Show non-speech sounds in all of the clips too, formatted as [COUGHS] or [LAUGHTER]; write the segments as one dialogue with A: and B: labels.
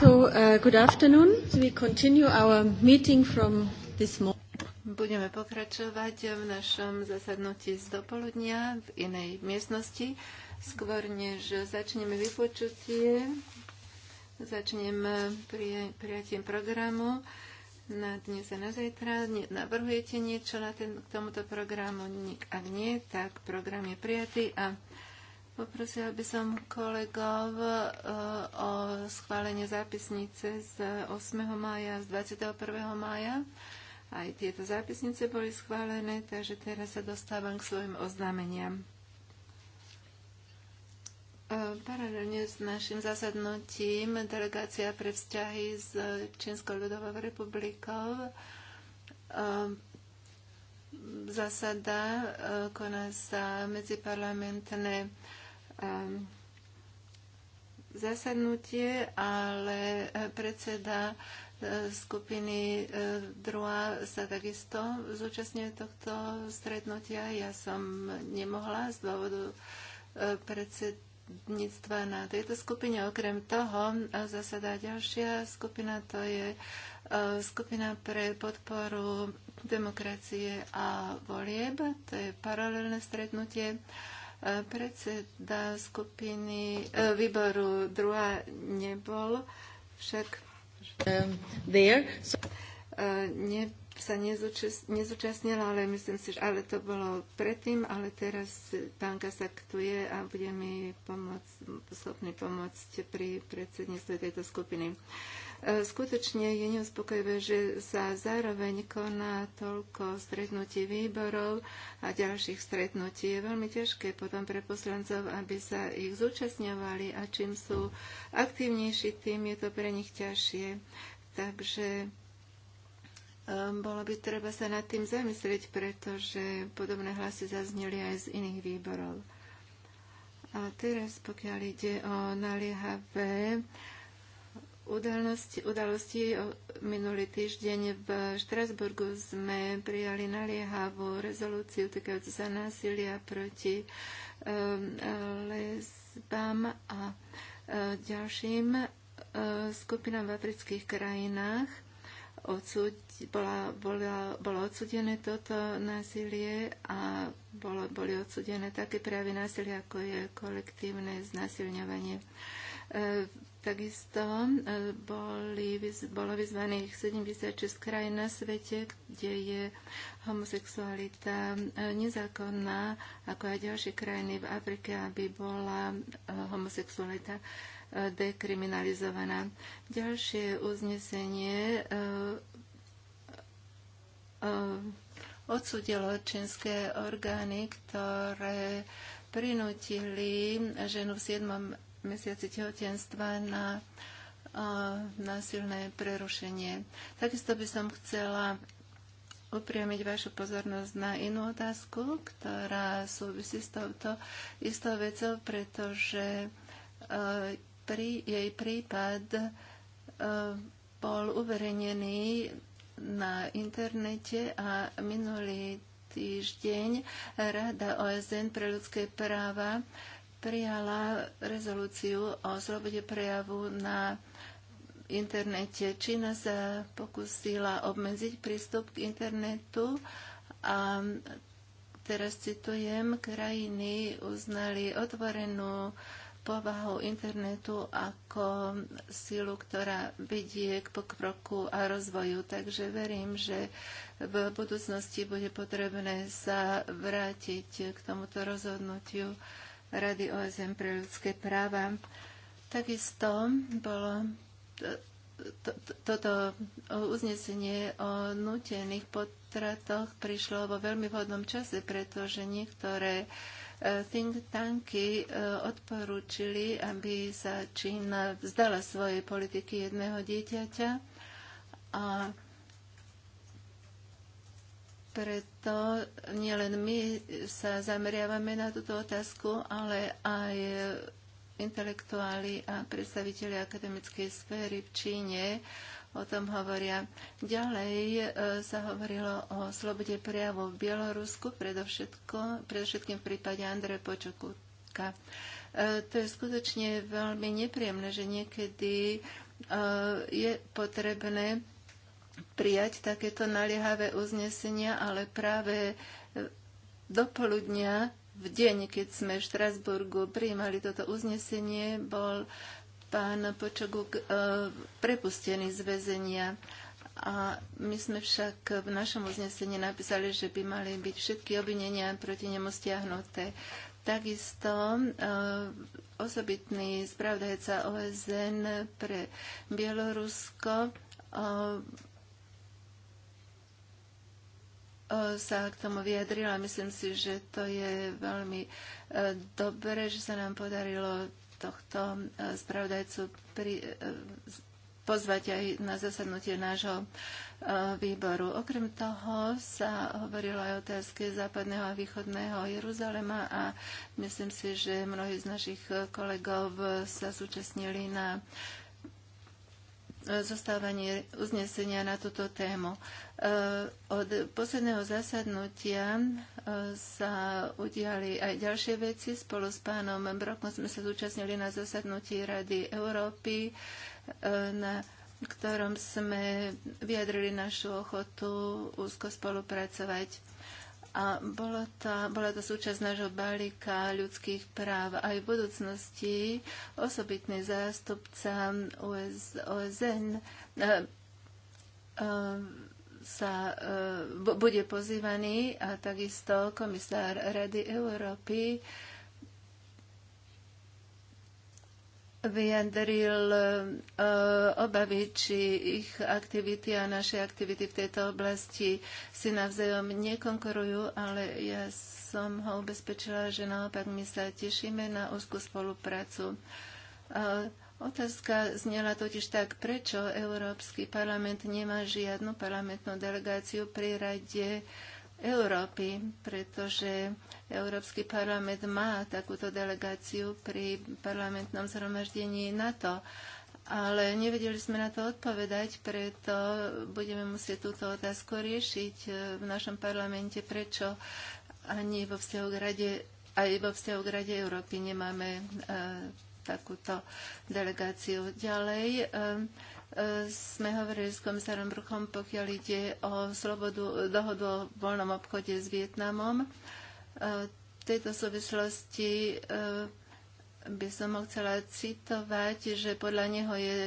A: So, uh, good afternoon. We continue our meeting
B: from this morning. Budeme pokračovať v našom zasadnutí z dopoludnia v inej miestnosti. Skôr než začneme vypočutie, začnem eh, pri, prijatím programu na dnes a na zajtra. Navrhujete niečo na ten, k tomuto programu? Ak nie, tak program je prijatý a Poprosila by som kolegov e, o schválenie zápisnice z 8. mája, z 21. mája. Aj tieto zápisnice boli schválené, takže teraz sa dostávam k svojim oznámeniam. E, paralelne s našim zasadnutím delegácia pre vzťahy s Čínskou ľudovou republikou e, zasada, koná sa medziparlamentné Ehm, zasadnutie, ale eh, predseda eh, skupiny eh, druhá sa takisto zúčastňuje tohto stretnutia. Ja som nemohla z dôvodu predsedníctva na tejto skupine. Okrem toho zasadá ďalšia skupina, to je skupina pre podporu demokracie a volieb. To je paralelné stretnutie. Predseda skupiny e, výboru druhá nebol, však um, there. So... E, ne, sa nezúčast, nezúčastnila, ale myslím si, že ale to bolo predtým, ale teraz pán Kasak tu je a bude mi pomôcť, schopný pomôcť pri predsedníctve tejto skupiny. Uh, E, skutočne je neuspokojivé, že sa zároveň koná toľko stretnutí výborov a ďalších stretnutí. Je veľmi ťažké potom pre poslancov, aby sa ich zúčastňovali a čím sú aktívnejší, tým je to pre nich ťažšie. Takže e, bolo by treba sa nad tým zamyslieť, pretože podobné hlasy zazneli aj z iných výborov. A teraz, pokiaľ ide o naliehavé udalosti, udalosti minulý týždeň v Štrasburgu sme prijali naliehavú rezolúciu týkajúcu sa násilia proti um, lesbám a uh, ďalším uh, skupinám v afrických krajinách. Odsúd, bola, bola, bolo odsudené toto násilie a bolo, boli odsudené také prejavy násilia, ako je kolektívne znásilňovanie. Uh, Takisto e, boli, bolo vyzvaných 76 krajín na svete, kde je homosexualita e, nezákonná, ako aj ďalšie krajiny v Afrike, aby bola e, homosexualita dekriminalizovaná. Ďalšie uznesenie odsudilo čínske orgány, ktoré prinútili ženu v 7 mesiaci tehotenstva na násilné prerušenie. Takisto by som chcela upriamiť vašu pozornosť na inú otázku, ktorá súvisí s touto istou vecou, pretože e, pri jej prípad e, bol uverejnený na internete a minulý týždeň Rada OSN pre ľudské práva prijala rezolúciu o slobode prejavu na internete. Čína sa pokusila obmedziť prístup k internetu a teraz citujem, krajiny uznali otvorenú povahu internetu ako silu, ktorá vedie k pokroku a rozvoju. Takže verím, že v budúcnosti bude potrebné sa vrátiť k tomuto rozhodnutiu. Rady OSM pre ľudské práva. Takisto bolo to, to, toto uznesenie o nutených potratoch prišlo vo veľmi vhodnom čase, pretože niektoré e, think tanky e, odporúčili, aby sa Čína vzdala svojej politiky jedného dieťaťa a preto nielen my sa zameriavame na túto otázku, ale aj intelektuáli a predstaviteľi akademickej sféry v Číne o tom hovoria. Ďalej e, sa hovorilo o slobode prejavu v Bielorusku, predovšetko, predovšetkým v prípade Andreja Počukutka. E, to je skutočne veľmi nepríjemné, že niekedy e, je potrebné prijať takéto naliehavé uznesenia, ale práve e, dopoludnia, v deň, keď sme v Štrasburgu prijímali toto uznesenie, bol pán Počoguk e, prepustený z väzenia. A my sme však v našom uznesení napísali, že by mali byť všetky obvinenia proti nemu stiahnuté. Takisto e, osobitný spravdajca OSN pre Bielorusko e, E, sa k tomu vyjadrila. Myslím si, že to je veľmi e, dobre, že sa nám podarilo tohto e, spravodajcu pri, pozvať aj na zasadnutie nášho výboru. Okrem toho sa hovorilo aj o otázke západného a východného Jeruzalema a myslím si, že mnohí z našich kolegov sa zúčastnili na zostávanie uznesenia na túto tému. E, od posledného zasadnutia e, sa udiali aj ďalšie veci. Spolu s pánom Brokom sme sa zúčastnili na zasadnutí Rady Európy, e, na ktorom sme vyjadrili našu ochotu úzko spolupracovať a bola, tá, bola to súčasť nášho balíka ľudských práv. Aj v budúcnosti osobitný zástupca OS, OSN e, eh, e, eh, sa e, bude pozývaný a takisto komisár Rady Európy vyjadril e, obavy, či ich aktivity a naše aktivity v tejto oblasti si navzájom nekonkurujú, ale ja som ho ubezpečila, že naopak my sa tešíme na úzkú spoluprácu. E, otázka znela totiž tak, prečo Európsky parlament nemá žiadnu parlamentnú delegáciu pri rade Európy, pretože Európsky parlament má takúto delegáciu pri parlamentnom zhromaždení NATO. Ale nevedeli sme na to odpovedať, preto budeme musieť túto otázku riešiť e, v našom parlamente, prečo ani vo vzťahu k Rade, aj vo vzťahu k Rade Európy nemáme e, takúto delegáciu. Ďalej, e, sme hovorili s komisárom Bruchom, pokiaľ ide o slobodu, dohodu o voľnom obchode s Vietnamom. E, v tejto súvislosti e, by som chcela citovať, že podľa neho je,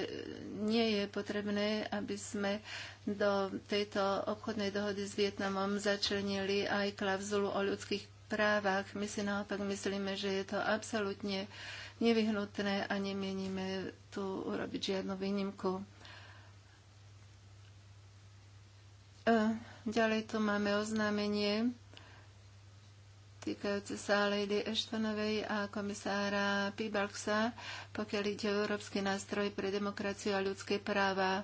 B: nie je potrebné, aby sme do tejto obchodnej dohody s Vietnamom začlenili aj klauzulu o ľudských právach. My si naopak myslíme, že je to absolútne nevyhnutné a nemienime tu urobiť žiadnu výnimku. Ďalej tu máme oznámenie týkajúce sa Lady Ashtonovej a komisára Pibalksa, pokiaľ ide o Európsky nástroj pre demokraciu a ľudské práva. E,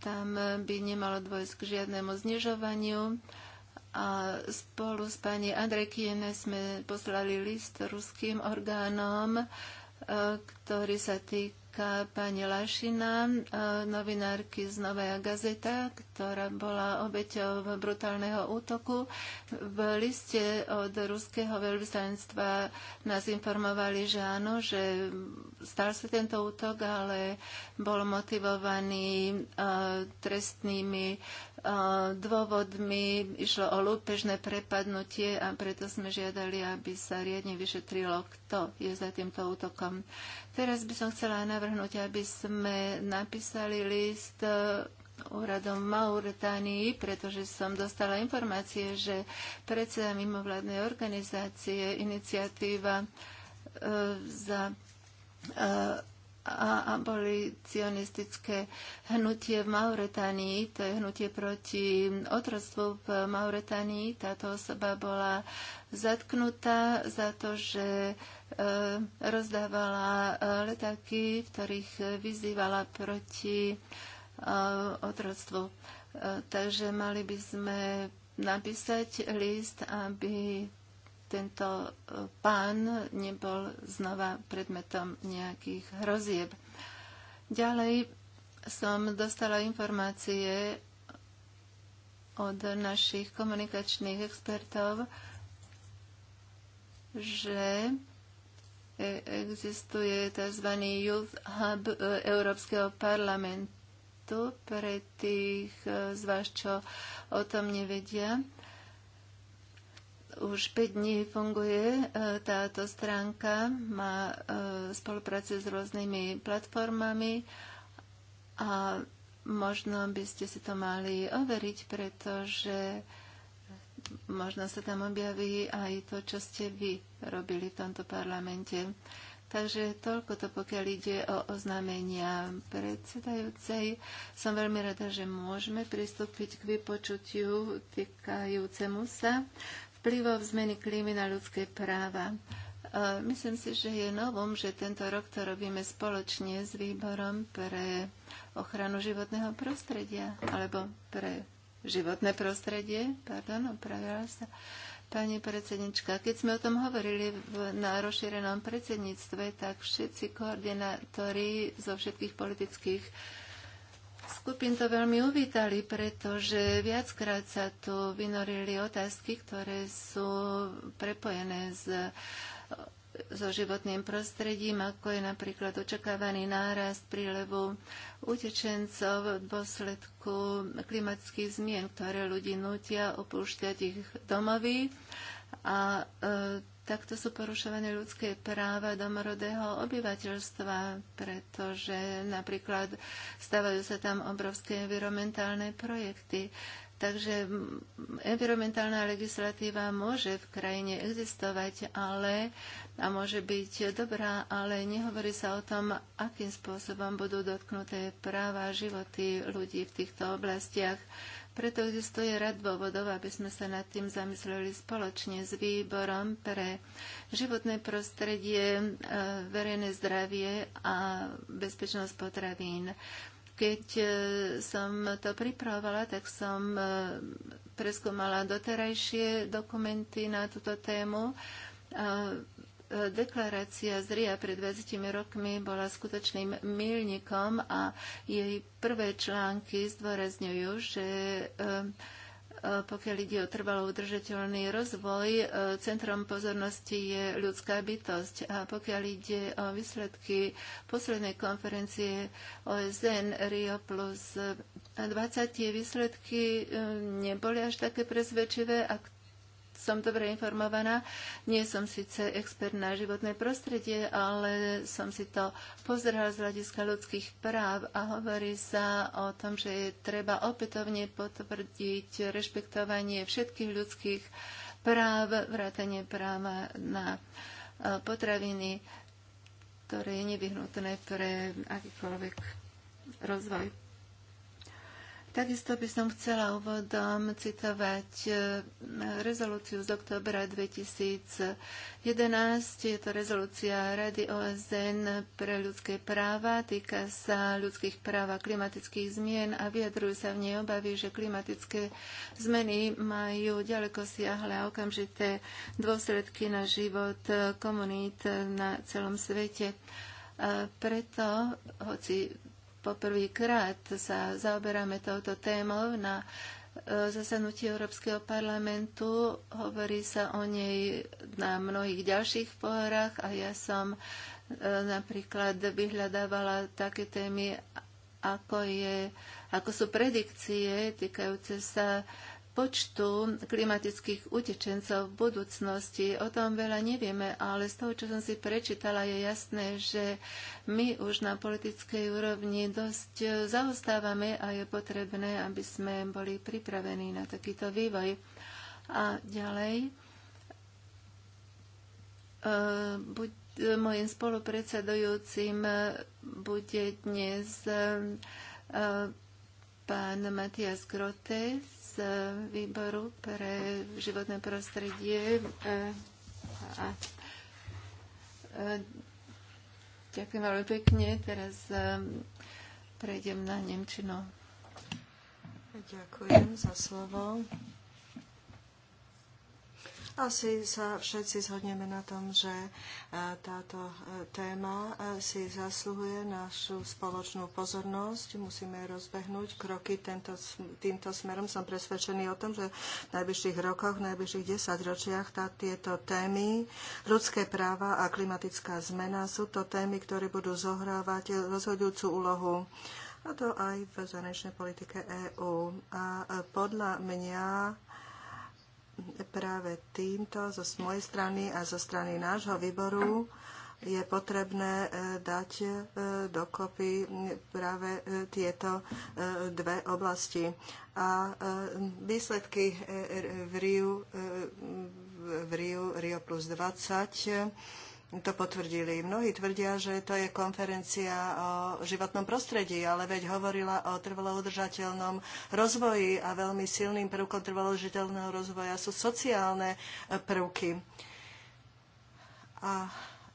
B: tam by nemalo dôjsť k žiadnemu znižovaniu. A spolu s pani Andrekiene sme poslali list ruským orgánom, e, ktorý sa týka otázka pani Lašina, e, novinárky z Novej gazeta, ktorá bola obeťou brutálneho útoku. V liste od ruského veľvyslanectva nás informovali, že áno, že stal sa tento útok, ale bol motivovaný e, trestnými E, dôvodmi išlo o lúpežné prepadnutie a preto sme žiadali, aby sa riadne vyšetrilo, kto je za týmto útokom. Teraz by som chcela navrhnúť, aby sme napísali list e, úradom Mauritánii, pretože som dostala informácie, že predseda mimovládnej organizácie iniciatíva e, za e, a abolicionistické hnutie v Mauretánii, to je hnutie proti otrostvu v Mauretánii. Táto osoba bola zatknutá za to, že e, rozdávala e, letáky, v ktorých vyzývala proti e, otrodstvu. Takže mali by sme napísať list, aby tento e, pán nebol znova predmetom nejakých hrozieb. Ďalej som dostala informácie od našich komunikačných expertov, že e, existuje tzv. Youth Hub e, Európskeho parlamentu pre tých z vás, čo o tom nevedia. Už 5 dní funguje e, táto stránka, má e, spolupráce s rôznymi platformami a možno by ste si to mali overiť, pretože možno sa tam objaví aj to, čo ste vy robili v tomto parlamente. Takže toľko to, pokiaľ ide o oznámenia predsedajúcej. Som veľmi rada, že môžeme pristúpiť k vypočutiu týkajúcemu sa vplyvov zmeny klímy na ľudské práva. E, myslím si, že je novom, že tento rok to robíme spoločne s výborom pre ochranu životného prostredia, alebo pre životné prostredie, pardon, opravila sa pani predsednička. Keď sme o tom hovorili v, na rozšírenom predsedníctve, tak všetci koordinátori zo všetkých politických uh, skupín to veľmi uvítali, pretože viackrát sa tu vynorili otázky, ktoré sú prepojené s so životným prostredím, ako je napríklad očakávaný nárast prílevu utečencov v dôsledku klimatických zmien, ktoré ľudí nutia opúšťať ich domovy. A e, takto sú porušované ľudské práva domorodého obyvateľstva, pretože napríklad stávajú sa tam obrovské environmentálne projekty. Takže environmentálna legislatíva môže v krajine existovať, ale a môže byť dobrá, ale nehovorí sa o tom, akým spôsobom budú dotknuté práva a životy ľudí v týchto oblastiach. Preto existuje rad dôvodov, aby sme sa nad tým zamysleli spoločne s výborom pre životné prostredie, e, verejné zdravie a bezpečnosť potravín. Keď e, som to pripravovala, tak som e, preskúmala doterajšie dokumenty na túto tému deklarácia z RIA pred 20 rokmi bola skutočným milníkom a jej prvé články zdôrazňujú, že e, e, pokiaľ ide o trvalo udržateľný rozvoj, e, centrom pozornosti je ľudská bytosť. A pokiaľ ide o výsledky poslednej konferencie OSN Rio plus 20, tie výsledky neboli až také presvedčivé, ak som dobre informovaná. Nie som síce expert na životné prostredie, ale som si to pozerala z hľadiska ľudských práv a hovorí sa o tom, že je treba opätovne potvrdiť rešpektovanie všetkých ľudských práv, vrátanie práva na e, potraviny, ktoré je nevyhnutné pre akýkoľvek rozvoj. Takisto by som chcela úvodom citovať e, rezolúciu z oktobra 2011. Je to rezolúcia Rady OSN pre ľudské práva. Týka sa ľudských práv a klimatických zmien a vyjadrujú sa v nej obavy, že klimatické zmeny majú ďaleko siahle a okamžité dôsledky na život komunít na celom svete. preto, hoci poprvýkrát sa zaoberáme touto témou na e, zasadnutí Európskeho parlamentu. Hovorí sa o nej na mnohých ďalších pohorách a ja som e, napríklad vyhľadávala také témy, ako, je, ako sú predikcie týkajúce sa počtu klimatických utečencov v budúcnosti. O tom veľa nevieme, ale z toho, čo som si prečítala, je jasné, že my už na politickej úrovni dosť zaostávame a je potrebné, aby sme boli pripravení na takýto vývoj. A ďalej, e, buď, mojim spolupredsedujúcim bude dnes e, pán Matias Grotes, výboru pre životné prostredie. Eh, a, eh, ďakujem veľmi pekne. Teraz eh, prejdem na Nemčino. Ďakujem za slovo. Asi sa všetci
A: zhodneme na tom, že e, táto e, téma e, si zasluhuje našu spoločnú pozornosť. Musíme rozbehnúť kroky tento, týmto smerom. Som presvedčený o tom, že v najbližších rokoch, v najbližších desaťročiach tá, tieto témy, ľudské práva a klimatická zmena sú to témy, ktoré budú zohrávať rozhodujúcu úlohu a to aj v zahraničnej politike EÚ. A podľa mňa práve týmto zo mojej strany a zo strany nášho výboru je potrebné e, dať e, dokopy práve e, tieto dve oblasti. A výsledky v Riu, v Riu, Rio plus 20 to potvrdili. Mnohí tvrdia, že to je konferencia o životnom prostredí, ale veď hovorila o trvalo udržateľnom rozvoji a veľmi silným prvkom trvalo udržateľného rozvoja sú sociálne prvky. A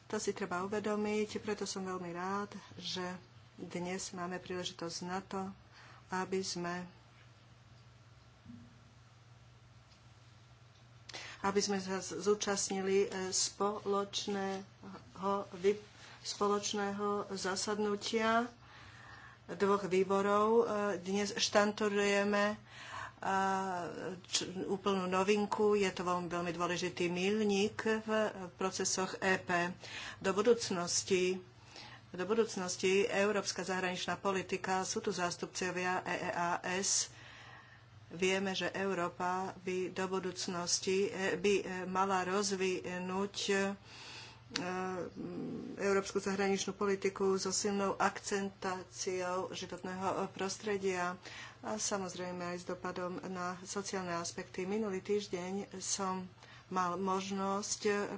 A: to si treba uvedomiť, preto som veľmi rád, že dnes máme príležitosť na to, aby sme aby sme sa zúčastnili e, spoločného, spoločného zasadnutia dvoch výborov. E, dnes štantorujeme e, úplnú novinku, je to veľmi, veľmi dôležitý milník v procesoch EP. Do budúcnosti do budúcnosti európska zahraničná politika sú tu zástupcovia EEAS, Vieme, že Európa by do budúcnosti eh, by eh, mala rozvinúť eh, európsku zahraničnú politiku so silnou akcentáciou životného prostredia a samozrejme aj s dopadom na sociálne aspekty. Minulý týždeň som mal možnosť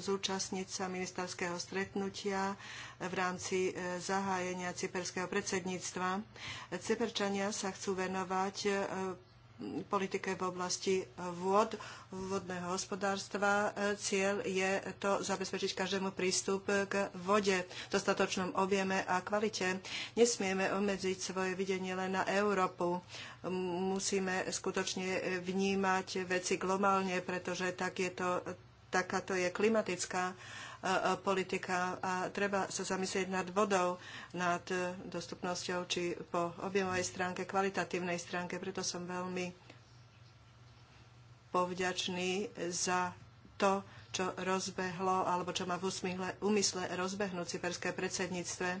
A: zúčastniť sa ministerského stretnutia v rámci zahájenia cyperského predsedníctva. Cyperčania sa chcú venovať politike v oblasti vôd, vodného hospodárstva. Cieľ je to zabezpečiť každému prístup k vode v dostatočnom objeme a kvalite. Nesmieme obmedziť svoje videnie len na Európu. Musíme skutočne vnímať veci globálne, pretože tak je to, takáto je klimatická politika a treba sa zamyslieť nad vodou, nad e, dostupnosťou, či po objemovej stránke, kvalitatívnej stránke. Preto som veľmi povďačný za to, čo rozbehlo alebo čo má v úmysle rozbehnúť cyperské predsedníctve. E,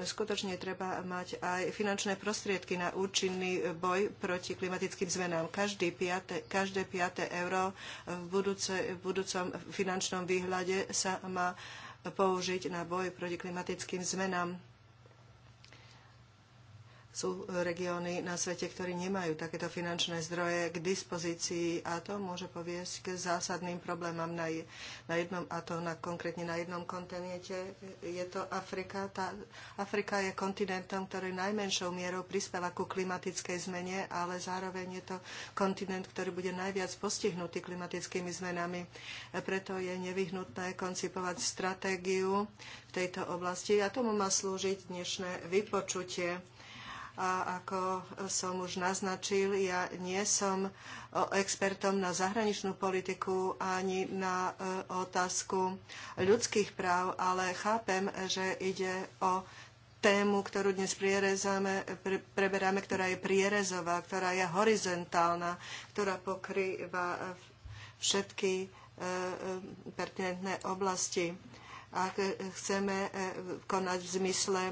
A: skutočne treba mať aj finančné prostriedky na účinný boj proti klimatickým zmenám. Každý piate, každé piate euro v, budúce, v budúcom finančnom výhľade sa má použiť na boj proti klimatickým zmenám sú regióny na svete, ktorí nemajú takéto finančné zdroje k dispozícii a to môže poviesť k zásadným problémom na, na jednom, a to na, konkrétne na jednom kontinente. Je to Afrika. Tá, Afrika je kontinentom, ktorý najmenšou mierou prispela ku klimatickej zmene, ale zároveň je to kontinent, ktorý bude najviac postihnutý klimatickými zmenami. Preto je nevyhnutné koncipovať stratégiu v tejto oblasti a tomu má slúžiť dnešné vypočutie a ako som už naznačil, ja nie som e, expertom na zahraničnú politiku ani na e, otázku ľudských práv, ale chápem, že ide o tému, ktorú dnes prierezame pre, preberáme, ktorá je prierezová, ktorá je horizontálna, ktorá pokrýva e, všetky pertinentné oblasti ak chceme e, konať v zmysle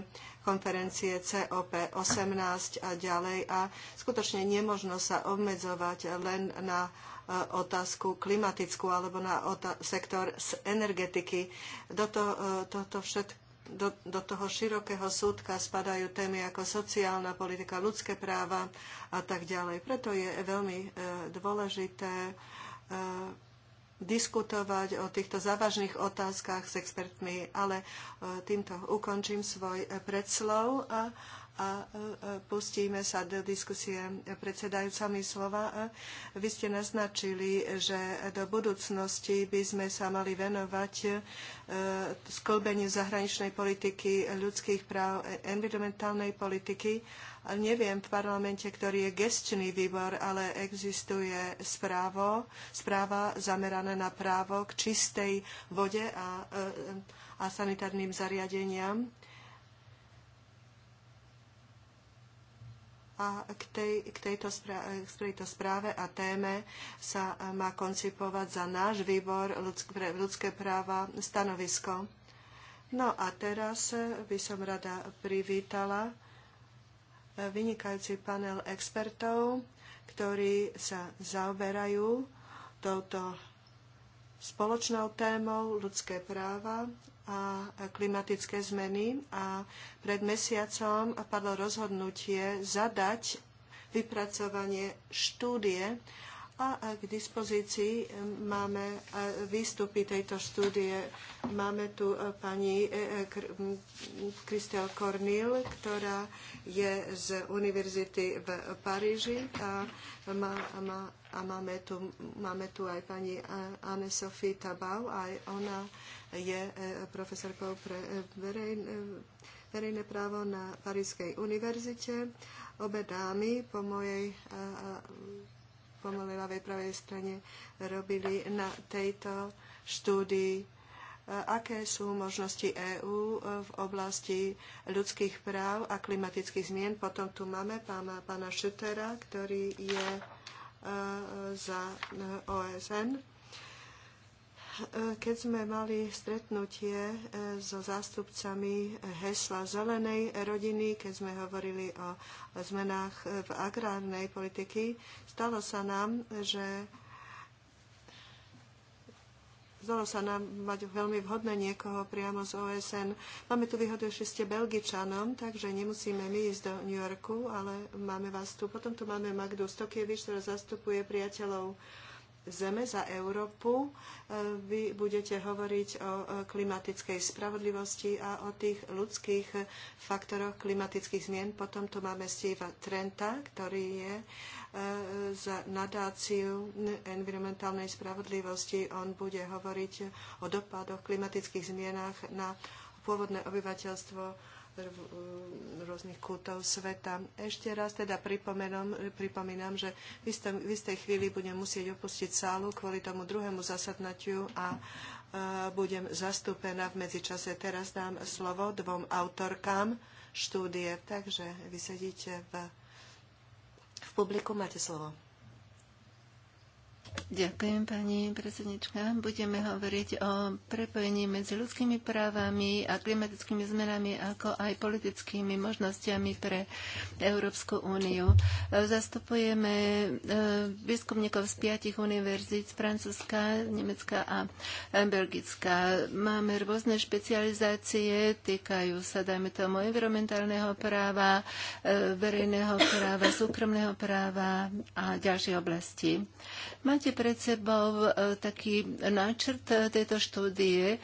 A: konferencie COP18 a ďalej. A skutočne nemožno sa obmedzovať len na e, otázku klimatickú alebo na sektor z energetiky. Do, to, e, to, to všetko do, do toho širokého súdka spadajú témy ako sociálna politika, ľudské práva a tak ďalej. Preto je veľmi dôležité diskutovať o týchto závažných otázkach s expertmi, ale e, týmto ukončím svoj e, predslov a, a e, pustíme sa do diskusie predsedajúcami slova. Vy ste naznačili, že do budúcnosti by sme sa mali venovať sklbeniu zahraničnej politiky, ľudských práv, environmentálnej politiky neviem v parlamente, ktorý je gestčný výbor, ale existuje správo, správa zameraná na právo k čistej vode a, e, a sanitárnym zariadeniam. a k, tej, k, tejto správe, k tejto správe a téme sa e, má koncipovať za náš výbor pre ľudské práva stanovisko. No a teraz e, by som rada privítala vynikajúci panel expertov, ktorí sa zaoberajú touto spoločnou témou ľudské práva a klimatické zmeny a pred mesiacom padlo rozhodnutie zadať vypracovanie štúdie a k dispozícii e, máme e, výstupy tejto štúdie. Máme tu e, pani Kristel Cornil, ktorá je z univerzity v Paríži a, má, a, má, a máme, tu, máme tu aj pani Anne-Sophie Tabau, aj ona je profesorkou pre verejné, verejné právo na Parískej univerzite. Obe dámy po mojej po mojej ľavej pravej strane robili na tejto štúdii e, aké sú možnosti EÚ e, v oblasti ľudských práv a klimatických zmien. Potom tu máme pána, pána Šutera, ktorý je e, za OSN keď sme mali stretnutie e, so zástupcami hesla zelenej rodiny, keď sme hovorili o zmenách e, v agrárnej politiky, stalo sa nám, že Zdalo sa nám mať veľmi vhodné niekoho priamo z OSN. Máme tu výhodu, že ste Belgičanom, takže nemusíme my ísť do New Yorku, ale máme vás tu. Potom tu máme Magdu Stokievič, ktorá zastupuje priateľov uh, zeme, za Európu. E, vy budete hovoriť o e, klimatickej spravodlivosti a o tých ľudských e, faktoroch klimatických zmien. Potom tu máme Steva Trenta, ktorý je za nadáciu environmentálnej spravodlivosti. On bude hovoriť o dopadoch klimatických zmienách na pôvodné obyvateľstvo Um, rôznych kútov sveta. Ešte raz teda pripomínam, že v, istom, v istej chvíli budem musieť opustiť sálu kvôli tomu druhému zasadnutiu a, uh, budem zastúpená v medzičase. Teraz dám slovo dvom autorkám štúdie, takže vy sedíte v, v publiku, máte slovo.
B: Ďakujem, pani predsednička. Budeme hovoriť o prepojení medzi ľudskými právami a klimatickými zmenami, ako aj politickými možnosťami pre Európsku úniu. Zastupujeme výskumníkov e, z piatich univerzít z Francúzska, Nemecka a Belgická. Máme rôzne špecializácie, týkajú sa, dajme tomu, environmentálneho práva, e, verejného práva, súkromného práva a ďalšie oblasti. Máte Máte pred sebou e, taký náčrt e, tejto štúdie.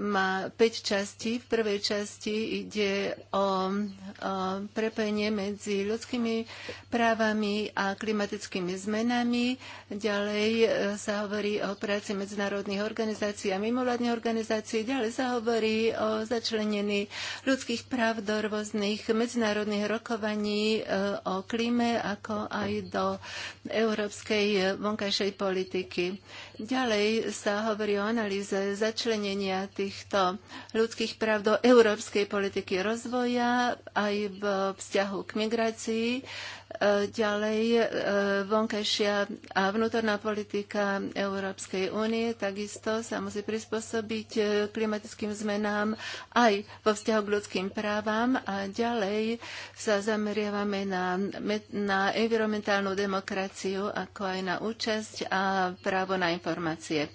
B: Má 5 častí. V prvej časti ide o, o prepojenie medzi ľudskými právami a klimatickými zmenami. Ďalej e, sa hovorí o práci medzinárodných organizácií a mimovládnych organizácií. Ďalej sa hovorí o začlenení ľudských práv do rôznych medzinárodných rokovaní o klíme, ako aj do európskej vonkajšej politiky. Ďalej sa hovorí o analýze začlenenia týchto ľudských práv do európskej politiky rozvoja aj v vzťahu k migrácii. E, ďalej e, vonkajšia a vnútorná politika Európskej únie takisto sa musí prispôsobiť e, klimatickým zmenám aj vo vzťahu k ľudským právam a ďalej sa zameriavame na, na environmentálnu demokraciu ako aj na účasť a právo na informáciu informácie.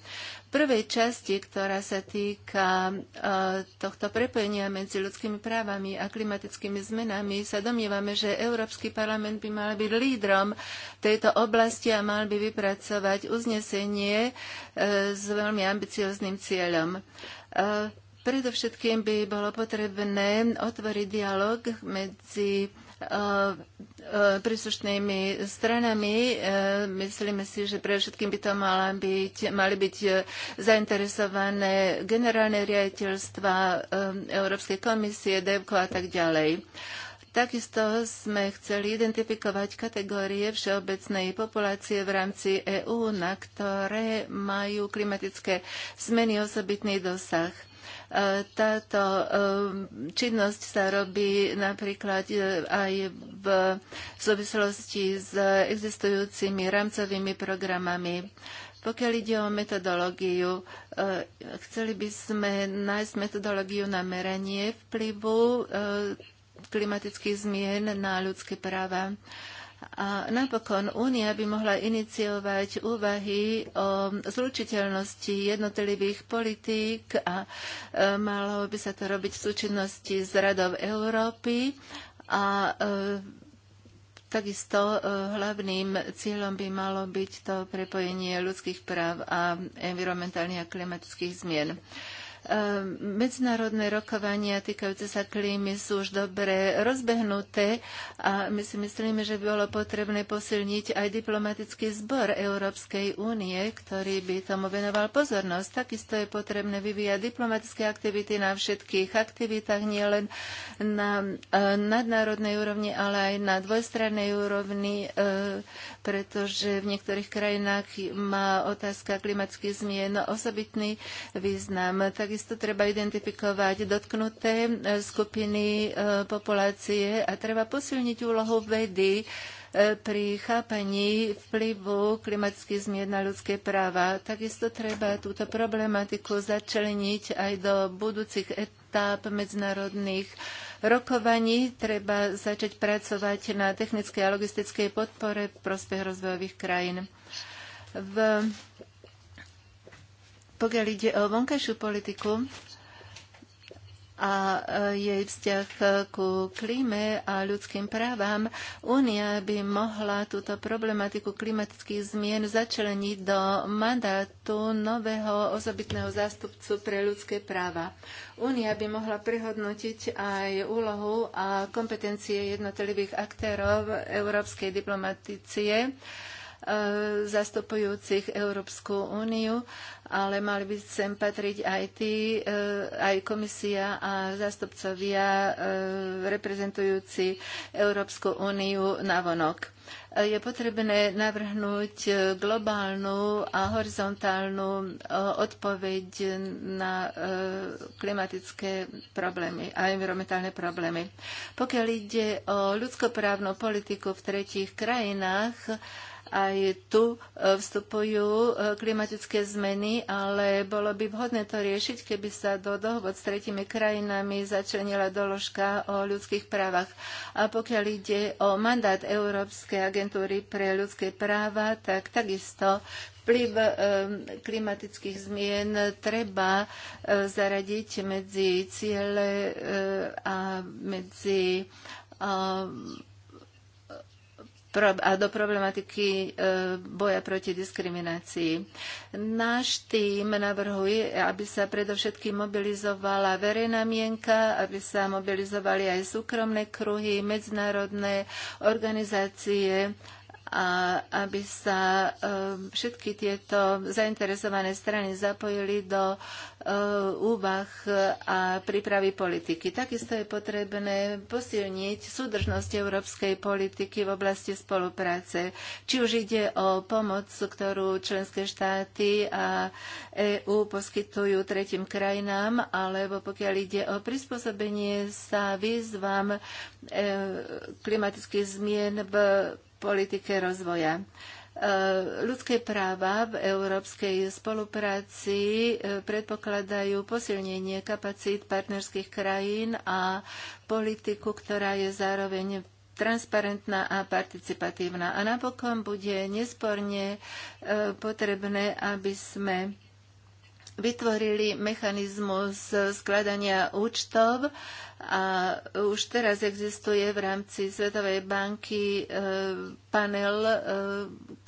B: V prvej časti, ktorá sa týka e, tohto prepojenia medzi ľudskými právami a klimatickými zmenami, sa domnievame, že Európsky parlament by mal byť lídrom tejto oblasti a mal by vypracovať uznesenie e, s veľmi ambiciozným cieľom. E, predovšetkým by bolo potrebné otvoriť dialog medzi Eh, príslušnými stranami. Eh, myslíme si, že pre všetkým by to mali byť, mali byť eh, zainteresované generálne riaditeľstva Európskej komisie, DEVKO a tak ďalej. Takisto sme chceli identifikovať kategórie všeobecnej populácie v rámci EÚ, na ktoré majú klimatické zmeny osobitný dosah. Táto ehm, činnosť sa robí napríklad e, aj v súvislosti s existujúcimi rámcovými programami. Pokiaľ ide o metodológiu, e, chceli by sme nájsť metodológiu na meranie vplyvu e, klimatických zmien na ľudské práva. A napokon Únia by mohla iniciovať úvahy o zlučiteľnosti jednotlivých politík a e, malo by sa to robiť v súčinnosti s Radou Európy a e, Takisto e, hlavným cieľom by malo byť to prepojenie ľudských práv a environmentálnych a klimatických zmien. Ehm, medzinárodné rokovania týkajúce sa klímy sú už dobre rozbehnuté a my si myslíme, že by bolo potrebné posilniť aj diplomatický zbor Európskej únie, ktorý by tomu venoval pozornosť. Takisto je potrebné vyvíjať diplomatické aktivity na všetkých aktivitách, nielen na e, nadnárodnej úrovni, ale aj na dvojstrannej úrovni, e, pretože v niektorých krajinách má otázka klimatických zmien osobitný význam. Takisto Takisto treba identifikovať dotknuté e, skupiny e, populácie a treba posilniť úlohu vedy e, pri chápaní vplyvu klimatických zmien na ľudské práva. Takisto treba túto problematiku začleniť aj do budúcich etáp medzinárodných rokovaní. Treba začať pracovať na technickej a logistickej podpore v prospech rozvojových krajín. V pokiaľ ide o vonkajšiu politiku a e, jej vzťah e, ku klíme a ľudským právam, Únia by mohla túto problematiku klimatických zmien začleniť do mandátu nového osobitného zástupcu pre ľudské práva. Únia by mohla prehodnotiť aj úlohu a kompetencie jednotlivých aktérov európskej diplomatície, E, zastupujúcich Európsku úniu, ale mali by sem patriť aj tí, e, aj komisia a zastupcovia e, reprezentujúci Európsku úniu vonok. je potrebné navrhnúť globálnu a horizontálnu odpoveď na klimatické problémy a environmentálne problémy. Pokiaľ ide o ľudskoprávnu politiku v tretích krajinách, aj tu e, vstupujú e, klimatické zmeny, ale bolo by vhodné to riešiť, keby sa do dohovod s tretimi krajinami začlenila doložka o ľudských právach. A pokiaľ ide o mandát Európskej agentúry pre ľudské práva, tak takisto vplyv e, klimatických zmien treba zaradiť medzi ciele a medzi a do problematiky e, boja proti diskriminácii. Náš tým navrhuje, aby sa predovšetkým mobilizovala verejná mienka, aby sa mobilizovali aj súkromné kruhy, medzinárodné organizácie, a aby sa um, všetky tieto zainteresované strany zapojili do uh, úvah a prípravy politiky. Takisto je potrebné posilniť súdržnosť európskej politiky v oblasti spolupráce. Či už ide o pomoc, ktorú členské štáty a EÚ poskytujú tretím krajinám, alebo pokiaľ ide o prispôsobenie sa výzvam uh, klimatických zmien v politike rozvoja. E, ľudské práva v európskej spolupráci e, predpokladajú posilnenie kapacít partnerských krajín a politiku, ktorá je zároveň transparentná a participatívna. A napokon bude nesporne e, potrebné, aby sme vytvorili mechanizmus skladania účtov a už teraz existuje v rámci Svetovej banky e, panel, e,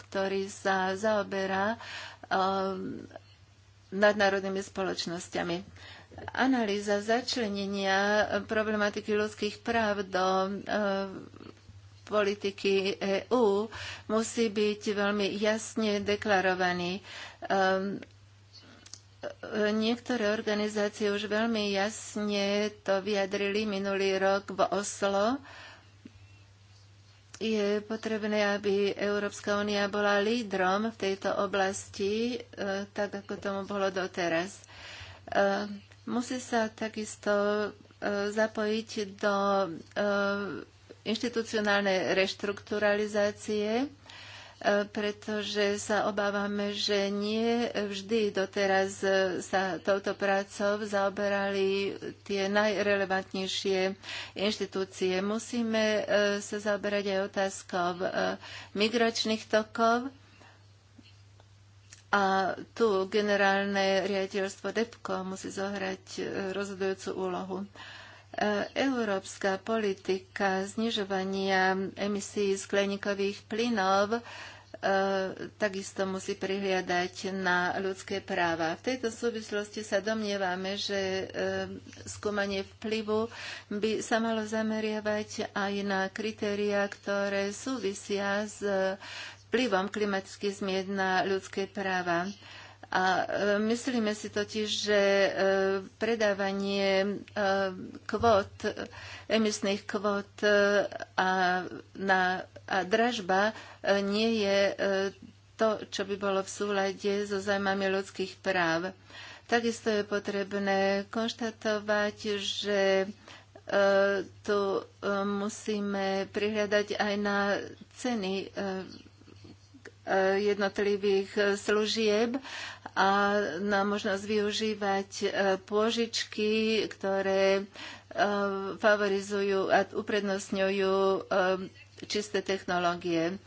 B: ktorý sa zaoberá e, nadnárodnými spoločnosťami. Analýza začlenenia problematiky ľudských práv do politiky EÚ musí byť veľmi jasne deklarovaný. Niektoré organizácie už veľmi jasne to vyjadrili minulý rok v Oslo. Je potrebné, aby Európska únia bola lídrom v tejto oblasti, e, tak ako tomu bolo doteraz. E, musí sa takisto e, zapojiť do inštitucionálnej reštrukturalizácie pretože sa obávame, že nie vždy doteraz sa touto prácou zaoberali tie najrelevantnejšie inštitúcie. Musíme e, sa zaoberať aj otázkou e, migračných tokov. A tu generálne riaditeľstvo DEPCO musí zohrať e, rozhodujúcu úlohu. Európska politika znižovania emisí skleníkových plynov e, takisto musí prihliadať na ľudské práva. V tejto súvislosti sa domnievame, že e, skúmanie vplyvu by sa malo zameriavať aj na kritéria, ktoré súvisia s vplyvom klimatických zmien na ľudské práva. A e, myslíme si totiž, že e, predávanie e, kvót, emisných kvót a, na, a dražba nie je to, čo by bolo v súlade so zájmami ľudských práv. Takisto je potrebné konštatovať, že tu musíme prihľadať aj na ceny jednotlivých služieb a na možnosť využívať e, pôžičky, ktoré e, favorizujú a uprednostňujú e, čisté technológie.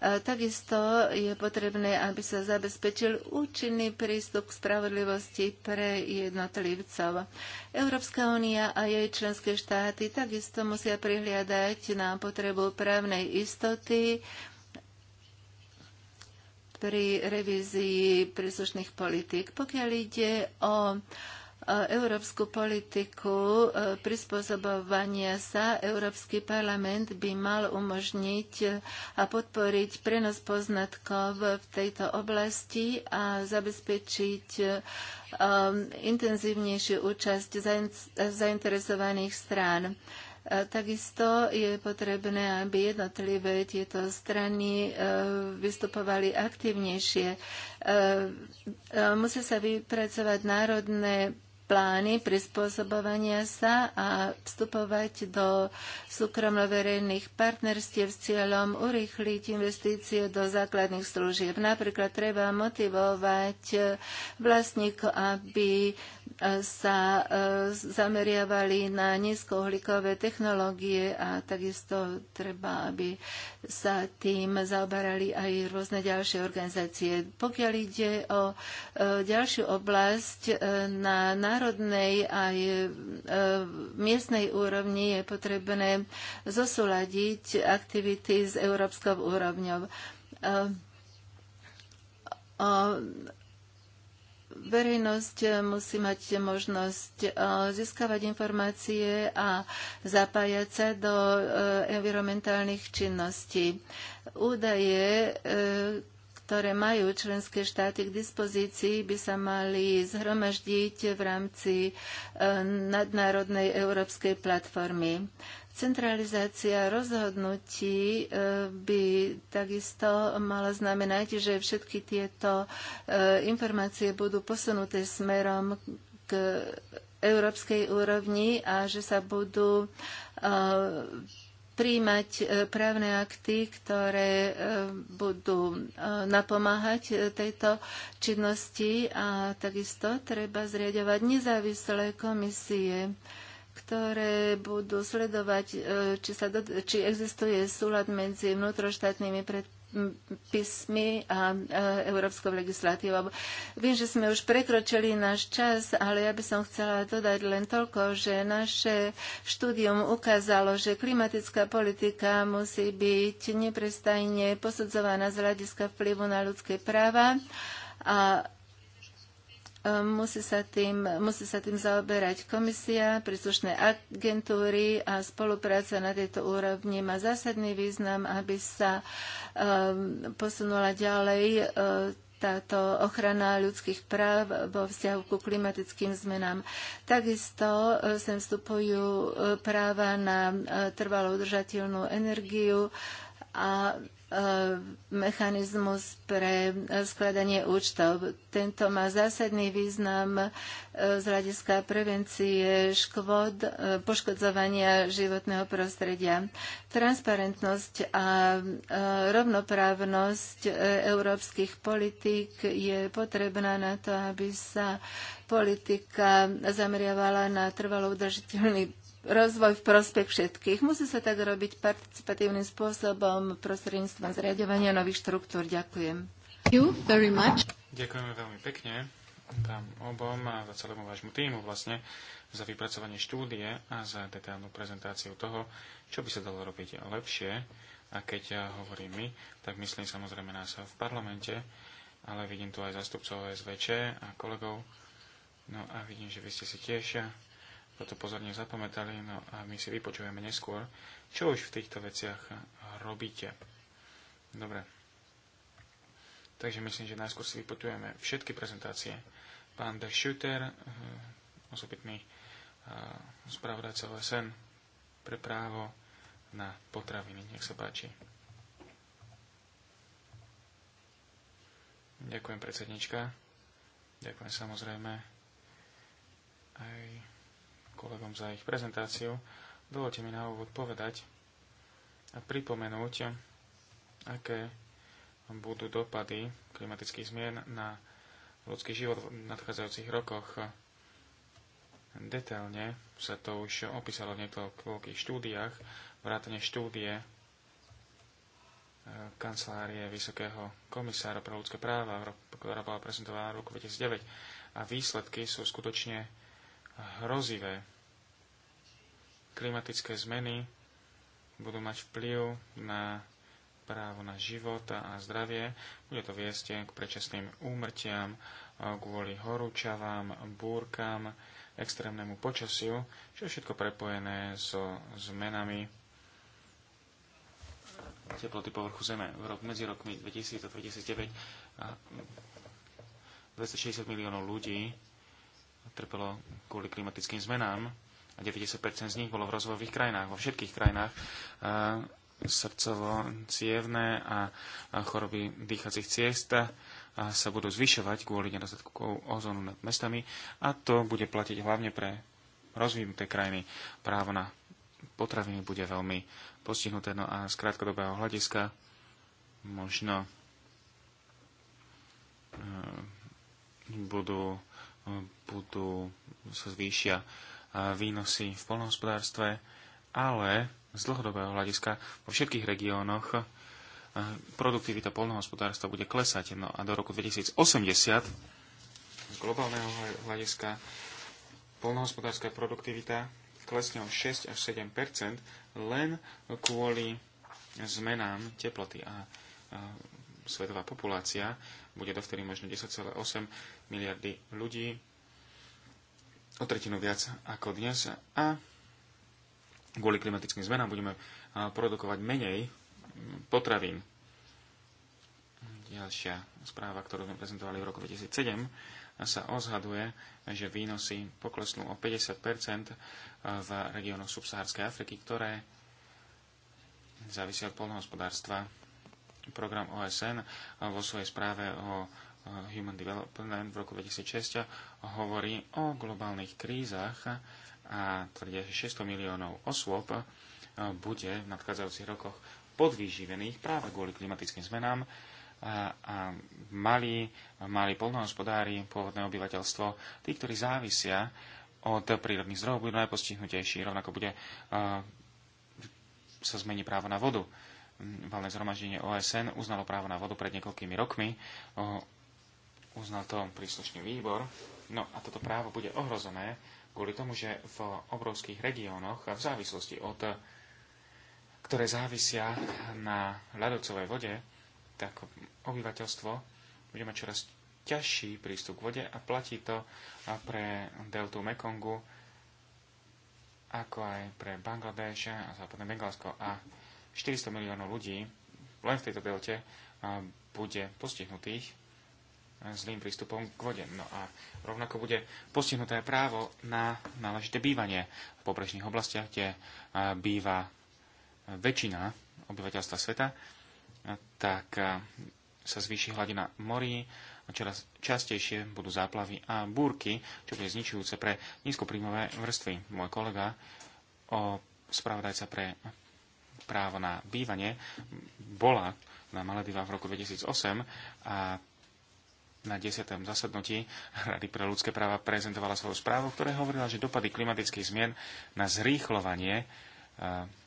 B: Takisto je potrebné, aby sa zabezpečil účinný prístup k spravodlivosti pre jednotlivcov. Európska únia a jej členské štáty takisto musia prihliadať na potrebu právnej istoty, pri revízii príslušných politík. Pokiaľ ide o európsku politiku e, prispôsobovania sa, Európsky parlament by mal umožniť e, a podporiť prenos poznatkov v tejto oblasti a zabezpečiť e, um, intenzívnejšiu účasť zainteresovaných strán. E, takisto je potrebné, aby jednotlivé tieto strany e, vystupovali aktivnejšie. E, Musí sa vypracovať národné plány prispôsobovania sa a vstupovať do súkromno-verejných partnerstiev s cieľom urychliť investície do základných služieb. Napríklad treba motivovať vlastník, aby sa e, zameriavali na nízkouhlíkové technológie a takisto treba, aby sa tým zaoberali aj rôzne ďalšie organizácie. Pokiaľ ide o e, ďalšiu oblasť, e, na národnej aj miestnej úrovni je potrebné zosúľadiť aktivity s európskou úrovňou verejnosť e, musí mať možnosť e, získavať informácie a zapájať sa do e, environmentálnych činností. Údaje, ktoré majú členské štáty k dispozícii, by sa mali zhromaždiť v rámci nadnárodnej európskej platformy. Centralizácia rozhodnutí e, by takisto mala znamenať, že všetky tieto e, informácie budú posunuté smerom k európskej úrovni a že sa budú e, príjmať právne akty, ktoré budú napomáhať tejto činnosti a takisto treba zriadovať nezávislé komisie ktoré budú sledovať, e, či, sa do, či existuje súlad medzi vnútroštátnymi predpismi a európskou legislatívou. Viem, že sme už prekročili náš čas, ale ja by som chcela dodať len toľko, že naše štúdium ukázalo, že klimatická politika musí byť neprestajne posudzovaná z hľadiska vplyvu na ľudské práva a musí sa tým, musí sa tým zaoberať komisia, príslušné agentúry a spolupráca na tejto úrovni má zásadný význam, aby sa um, posunula ďalej uh, táto ochrana ľudských práv vo vzťahu ku klimatickým zmenám. Takisto uh, sem vstupujú uh, práva na trvalo udržateľnú energiu a Eh, mechanizmus pre eh, skladanie účtov. Tento má zásadný význam eh, z hľadiska prevencie škôd, poškodzovania životného prostredia. Transparentnosť a rovnoprávnosť európskych politík je potrebná na to, aby sa politika zameriavala na trvalo udržiteľný rozvoj v prospech všetkých. Musí sa tak robiť participatívnym spôsobom prostredníctvom zriadovania nových štruktúr. Ďakujem.
C: Ďakujeme veľmi pekne vám obom a za celému vášmu týmu vlastne za vypracovanie štúdie a za detailnú prezentáciu toho, čo by sa dalo robiť lepšie. A keď ja hovorím my, tak myslím samozrejme nás v parlamente, ale vidím tu aj zastupcov SVČ a kolegov. No a vidím, že vy ste si tiež toto pozorne zapamätali, no a my si vypočujeme neskôr, čo už v týchto veciach robíte. Dobre. Takže myslím, že najskôr si vypočujeme všetky prezentácie. Pán De Schutter, eh, osobitný eh, spravodajca OSN pre právo na potraviny. Nech sa páči. Ďakujem, predsednička. Ďakujem samozrejme aj kolegom za ich prezentáciu. Dovolte mi na úvod povedať a pripomenúť, aké budú dopady klimatických zmien na ľudský život v nadchádzajúcich rokoch. Detailne sa to už opísalo v niekoľkých štúdiách, vrátane štúdie e, kancelárie Vysokého komisára pre ľudské práva, ktorá bola prezentovaná v roku 2009. A výsledky sú skutočne hrozivé. Klimatické zmeny budú mať vplyv na právo na život a zdravie. Bude to viesť k predčasným úmrtiam, kvôli horúčavám, búrkam, extrémnemu počasiu, čo je všetko prepojené so zmenami teploty povrchu Zeme medzi rokmi 2000 a 2009 a 260 miliónov ľudí trpelo kvôli klimatickým zmenám a 90% z nich bolo v rozvojových krajinách, vo všetkých krajinách eh, srdcovo-cievné a choroby dýchacích ciest eh, sa budú zvyšovať kvôli nedostatku ozónu nad mestami a to bude platiť hlavne pre rozvinuté krajiny. Právo na potraviny bude veľmi postihnuté no a z krátkodobého hľadiska možno eh, budú budú, sa zvýšia výnosy v polnohospodárstve, ale z dlhodobého hľadiska vo všetkých regiónoch produktivita polnohospodárstva bude klesať. No a do roku 2080 z globálneho hľadiska polnohospodárska produktivita klesne o 6 až 7 len kvôli zmenám teploty. A svetová populácia bude dovtedy možno 10,8 miliardy ľudí, o tretinu viac ako dnes a kvôli klimatickým zmenám budeme produkovať menej mm, potravín. Ďalšia správa, ktorú sme prezentovali v roku 2007, sa odhaduje, že výnosy poklesnú o 50 v regiónoch subsahárskej Afriky, ktoré závisia od polnohospodárstva program OSN vo svojej správe o e, Human Development v roku 2006 hovorí o globálnych krízach a tvrdia, že 600 miliónov osôb e, bude v nadchádzajúcich rokoch podvýživených práve kvôli klimatickým zmenám a, a mali, mali polnohospodári, pôvodné obyvateľstvo, tí, ktorí závisia od prírodných zdrojov, budú najpostihnutejší. Rovnako bude, uh, sa zmení právo na vodu valné zhromaždenie OSN uznalo právo na vodu pred niekoľkými rokmi. O, uznal to príslušný výbor. No a toto právo bude ohrozené kvôli tomu, že v obrovských regiónoch v závislosti od ktoré závisia na ľadovcovej vode, tak obyvateľstvo bude mať čoraz ťažší prístup k vode a platí to pre deltu Mekongu, ako aj pre Bangladeš a západné Bengalsko a 400 miliónov ľudí len v tejto delte bude postihnutých e, zlým prístupom k vode. No a rovnako bude postihnuté právo na náležité bývanie v pobrežných oblastiach, kde e, býva e, väčšina obyvateľstva sveta, tak sa zvýši hladina morí, čoraz častejšie budú záplavy a búrky, čo bude zničujúce pre nízkopríjmové vrstvy. Môj kolega, o, spravodajca pre právo na bývanie bola na Malediva v roku 2008 a na 10. zasadnutí Rady pre ľudské práva prezentovala svoju správu, ktorá hovorila, že dopady klimatických zmien na zrýchlovanie e,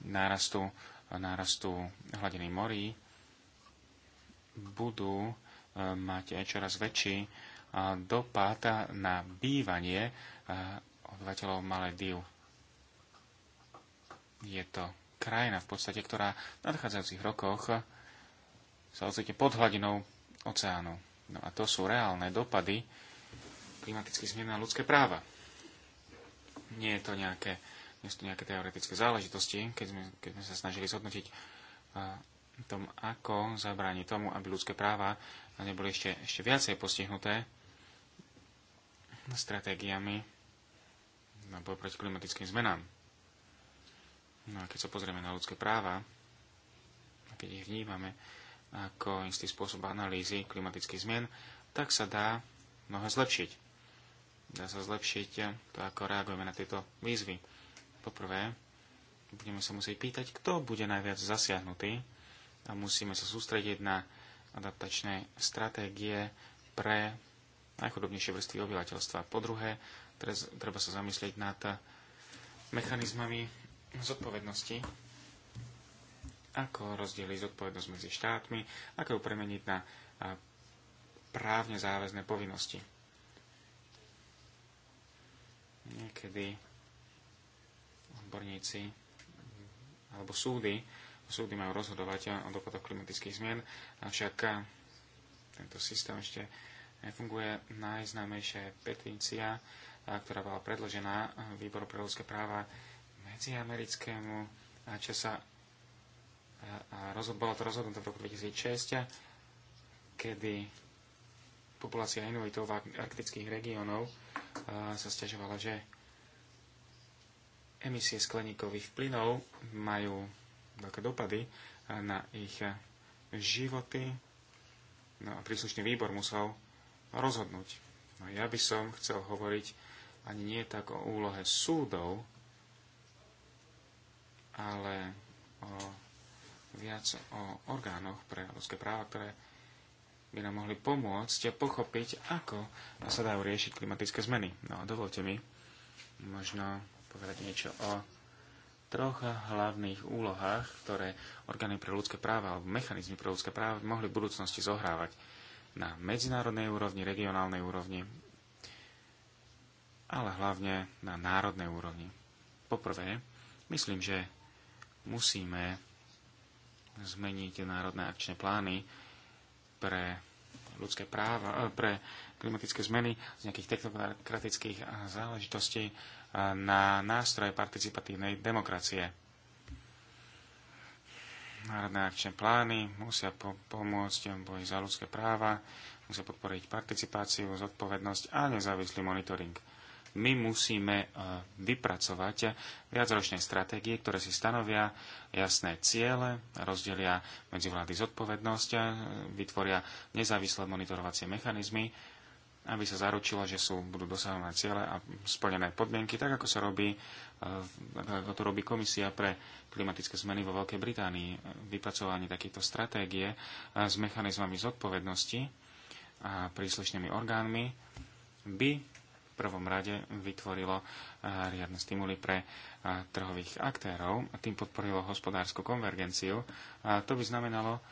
C: nárastu, nárastu hladiny morí budú e, mať čoraz väčší e, dopad na bývanie obyvateľov Maledív. Je to krajina v podstate, ktorá v nadchádzajúcich rokoch sa ocitne pod hladinou oceánu. No a to sú reálne dopady klimatických zmien na ľudské práva. Nie je to nejaké, nie sú to nejaké teoretické záležitosti, keď sme, keď sme sa snažili zhodnotiť tom, ako zabrániť tomu, aby ľudské práva neboli ešte, ešte viacej postihnuté stratégiami na boj proti klimatickým zmenám. No a keď sa pozrieme na ľudské práva, a keď ich vnímame ako istý spôsob analýzy klimatických zmien, tak sa dá mnoho zlepšiť. Dá sa zlepšiť to, ako reagujeme na tieto výzvy. Poprvé, budeme sa musieť pýtať, kto bude najviac zasiahnutý a musíme sa sústrediť na adaptačné stratégie pre najchudobnejšie vrstvy obyvateľstva. Po druhé, treba sa zamyslieť nad mechanizmami zodpovednosti, ako rozdeliť zodpovednosť medzi štátmi, ako ju premeniť na právne záväzné povinnosti. Niekedy odborníci alebo súdy, súdy majú rozhodovať o dopadoch klimatických zmien, avšak tento systém ešte nefunguje. Najznámejšia je petícia, ktorá bola predložená Výboru pre ľudské práva sankcií americkému, čo sa bolo to rozhodnuté v roku 2006, kedy populácia inuitov v arktických regiónov sa stiažovala, že emisie skleníkových plynov majú veľké dopady na ich životy. No a príslušný výbor musel rozhodnúť. No ja by som chcel hovoriť ani nie tak o úlohe súdov, ale o, viac o orgánoch pre ľudské práva, ktoré by nám mohli pomôcť a pochopiť, ako sa dajú riešiť klimatické zmeny. No a dovolte mi možno povedať niečo o troch hlavných úlohách, ktoré orgány pre ľudské práva alebo mechanizmy pre ľudské práva mohli v budúcnosti zohrávať na medzinárodnej úrovni, regionálnej úrovni, ale hlavne na národnej úrovni. Poprvé, myslím, že musíme zmeniť národné akčné plány pre ľudské práva, eh, pre klimatické zmeny z nejakých technokratických záležitostí eh, na nástroje participatívnej demokracie. Národné akčné plány musia po- pomôcť boji za ľudské práva, musia podporiť participáciu, zodpovednosť a nezávislý monitoring my musíme e, vypracovať viacročné stratégie, ktoré si stanovia jasné ciele, rozdelia medzi vlády zodpovednosť, e, vytvoria nezávislé monitorovacie mechanizmy, aby sa zaručilo, že sú, budú dosahované ciele a splnené podmienky, tak ako sa robí, ako e, to robí Komisia pre klimatické zmeny vo Veľkej Británii, vypracovanie takýchto stratégie s mechanizmami zodpovednosti a príslušnými orgánmi by prvom rade vytvorilo eh, riadne stimuly pre eh, trhových aktérov a tým podporilo hospodárskú konvergenciu. A to by znamenalo, eh,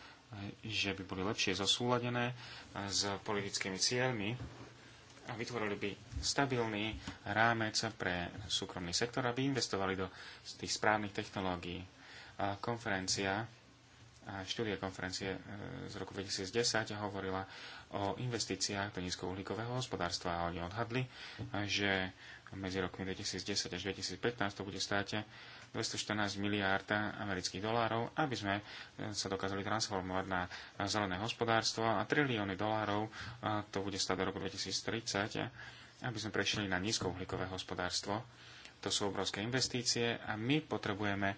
C: že by boli lepšie zosúladené s politickými cieľmi a vytvorili by stabilný rámec pre súkromný sektor, aby investovali do tých správnych technológií. A konferencia a štúdia konferencie z roku 2010 hovorila o investíciách do nízkouhlíkového hospodárstva a oni odhadli, že medzi rokmi 2010 až 2015 to bude stáť 214 miliárd amerických dolárov, aby sme sa dokázali transformovať na zelené hospodárstvo a trilióny dolárov to bude stáť do roku 2030, aby sme prešli na nízkouhlíkové hospodárstvo. To sú obrovské investície a my potrebujeme e,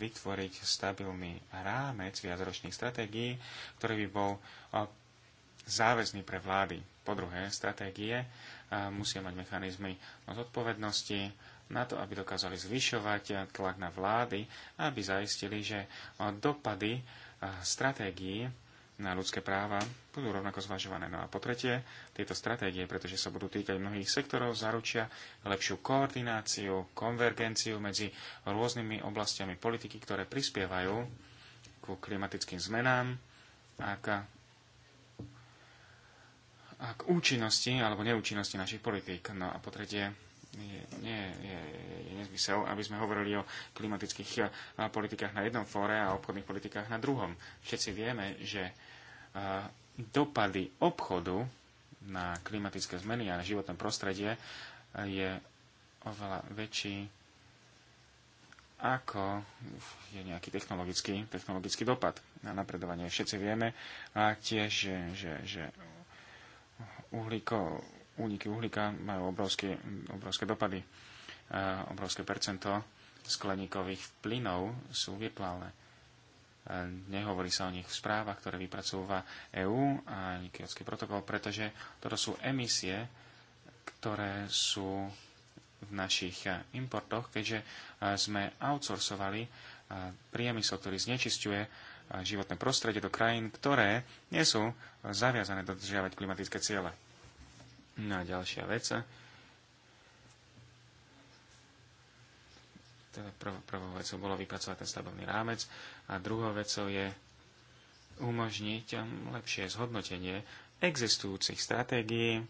C: vytvoriť stabilný rámec viacročných stratégií, ktorý by bol e, záväzný pre vlády. Po druhé, stratégie musia mať mechanizmy zodpovednosti na to, aby dokázali zvyšovať tlak na vlády, aby zaistili, že dopady stratégií na ľudské práva budú rovnako zvažované. No a po tretie, tieto stratégie, pretože sa budú týkať mnohých sektorov, zaručia lepšiu koordináciu, konvergenciu medzi rôznymi oblastiami politiky, ktoré prispievajú ku klimatickým zmenám a k a k účinnosti alebo neúčinnosti našich politík. No a po tretie, je, nie, je, je nezmysel, aby sme hovorili o klimatických eh, politikách na jednom fóre a obchodných politikách na druhom. Všetci vieme, že eh, dopady obchodu na klimatické zmeny a na životné prostredie eh, je oveľa väčší ako je nejaký technologický, technologický dopad na napredovanie. Všetci vieme a tiež, že, že, že uhlíko, úniky uhlíka majú obrovské, obrovské dopady. E, obrovské percento skleníkových plynov sú vyplavné. E, nehovorí sa o nich v správach, ktoré vypracúva EÚ a Nikiotský protokol, pretože toto sú emisie, ktoré sú v našich e, importoch, keďže sme outsourcovali priemysel, ktorý znečisťuje a životné prostredie do krajín, ktoré nie sú zaviazané dodržiavať klimatické ciele. No a ďalšia vec. Teda prv, prvou vecou bolo vypracovať ten stabilný rámec a druhou vecou je umožniť lepšie zhodnotenie existujúcich stratégií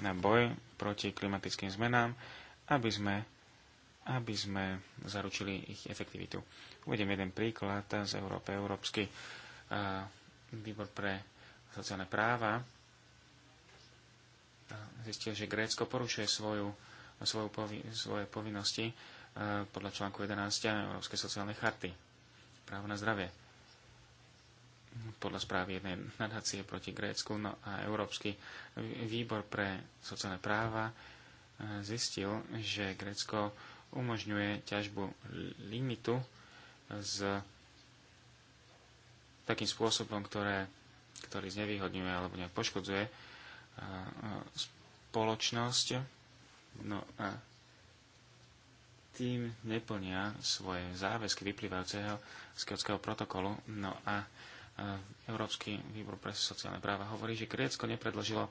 C: na boj proti klimatickým zmenám, aby sme aby sme zaručili ich efektivitu. Uvediem jeden príklad z Európy. Európsky e, výbor pre sociálne práva e, zistil, že Grécko porušuje svoju, svoju povi, svoje povinnosti e, podľa článku 11 Európskej sociálnej charty. Právo na zdravie. Podľa správy jednej nadácie proti Grécku no a Európsky výbor pre sociálne práva zistil, že Grécko umožňuje ťažbu limitu s takým spôsobom, ktoré, ktorý znevýhodňuje alebo nejak poškodzuje spoločnosť. No a tým neplnia svoje záväzky vyplývajúceho z Kyotského protokolu. No a Európsky výbor pre sociálne práva hovorí, že Grécko nepredložilo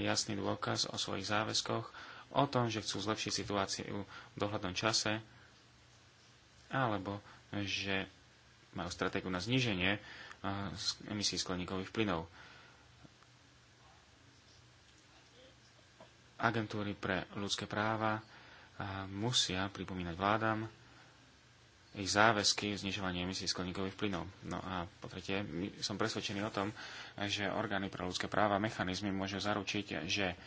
C: jasný dôkaz o svojich záväzkoch o tom, že chcú zlepšiť situáciu v dohľadnom čase, alebo že majú stratégiu na zníženie eh, emisí skleníkových plynov. Agentúry pre ľudské práva eh, musia pripomínať vládam ich záväzky v znižovaní emisí skleníkových plynov. No a po tretie, som presvedčený o tom, že orgány pre ľudské práva, mechanizmy môžu zaručiť, že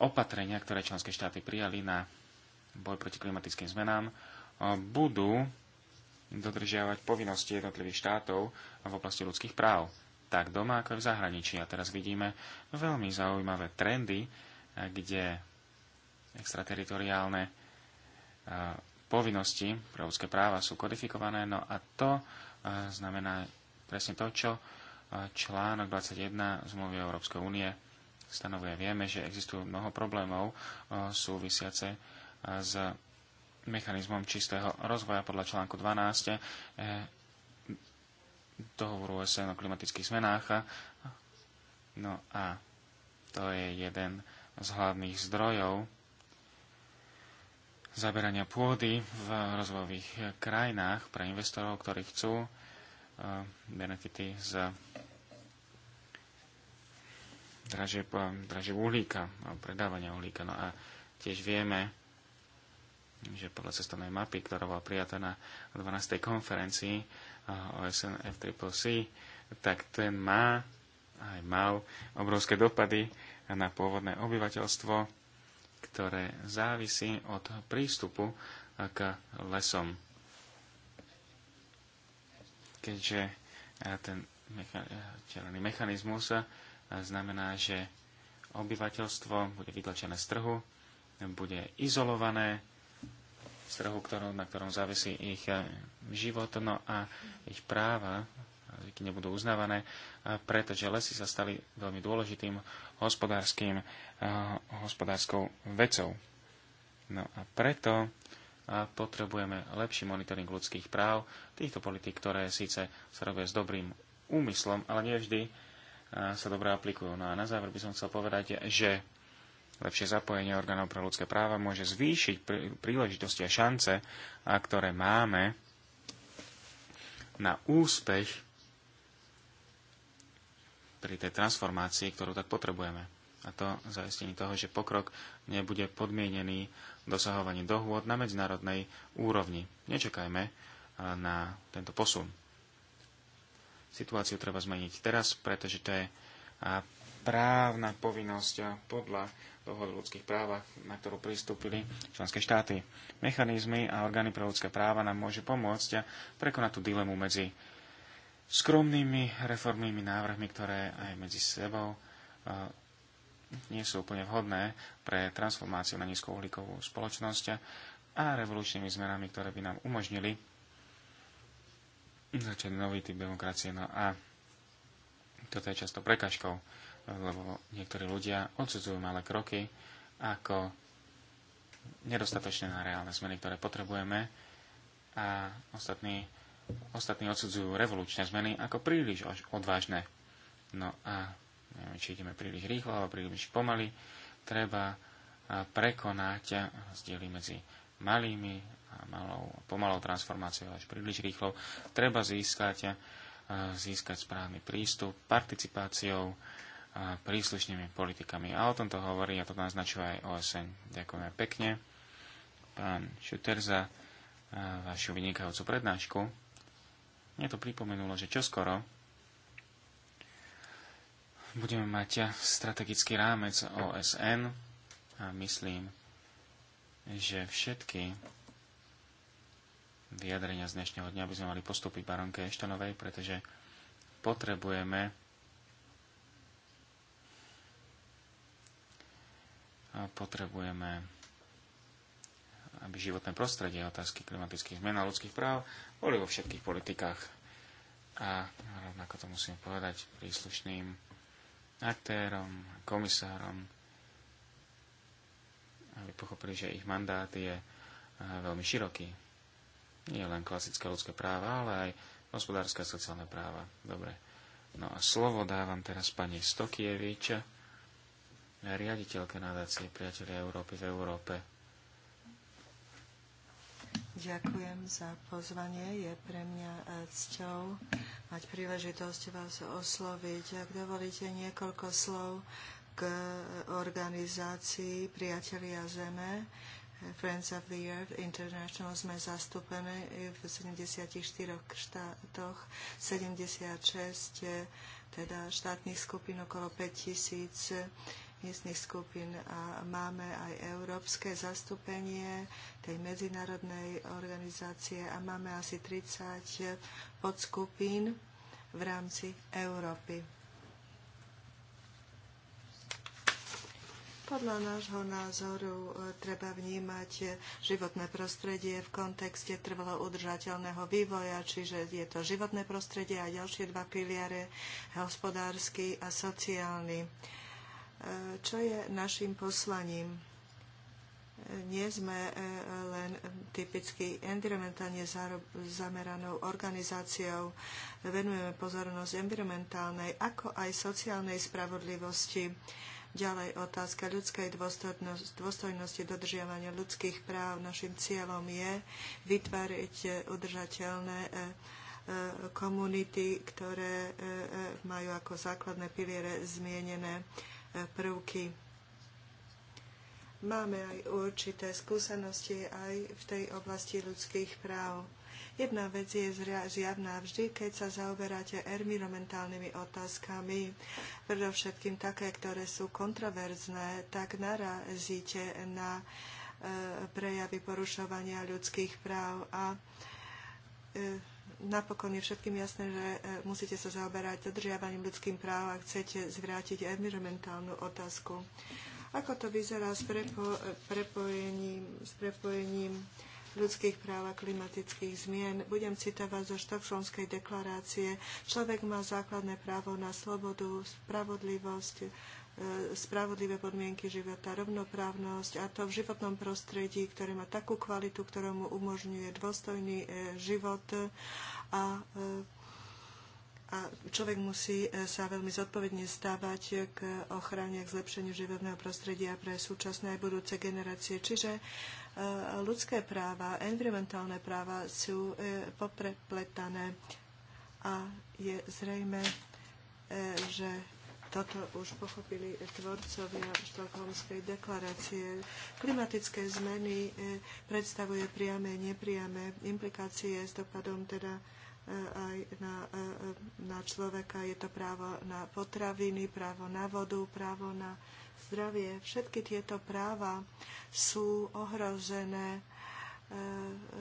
C: opatrenia, ktoré členské štáty prijali na boj proti klimatickým zmenám, e, budú dodržiavať povinnosti jednotlivých štátov v oblasti ľudských práv, tak doma ako aj v zahraničí. A teraz vidíme veľmi zaujímavé trendy, e, kde extrateritoriálne e, povinnosti pre ľudské práva sú kodifikované, no a to znamená presne to, čo článok 21 zmluvy Európskej únie stanovuje. Vieme, že existujú mnoho problémov e, súvisiace e, s mechanizmom čistého rozvoja podľa článku 12 e, dohovoru OSN o klimatických zmenách. No a to je jeden z hlavných zdrojov zaberania pôdy v rozvojových krajinách pre investorov, ktorí chcú benefity z dražieb, dražieb uhlíka, alebo predávania uhlíka. No a tiež vieme, že podľa cestovnej mapy, ktorá bola prijatá na 12. konferencii OSN FCCC, tak ten má aj mal obrovské dopady na pôvodné obyvateľstvo, ktoré závisí od prístupu k lesom. Keďže ten mechanizmus znamená, že obyvateľstvo bude vytlačené z trhu, bude izolované z trhu, ktorom, na ktorom závisí ich eh, život, no a ich práva nebudú uznávané, eh, pretože lesy sa stali veľmi dôležitým hospodárským, eh, hospodárskou vecou. No a preto potrebujeme lepší monitoring ľudských práv týchto politik, ktoré síce sa robia s dobrým úmyslom, ale nie vždy sa dobre aplikujú. No a na záver by som chcel povedať, že lepšie zapojenie orgánov pre ľudské práva môže zvýšiť príležitosti a šance, a ktoré máme na úspech pri tej transformácii, ktorú tak potrebujeme. A to zaistenie toho, že pokrok nebude podmienený dosahovaním dohôd na medzinárodnej úrovni. Nečakajme na tento posun. Situáciu treba zmeniť teraz, pretože to je právna povinnosť podľa dohod o ľudských právach, na ktorú pristúpili členské štáty. Mechanizmy a orgány pre ľudské práva nám môžu pomôcť a prekonať tú dilemu medzi skromnými reformnými návrhmi, ktoré aj medzi sebou nie sú úplne vhodné pre transformáciu na nízkouhlíkovú spoločnosť a revolučnými zmenami, ktoré by nám umožnili začať nový typ demokracie. No a toto je často prekažkou, lebo niektorí ľudia odsudzujú malé kroky ako nedostatočné na reálne zmeny, ktoré potrebujeme a ostatní, ostatní odsudzujú revolučné zmeny ako príliš odvážne. No a neviem, či ideme príliš rýchlo alebo príliš pomaly, treba prekonať rozdiely medzi malými malou, pomalou transformáciou až príliš rýchlo, treba získať, e, získať správny prístup participáciou a príslušnými politikami. A o tomto hovorí a to naznačuje aj OSN. Ďakujeme pekne. Pán Šuter za e, vašu vynikajúcu prednášku. Mne to pripomenulo, že čoskoro budeme mať strategický rámec OSN a myslím, že všetky vyjadrenia z dnešného dňa, aby sme mali postúpiť baronke Eštonovej, pretože potrebujeme potrebujeme aby životné prostredie, otázky klimatických zmen a ľudských práv boli vo všetkých politikách. A rovnako to musím povedať príslušným aktérom, komisárom, aby pochopili, že ich mandát je veľmi široký nie len klasické ľudské práva, ale aj hospodárske a sociálne práva. Dobre. No a slovo dávam teraz pani Stokieviča, riaditeľke nadácie Priatelia Európy v Európe.
A: Ďakujem za pozvanie. Je pre mňa e, cťou mať príležitosť vás osloviť. Ak dovolíte niekoľko slov k e, organizácii Priatelia Zeme, Friends of the Earth International sme zastúpené v 74 štátoch, 76 eh, teda štátnych skupín, okolo 5000 miestnych skupín a máme aj európske zastúpenie tej medzinárodnej organizácie a máme asi 30 podskupín v rámci Európy. Podľa nášho názoru e, treba vnímať e, životné prostredie v kontexte trvalo udržateľného vývoja, čiže je to životné prostredie a ďalšie dva piliare, hospodársky a sociálny. E, čo je našim poslaním? Nie sme len typicky environmentálne zameranou organizáciou, venujeme pozornosť environmentálnej, ako aj sociálnej spravodlivosti Ďalej otázka ľudskej dôstojnosti dodržiavania ľudských práv. Našim cieľom je vytvoriť udržateľné e, e, komunity, ktoré e, majú ako základné piliere zmienené prvky. Máme aj určité skúsenosti aj v tej oblasti ľudských práv Jedna vec je zjavná vždy, keď sa zaoberáte environmentálnymi otázkami, predovšetkým také, ktoré sú kontroverzné, tak narazíte na e, prejavy porušovania ľudských práv a e, napokon je všetkým jasné, že e, musíte sa zaoberať dodržiavaním ľudským práv a chcete zvrátiť environmentálnu otázku. Ako to vyzerá s, prepo, prepojením, s prepojením ľudských práv a klimatických zmien. Budem citovať zo štokšlonskej deklarácie. Človek má základné právo na slobodu, spravodlivosť, e, spravodlivé podmienky života, rovnoprávnosť a to v životnom prostredí, ktoré má takú kvalitu, ktorému umožňuje dôstojný e, život a e, a človek musí e, sa veľmi zodpovedne stávať k ochrane, a k zlepšeniu životného prostredia pre súčasné aj budúce generácie. Čiže e, ľudské práva, environmentálne práva sú e, poprepletané a je zrejme, že toto už pochopili tvorcovia štokholmskej deklarácie. Klimatické zmeny predstavuje priame, nepriame implikácie s dopadom teda aj na, na človeka. Je to právo na potraviny, právo na vodu, právo na zdravie. Všetky tieto práva sú ohrozené e,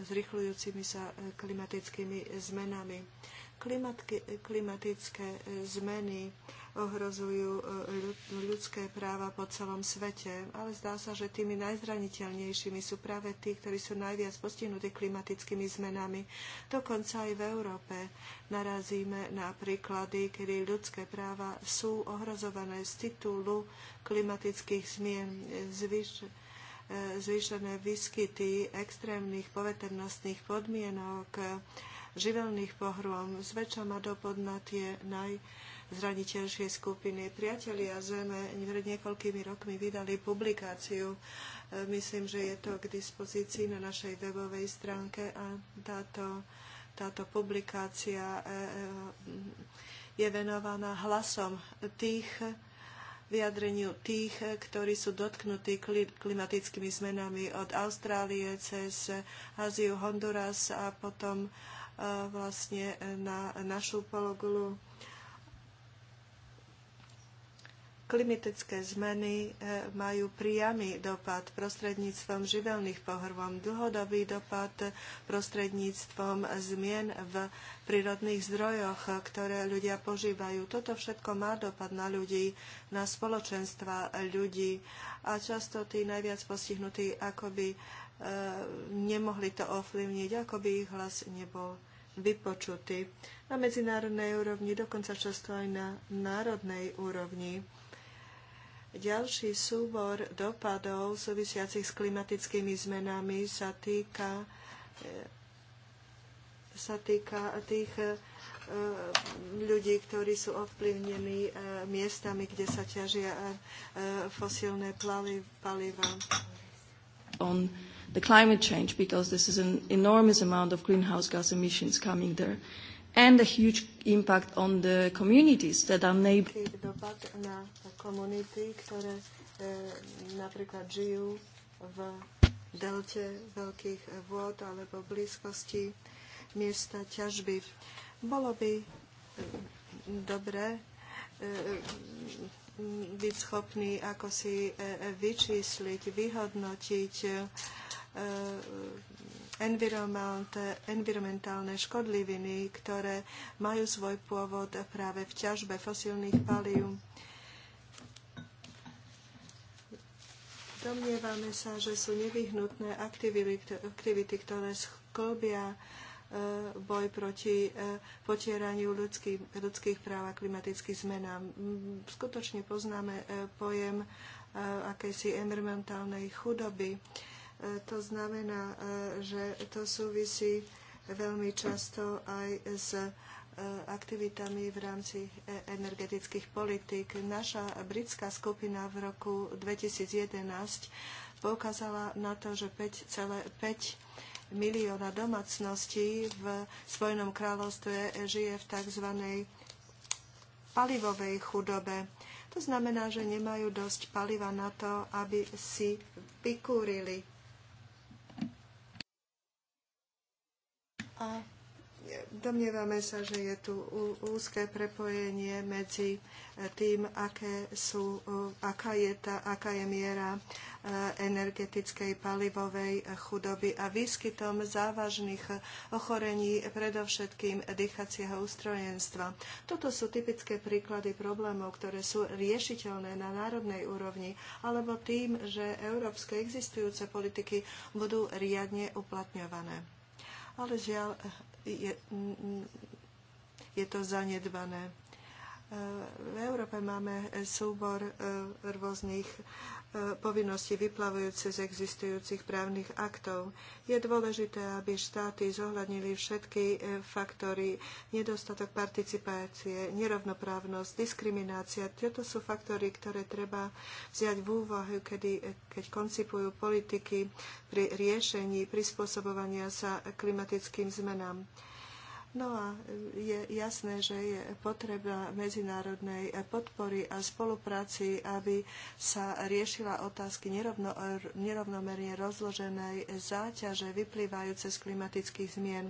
A: zrychľujúcimi sa e, klimatickými zmenami. Klimatky, klimatické e, zmeny ohrozujú e, ľudské práva po celom svete. Ale zdá sa, že tými najzraniteľnejšími sú práve tí, ktorí sú najviac postihnutí klimatickými zmenami. Dokonca aj v Európe narazíme na príklady, kedy ľudské práva sú ohrozované z titulu klimatických zmien. Zvyš, e, zvýšené výskyty extrémnych poveternostných podmienok, živelných pohrom, zväčša dopodnatie dopad naj, zraniteľšie skupiny. Priatelia Zeme pred niekoľkými rokmi vydali publikáciu. E, myslím, že je to k dispozícii na našej webovej stránke a táto, táto publikácia e, e, je venovaná hlasom tých, vyjadreniu tých, ktorí sú dotknutí klimatickými zmenami od Austrálie cez Áziu, Honduras a potom vlastne na našu pologulu Klimatické zmeny e, majú priamy dopad prostredníctvom živelných pohrvom, dlhodobý dopad prostredníctvom zmien v prírodných zdrojoch, ktoré ľudia požívajú. Toto všetko má dopad na ľudí, na spoločenstva ľudí a často tí najviac postihnutí akoby e, nemohli to ovplyvniť, akoby ich hlas nebol vypočutý. Na medzinárodnej úrovni, dokonca často aj na národnej úrovni ďalší súbor dopadov súvisiacich s klimatickými zmenami sa týka, e, sa týka tých e, ľudí, ktorí sú ovplyvnení e, miestami, kde sa ťažia fosílne paliva. On the climate change because this is an enormous amount of greenhouse gas emissions coming there
B: and a huge impact on the communities that are neighbors.
A: E, v delte veľkých vôd alebo v blízkosti miesta ťažby. Bolo by e, dobre e, byť schopný ako si vyčísliť, vyhodnotiť environmentálne škodliviny, ktoré majú svoj pôvod práve v ťažbe fosílnych palív. Domnievame sa, že sú nevyhnutné aktivity, ktoré sklbia e, boj proti e, potieraniu ľudských, ľudských práv a klimatických zmenám. Mm, skutočne poznáme e, pojem akejsi environmentálnej chudoby. To znamená, e, že to súvisí veľmi často aj s e, aktivitami v rámci e, energetických politík. Naša britská skupina v roku 2011 poukázala na to, že 5,5 milióna domácností v Spojenom kráľovstve žije v tzv. palivovej chudobe. To znamená, že nemajú dosť paliva na to, aby si vykúrili A domnievame sa, že je tu úzke prepojenie medzi e, tým, aké sú, e, aká, je tá, aká je miera e, energetickej palivovej chudoby a výskytom závažných ochorení, predovšetkým dýchacieho ústrojenstva. Toto sú typické príklady problémov, ktoré sú riešiteľné na národnej úrovni, alebo tým, že európske existujúce politiky budú riadne uplatňované ale žiaľ je, je to zanedbané. V Európe máme súbor e, rôznych povinnosti vyplavujúce z existujúcich právnych aktov. Je dôležité, aby štáty zohľadnili všetky e, faktory, nedostatok participácie, nerovnoprávnosť, diskriminácia. Tieto sú faktory, ktoré treba vziať v úvahu, kedy, e, keď koncipujú politiky pri riešení prispôsobovania sa klimatickým zmenám. No a je jasné, že je potreba medzinárodnej podpory a spolupráci, aby sa riešila otázky nerovno, nerovnomerne rozloženej záťaže vyplývajúce z klimatických zmien.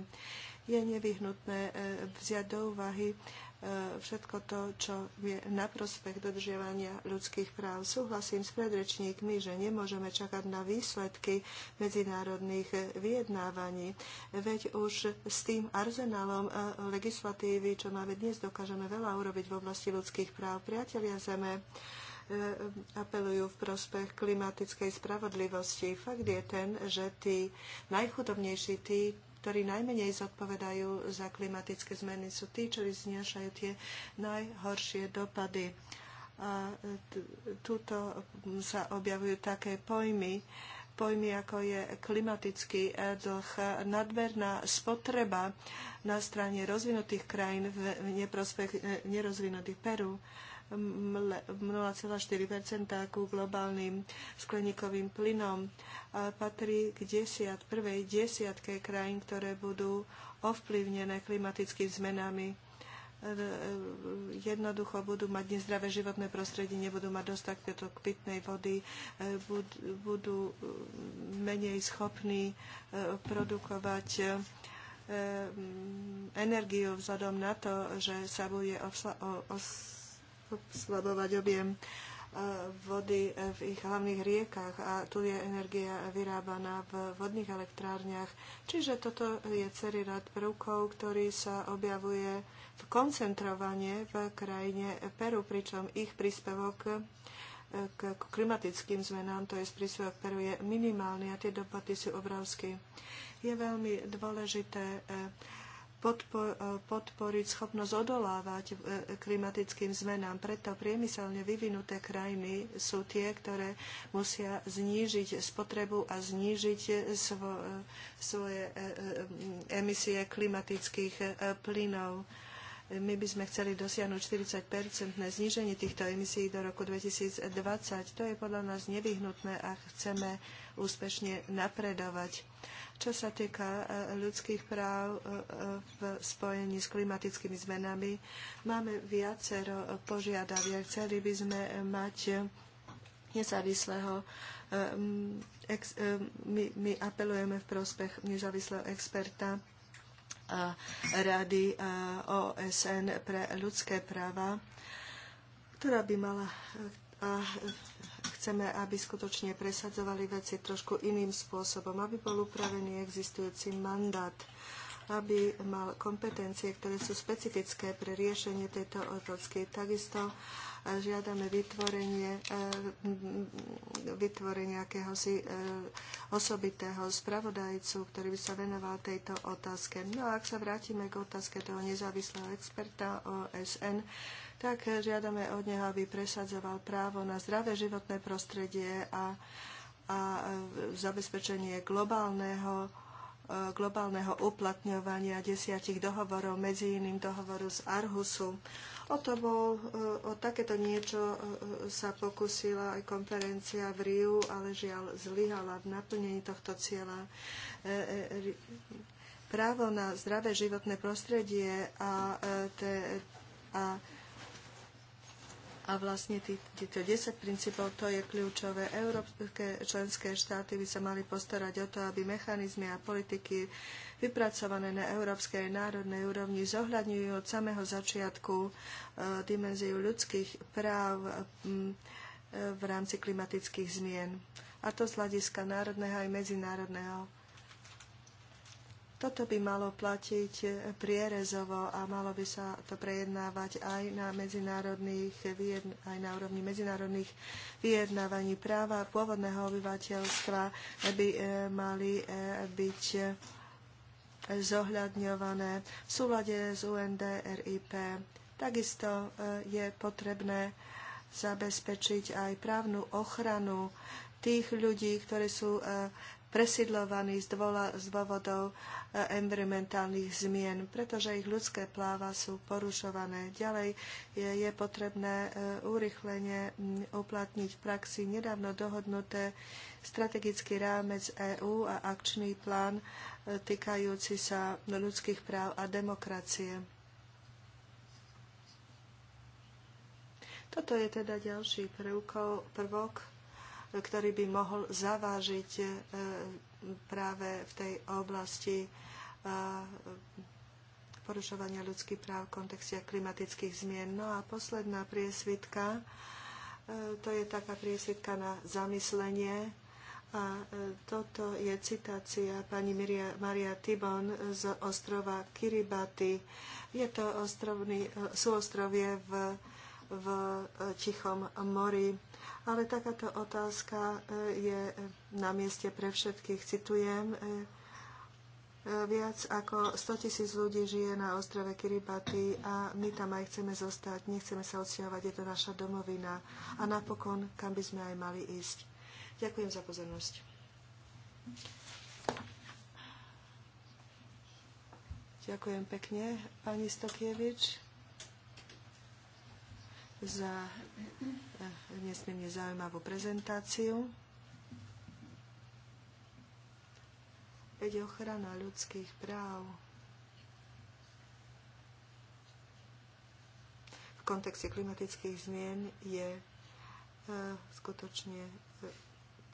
A: Je nevyhnutné eh, vziať do úvahy E, všetko to, čo je na prospech dodržiavania ľudských práv. Súhlasím s predrečníkmi, že nemôžeme čakať na výsledky medzinárodných vyjednávaní. Veď už s tým arzenálom e, legislatívy, čo máme dnes, dokážeme veľa urobiť v oblasti ľudských práv. Priatelia Zeme, e, apelujú v prospech klimatickej spravodlivosti. Fakt je ten, že tí najchudobnejší, tí, ktorí najmenej zodpovedajú za klimatické zmeny, sú tí, ktorí znášajú tie najhoršie dopady. A tuto sa objavujú také pojmy, pojmy ako je klimatický dlh, nadmerná spotreba na strane rozvinutých krajín v neprospech e, nerozvinutých Peru 0,4 ku globálnym skleníkovým plynom. A patrí k desiat, prvej desiatke krajín, ktoré budú ovplyvnené klimatickými zmenami e, e, jednoducho budú mať nezdravé životné prostredie, nebudú mať dostatok pitnej vody, e, budú menej schopní produkovať energiu vzhľadom na to, že sa bude slabovať objem e, vody v ich hlavných riekach a tu je energia vyrábaná v vodných elektrárniach. Čiže toto je celý rad prvkov, ktorý sa objavuje v koncentrovanie v krajine Peru, pričom ich príspevok e, k klimatickým zmenám, to je príspevok Peru, je minimálny a tie dopady sú obrovské. Je veľmi dôležité e, Eh, podporiť schopnosť odolávať eh, klimatickým zmenám. Preto priemyselne vyvinuté krajiny sú tie, ktoré musia znížiť spotrebu a znížiť svo, eh, svoje emisie klimatických plynov my by sme chceli dosiahnuť 40-percentné zníženie týchto emisí do roku 2020. To je podľa nás nevyhnutné a chceme úspešne napredovať. Čo sa týka e, ľudských práv e, e, v spojení s klimatickými zmenami, máme viacero požiadaviek. Chceli by sme mať nezávislého my, my apelujeme v prospech nezávislého experta a Rady OSN pre ľudské práva, ktorá by mala Chceme, aby skutočne presadzovali veci trošku iným spôsobom, aby bol upravený existujúci mandát aby mal kompetencie, ktoré sú specifické pre riešenie tejto otázky. Takisto eh, žiadame vytvorenie, eh, vytvorenie akéhosi eh, osobitého spravodajcu, ktorý by sa venoval tejto otázke. No a ak sa vrátime k otázke toho nezávislého experta OSN, tak žiadame od neho, aby presadzoval právo na zdravé životné prostredie a, a zabezpečenie globálneho e, globálneho uplatňovania desiatich dohovorov, medzi iným dohovoru z Arhusu. O, to bol, e, o takéto niečo e, sa pokusila aj konferencia v Riu, ale žiaľ zlyhala v naplnení tohto cieľa. Právo na zdravé životné prostredie a, a, a a vlastne týchto 10 princípov to je kľúčové. Európske členské štáty by sa mali postarať o to, aby mechanizmy a politiky vypracované na európskej národnej úrovni zohľadňujú od samého začiatku e, dimenziu ľudských práv e, v rámci klimatických zmien. A to z hľadiska národného aj medzinárodného toto by malo platiť prierezovo a malo by sa to prejednávať aj na, medzinárodných, aj na úrovni medzinárodných vyjednávaní práva pôvodného obyvateľstva by e, mali e, byť zohľadňované v súlade s UNDRIP. Takisto e, je potrebné zabezpečiť aj právnu ochranu tých ľudí, ktorí sú presidlovaní z, z dôvodov e, environmentálnych zmien, pretože ich ľudské pláva sú porušované. Ďalej je, je potrebné e, urychlenie uplatniť v praxi nedávno dohodnuté strategický rámec EÚ a akčný plán e, týkajúci sa ľudských práv a demokracie. Toto je teda ďalší prvkov, prvok ktorý by mohol zavážiť e, práve v tej oblasti e, porušovania ľudských práv v kontexte klimatických zmien. No a posledná priesvitka, e, to je taká priesvitka na zamyslenie. A toto je citácia pani Maria, Maria Tibon z ostrova Kiribati. Je to ostrovný, súostrovie v, v Tichom mori ale takáto otázka e, je na mieste pre všetkých. Citujem, e, e, viac ako 100 tisíc ľudí žije na ostrove Kiribati a my tam aj chceme zostať, nechceme sa odsťahovať, je to naša domovina a napokon, kam by sme aj mali ísť. Ďakujem za pozornosť. Ďakujem pekne, pani Stokievič za eh, nesmierne zaujímavú prezentáciu. Veď ochrana ľudských práv v kontexte klimatických zmien je eh, skutočne eh,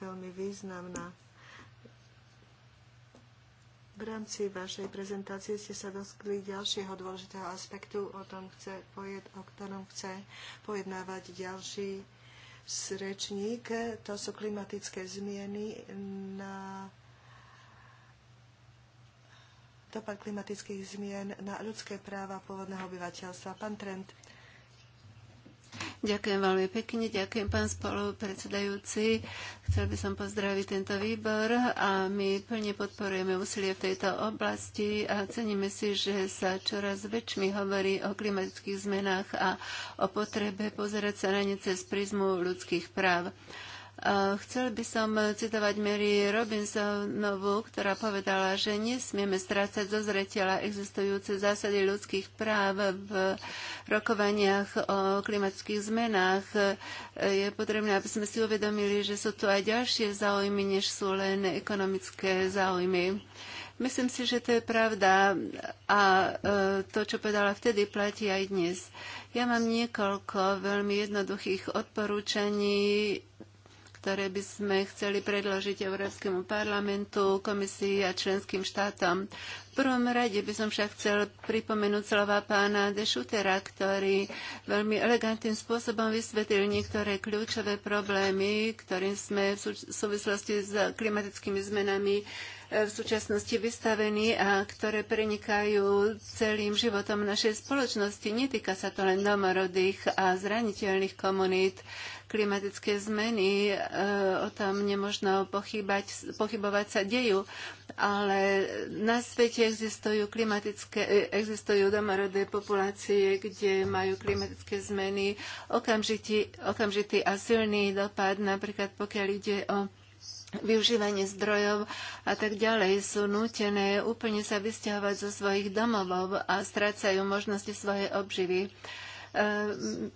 A: veľmi významná v rámci vašej prezentácie ste sa doskli ďalšieho dôležitého aspektu, o, tom chce, o ktorom chce pojednávať ďalší srečník. To sú klimatické zmieny na dopad klimatických zmien na ľudské práva
B: pôvodného obyvateľstva. Pán Trent, Ďakujem veľmi pekne, ďakujem pán spolupredsedajúci. Chcel by som pozdraviť tento výbor a my plne podporujeme úsilie v tejto oblasti a ceníme si, že sa čoraz väčšmi hovorí o klimatických zmenách a o potrebe pozerať sa na ne cez prizmu ľudských práv. Chcel by som citovať Mary Robinsonovú, ktorá povedala, že nesmieme strácať zo zreteľa existujúce zásady ľudských práv v rokovaniach o klimatických zmenách. Je potrebné, aby sme si uvedomili, že sú tu aj ďalšie záujmy, než sú len ekonomické záujmy. Myslím si, že to je pravda a e, to, čo povedala vtedy, platí aj dnes. Ja mám niekoľko veľmi jednoduchých odporúčaní ktoré by sme chceli predložiť Európskemu parlamentu, komisii a členským štátom. V prvom rade by som však chcel pripomenúť slova pána De Schutera, ktorý veľmi elegantným spôsobom vysvetlil niektoré kľúčové problémy, ktorým sme v súvislosti s klimatickými zmenami E, v súčasnosti vystavení a ktoré prenikajú celým životom našej spoločnosti. Netýka sa to len domorodých a zraniteľných komunít. Klimatické zmeny, e, o tom nemožno pochybať, pochybovať sa dejú, ale na svete existujú, klimatické, e, existujú domorodé populácie, kde majú klimatické zmeny okamžitý, okamžitý a silný dopad, napríklad pokiaľ ide o využívanie zdrojov a tak ďalej sú nútené úplne sa vysťahovať zo svojich domovov a strácajú možnosti svojej obživy. Ehm,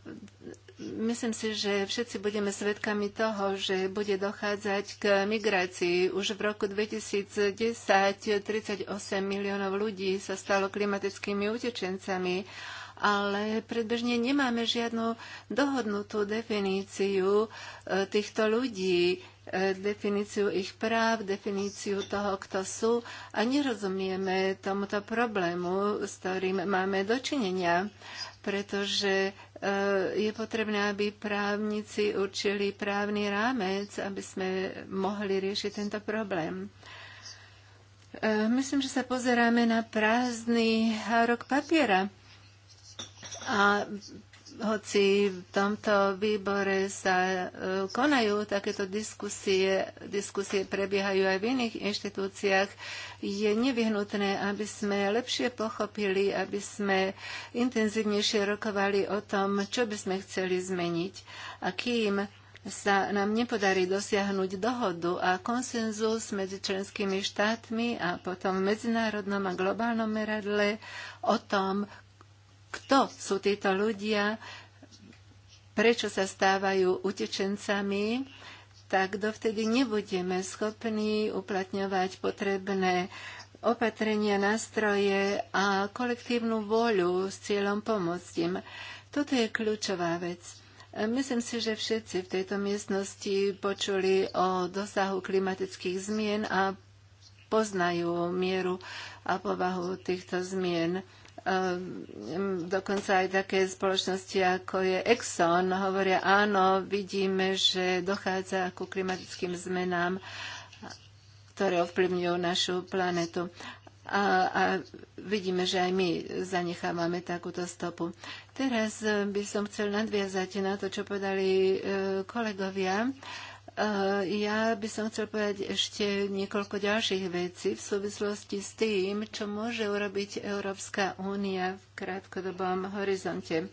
B: myslím si, že všetci budeme svedkami toho, že bude dochádzať k migrácii. Už v roku 2010 38 miliónov ľudí sa stalo klimatickými utečencami ale predbežne nemáme žiadnu dohodnutú definíciu e, týchto ľudí definíciu ich práv, definíciu toho, kto sú a nerozumieme tomuto problému, s ktorým máme dočinenia, pretože eh, je potrebné, aby právnici určili právny rámec, aby sme mohli riešiť tento problém. Eh, myslím, že sa pozeráme na prázdny rok papiera. A hoci v tomto výbore sa e, konajú takéto diskusie, diskusie prebiehajú aj v iných inštitúciách, je nevyhnutné, aby sme lepšie pochopili, aby sme intenzívnejšie rokovali o tom, čo by sme chceli zmeniť. A kým sa nám nepodarí dosiahnuť dohodu a konsenzus medzi členskými štátmi a potom v medzinárodnom a globálnom meradle o tom, kto sú títo ľudia, prečo sa stávajú utečencami, tak dovtedy nebudeme schopní uplatňovať potrebné opatrenia, nástroje a kolektívnu voľu s cieľom pomôcť im. Toto je kľúčová vec. Myslím si, že všetci v tejto miestnosti počuli o dosahu klimatických zmien a poznajú mieru a povahu týchto zmien. Ehm, dokonca aj také spoločnosti ako je Exxon hovoria, áno, vidíme, že dochádza ku klimatickým zmenám, ktoré ovplyvňujú našu planetu. A, a vidíme, že aj my zanechávame takúto stopu. Teraz eh, by som chcel nadviazať na to, čo povedali eh, kolegovia. Ja by som chcel povedať ešte niekoľko ďalších vecí v súvislosti s tým, čo môže urobiť Európska únia v krátkodobom horizonte.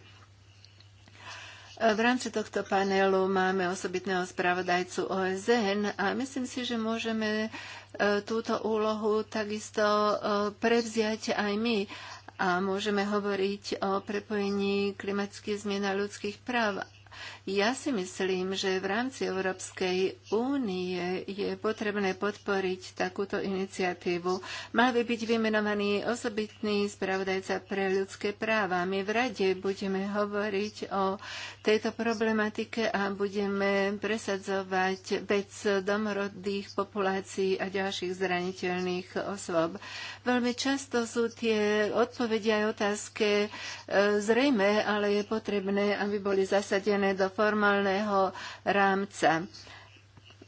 B: V rámci tohto panelu máme osobitného spravodajcu OSN a myslím si, že môžeme e, túto úlohu takisto e, prevziať aj my a môžeme hovoriť o prepojení klimatických zmien a ľudských práv. Ja si myslím, že v rámci Európskej únie je potrebné podporiť takúto iniciatívu. Mal by byť vymenovaný osobitný spravodajca pre ľudské práva. My v rade budeme hovoriť o tejto problematike a budeme presadzovať vec domorodých populácií a ďalších zraniteľných osôb. Veľmi často sú tie odpovede aj otázky e, zrejme, ale je potrebné, aby boli zasadené do formálneho rámca.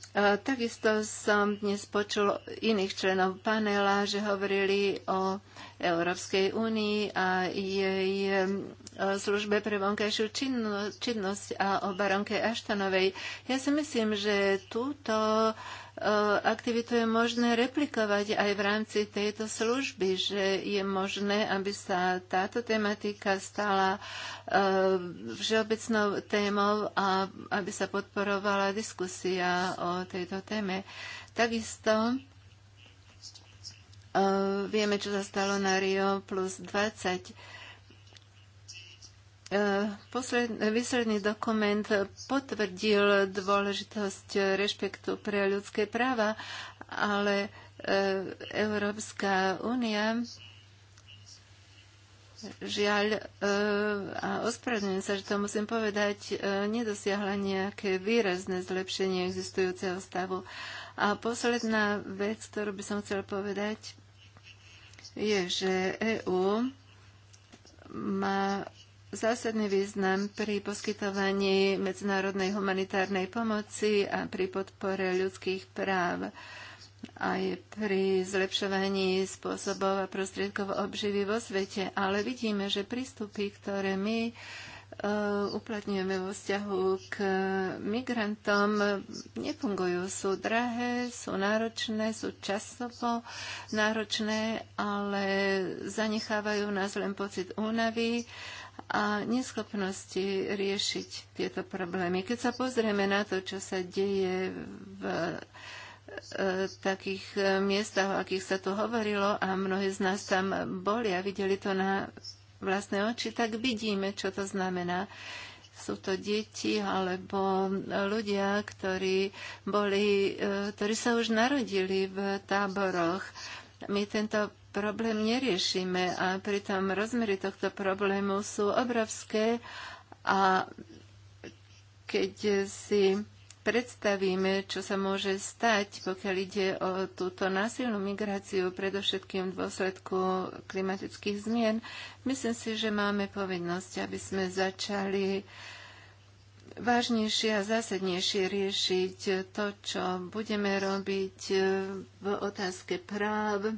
B: E, takisto som dnes počul iných členov panela, že hovorili o Európskej únii a jej e, službe pre vonkajšiu činnosť a o baronke Aštanovej. Ja si myslím, že túto Eh, aktivitu je možné replikovať aj v rámci tejto služby, že je možné, aby sa táto tematika stala eh, všeobecnou témou a aby sa podporovala diskusia o tejto téme. Takisto eh, vieme, čo sa stalo na Rio plus 20 Posledný výsledný dokument potvrdil dôležitosť rešpektu pre ľudské práva, ale e, Európska únia žiaľ e, a ospravedlňujem sa, že to musím povedať, e, nedosiahla nejaké výrazné zlepšenie existujúceho stavu. A posledná vec, ktorú by som chcel povedať, je, že EÚ má zásadný význam pri poskytovaní medzinárodnej humanitárnej pomoci a pri podpore ľudských práv aj pri zlepšovaní spôsobov a prostriedkov obživy vo svete, ale vidíme, že prístupy, ktoré my e, uplatňujeme vo vzťahu k migrantom, nefungujú. Sú drahé, sú náročné, sú časovo náročné, ale zanechávajú nás len pocit únavy a neschopnosti riešiť tieto problémy. Keď sa pozrieme na to, čo sa deje v e, takých e, miestach, o akých sa tu hovorilo a mnohí z nás tam boli a videli to na vlastné oči, tak vidíme, čo to znamená. Sú to deti alebo ľudia, ktorí, boli, e, ktorí sa už narodili v táboroch. My tento problém neriešime a pritom rozmery tohto problému sú obrovské a keď si predstavíme, čo sa môže stať, pokiaľ ide o túto násilnú migráciu, predovšetkým v dôsledku klimatických zmien, myslím si, že máme povinnosť, aby sme začali vážnejšie a zásadnejšie riešiť to, čo budeme robiť v otázke práv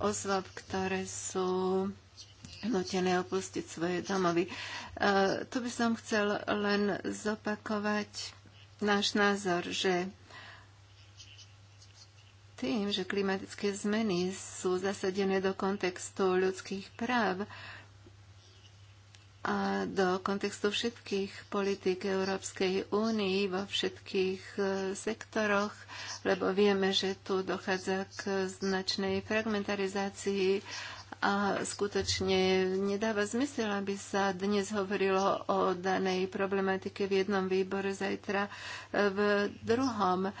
B: osôb, ktoré sú nutené opustiť svoje domovy. E, tu by som chcel len zopakovať náš názor, že tým, že klimatické zmeny sú zasadené do kontextu ľudských práv, a do kontextu všetkých politík Európskej únii vo všetkých e, sektoroch, lebo vieme, že tu dochádza k značnej fragmentarizácii a skutočne nedáva zmysel, aby sa dnes hovorilo o danej problematike v jednom výbore, zajtra e, v druhom.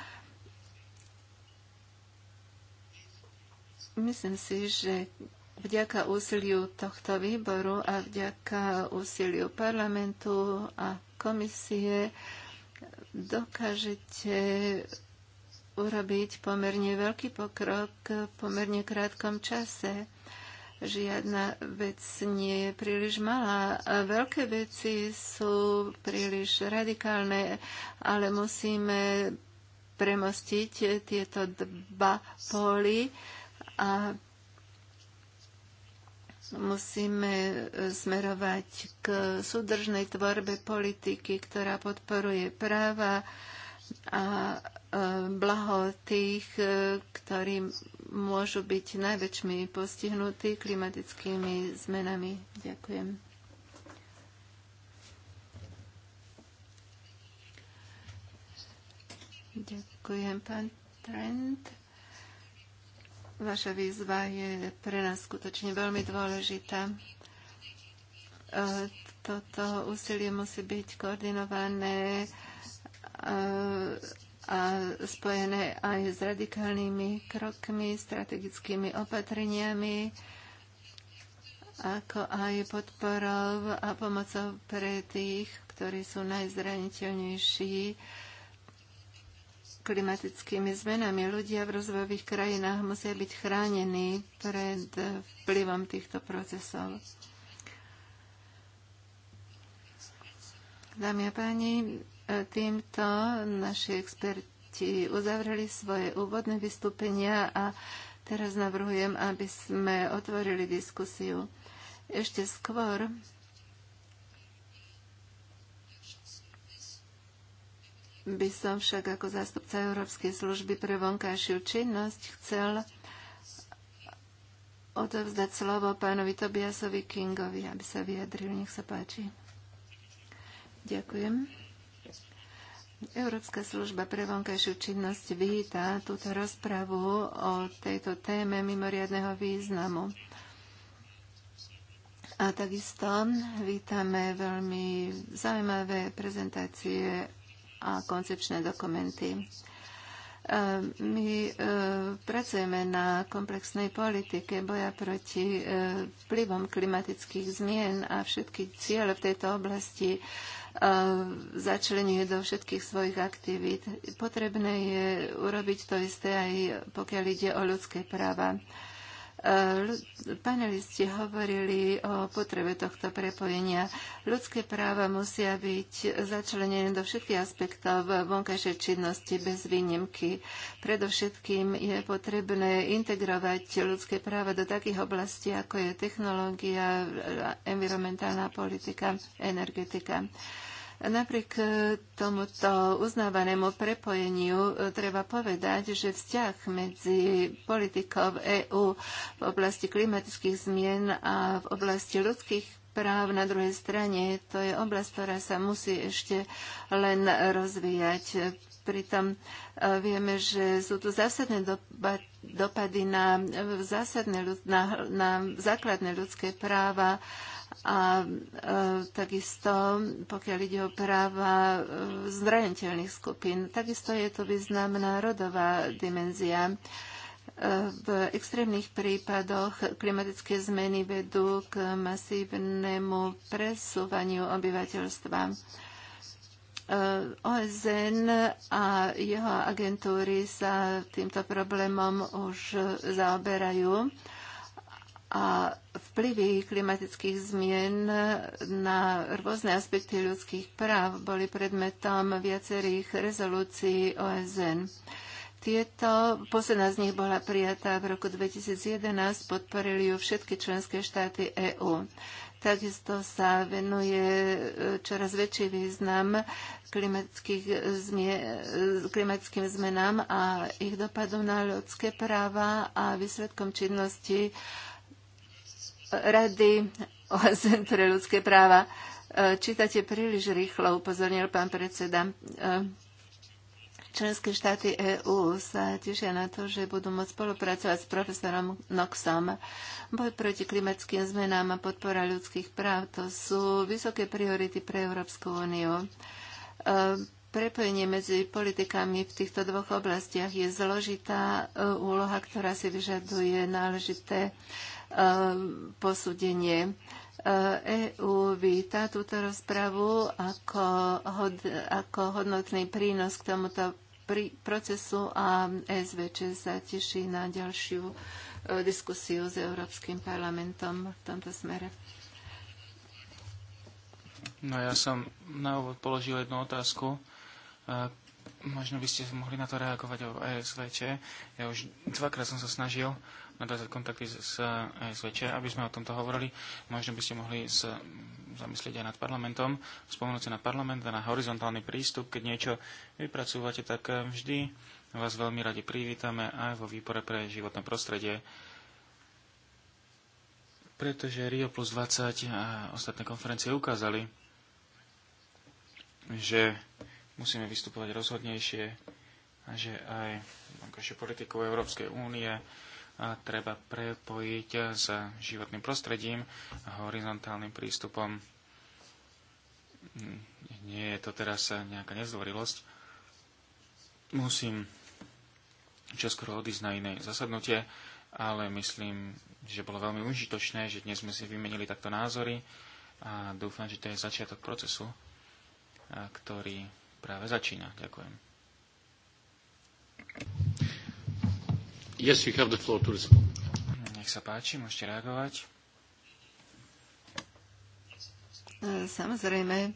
B: Myslím si, že vďaka úsiliu tohto výboru a vďaka úsiliu parlamentu a komisie dokážete urobiť pomerne veľký pokrok v pomerne krátkom čase. Žiadna vec nie je príliš malá. Veľké veci sú príliš radikálne, ale musíme premostiť tieto dva póly a musíme e, smerovať k súdržnej tvorbe politiky, ktorá podporuje práva a e, blaho tých, e, ktorí môžu byť najväčšmi postihnutí klimatickými zmenami. Ďakujem. Ďakujem, pán Trent. Vaša výzva je pre nás skutočne veľmi dôležitá. E, toto úsilie musí byť koordinované e, a spojené aj s radikálnymi krokmi, strategickými opatreniami, ako aj podporou a pomocou pre tých, ktorí sú najzraniteľnejší klimatickými zmenami. Ľudia v rozvojových krajinách musia byť chránení pred vplyvom týchto procesov. Dámy a páni, týmto naši experti uzavreli svoje úvodné vystúpenia a teraz navrhujem, aby sme otvorili diskusiu. Ešte skôr by som však ako zástupca Európskej služby pre vonkajšiu činnosť chcel odovzdať slovo pánovi Tobiasovi Kingovi, aby sa vyjadril. Nech sa páči. Ďakujem. Európska služba pre vonkajšiu činnosť víta túto rozpravu o tejto téme mimoriadného významu. A takisto vítame veľmi zaujímavé prezentácie a koncepčné dokumenty. E, my e, pracujeme na komplexnej politike boja proti e, vplyvom klimatických zmien a všetky ciele v tejto oblasti začlenie do všetkých svojich aktivít. Potrebné je urobiť to isté aj pokiaľ ide o ľudské práva. Panelisti hovorili o potrebe tohto prepojenia. Ľudské práva musia byť začlenené do všetkých aspektov vonkajšej činnosti bez výnimky. Predovšetkým je potrebné integrovať ľudské práva do takých oblastí, ako je technológia, environmentálna politika, energetika. Napriek e, tomuto uznávanému prepojeniu e, treba povedať, že vzťah medzi politikou EÚ v oblasti klimatických zmien a v oblasti ľudských práv na druhej strane, to je oblasť, ktorá sa musí ešte len rozvíjať. Pritom e, vieme, že sú tu zásadné dopady na, zásadné, na, na základné ľudské práva, a e, takisto pokiaľ ide o práva e, zraniteľných skupín. Takisto je to významná rodová dimenzia. E, v extrémnych prípadoch klimatické zmeny vedú k masívnemu presúvaniu obyvateľstva. E, OSN a jeho agentúry sa týmto problémom už zaoberajú a vplyvy klimatických zmien na rôzne aspekty ľudských práv boli predmetom viacerých rezolúcií OSN. Tieto, posledná z nich bola prijatá v roku 2011, podporili ju všetky členské štáty EÚ. Takisto sa venuje e, čoraz väčší význam zmie, e, klimatickým zmenám a ich dopadu na ľudské práva a výsledkom činnosti Rady OSN pre ľudské práva. E, čítate príliš rýchlo, upozornil pán predseda. E, členské štáty EÚ sa tešia na to, že budú môcť spolupracovať s profesorom Knoxom. Boj proti klimatickým zmenám a podpora ľudských práv to sú vysoké priority pre Európsku úniu. E, prepojenie medzi politikami v týchto dvoch oblastiach je zložitá úloha, ktorá si vyžaduje náležité Eh, posúdenie. EÚ eh, e víta túto rozpravu ako, hod, ako hodnotný prínos k tomuto pri procesu a SVČ sa teší na ďalšiu eh, diskusiu s Európskym parlamentom v tomto smere.
C: No ja som na úvod položil jednu otázku. Možno by ste mohli na to reagovať o SVČ. Ja už dvakrát som sa snažil nadviazať kontakty s SVČ, eh, aby sme o tomto hovorili. Možno by ste mohli sa zamyslieť aj nad parlamentom, spomenúť na parlament a na horizontálny prístup. Keď niečo vypracúvate, tak eh, vždy vás veľmi radi privítame aj vo výpore pre životné prostredie pretože Rio plus 20 a ostatné konferencie ukázali, že musíme vystupovať rozhodnejšie a že aj politikov Európskej únie a treba prepojiť s životným prostredím a horizontálnym prístupom. Hm, nie je to teraz nejaká nezdvorilosť. Musím čoskoro odísť na iné zasadnutie, ale myslím, že bolo veľmi užitočné, že dnes sme si vymenili takto názory a dúfam, že to je začiatok procesu, ktorý práve začína. Ďakujem. Yes, you have the floor to respond. Nech sa páči, môžete reagovať.
B: E, samozrejme,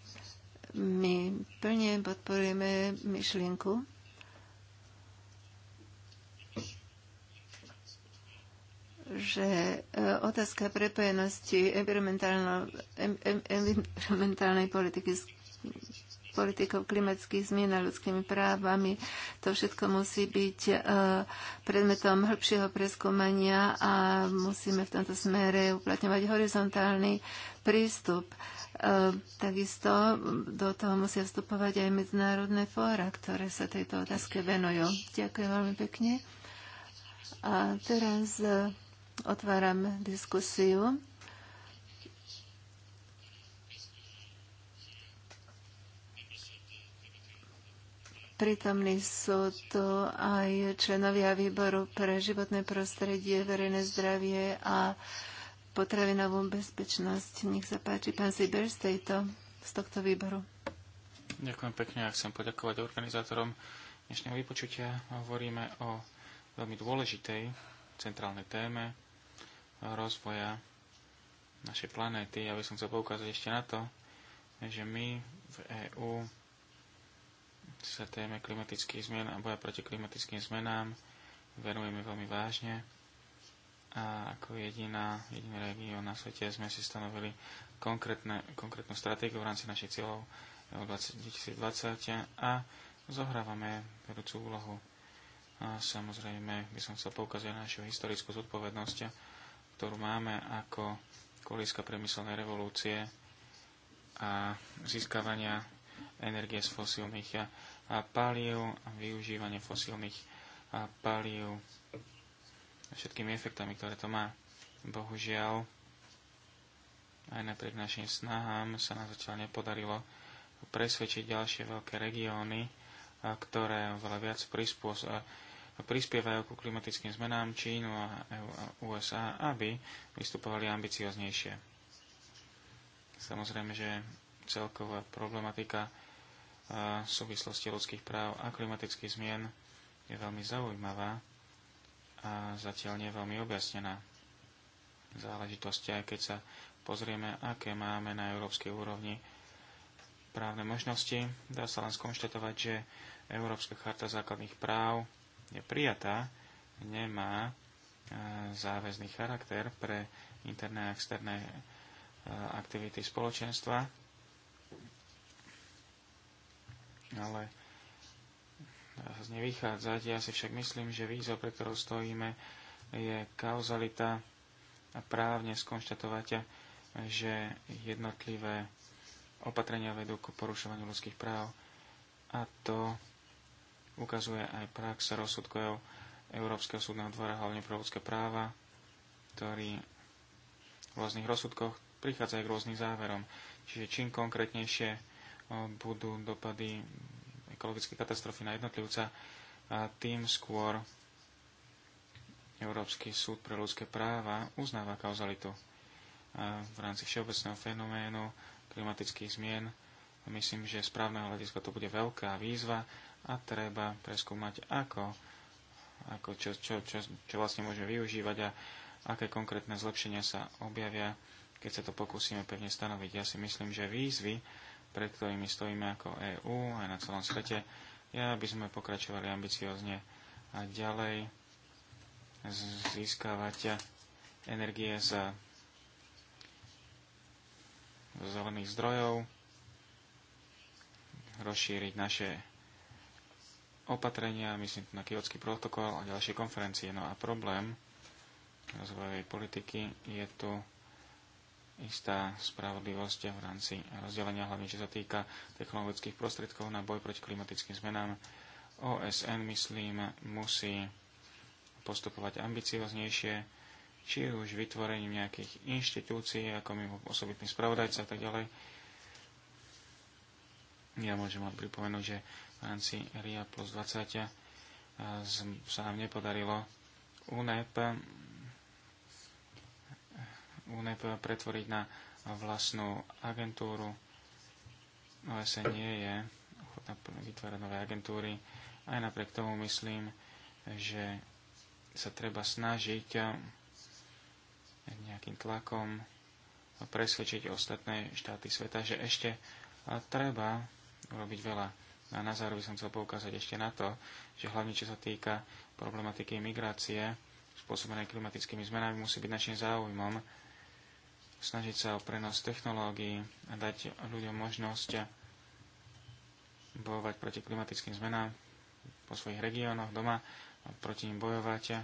B: my plne podporujeme myšlienku, že e, otázka prepojenosti environmentálnej politiky s politikou klimatických zmien a ľudskými právami. To všetko musí byť e, predmetom hĺbšieho preskúmania a musíme v tomto smere uplatňovať horizontálny prístup. E, takisto do toho musia vstupovať aj medzinárodné fóra, ktoré sa tejto otázke venujú. Ďakujem veľmi pekne. A teraz e, otváram diskusiu. Prítomní sú tu aj členovia výboru pre životné prostredie, verejné zdravie a potravinovú bezpečnosť. Nech sa páči, pán Siber z, tejto, z tohto výboru.
C: Ďakujem pekne a chcem poďakovať organizátorom dnešného vypočutia. Hovoríme o veľmi dôležitej centrálnej téme rozvoja našej planéty. Ja by som chcel poukázať ešte na to, že my v EÚ sa téme klimatických zmien a boja proti klimatickým zmenám venujeme veľmi vážne a ako jediná, jediný región na svete sme si stanovili konkrétne, konkrétnu stratégiu v rámci našich cieľov 2020 a zohrávame vedúcu úlohu. A samozrejme by som chcel poukázať na našu historickú zodpovednosť, ktorú máme ako kolíska priemyselnej revolúcie a získavania energie z fosílnych palív a využívanie fosílnych palív a všetkými efektami, ktoré to má. Bohužiaľ, aj napriek našim snahám sa nám zatiaľ nepodarilo presvedčiť ďalšie veľké regióny, ktoré veľa viac prispievajú ku klimatickým zmenám Čínu a e USA, aby vystupovali ambicioznejšie. Samozrejme, že celková problematika v súvislosti ľudských práv a klimatických zmien je veľmi zaujímavá a zatiaľ nie veľmi objasnená záležitosti, aj keď sa pozrieme, aké máme na európskej úrovni právne možnosti. Dá sa len skonštatovať, že Európska charta základných práv je prijatá, nemá e, záväzný charakter pre interné a externé e, aktivity spoločenstva ale dá sa z nevychádzať. Ja si však myslím, že výzva, pre ktorou stojíme, je kauzalita a právne skonštatovať, že jednotlivé opatrenia vedú k porušovaniu ľudských práv a to ukazuje aj prax rozsudkov Európskeho súdneho dvora hlavne pre ľudské práva, ktorý v rôznych rozsudkoch prichádzajú k rôznym záverom. Čiže čím konkrétnejšie budú dopady ekologické katastrofy na jednotlivca, a tým skôr Európsky súd pre ľudské práva uznáva kauzalitu. v rámci všeobecného fenoménu klimatických zmien myslím, že z právneho hľadiska to bude veľká výzva a treba preskúmať, ako, ako čo, čo, čo, čo vlastne môžeme využívať a aké konkrétne zlepšenia sa objavia, keď sa to pokúsime pevne stanoviť. Ja si myslím, že výzvy, pred ktorými stojíme ako EÚ aj na celom svete, je, aby sme pokračovali ambiciozne a ďalej získavať energie z zelených zdrojov, rozšíriť naše opatrenia, myslím na kiotský protokol a ďalšie konferencie. No a problém rozvojovej politiky je tu istá spravodlivosť v rámci rozdelenia, hlavne čo sa týka technologických prostriedkov na boj proti klimatickým zmenám. OSN, myslím, musí postupovať ambicioznejšie, či už vytvorením nejakých inštitúcií, ako mimo osobitný spravodajca a tak ďalej. Ja môžem len pripomenúť, že v rámci RIA plus 20 eh, sa nám nepodarilo UNEP UNEP pretvoriť na vlastnú agentúru. OSN nie je ochotná vytvárať nové agentúry. Aj napriek tomu myslím, že sa treba snažiť nejakým tlakom presvedčiť ostatné štáty sveta, že ešte treba urobiť veľa. A na by som chcel poukázať ešte na to, že hlavne čo sa týka problematiky migrácie spôsobenej klimatickými zmenami, musí byť našim záujmom snažiť sa o prenos technológií a dať ľuďom možnosť bojovať proti klimatickým zmenám po svojich regiónoch doma a proti nim bojovať.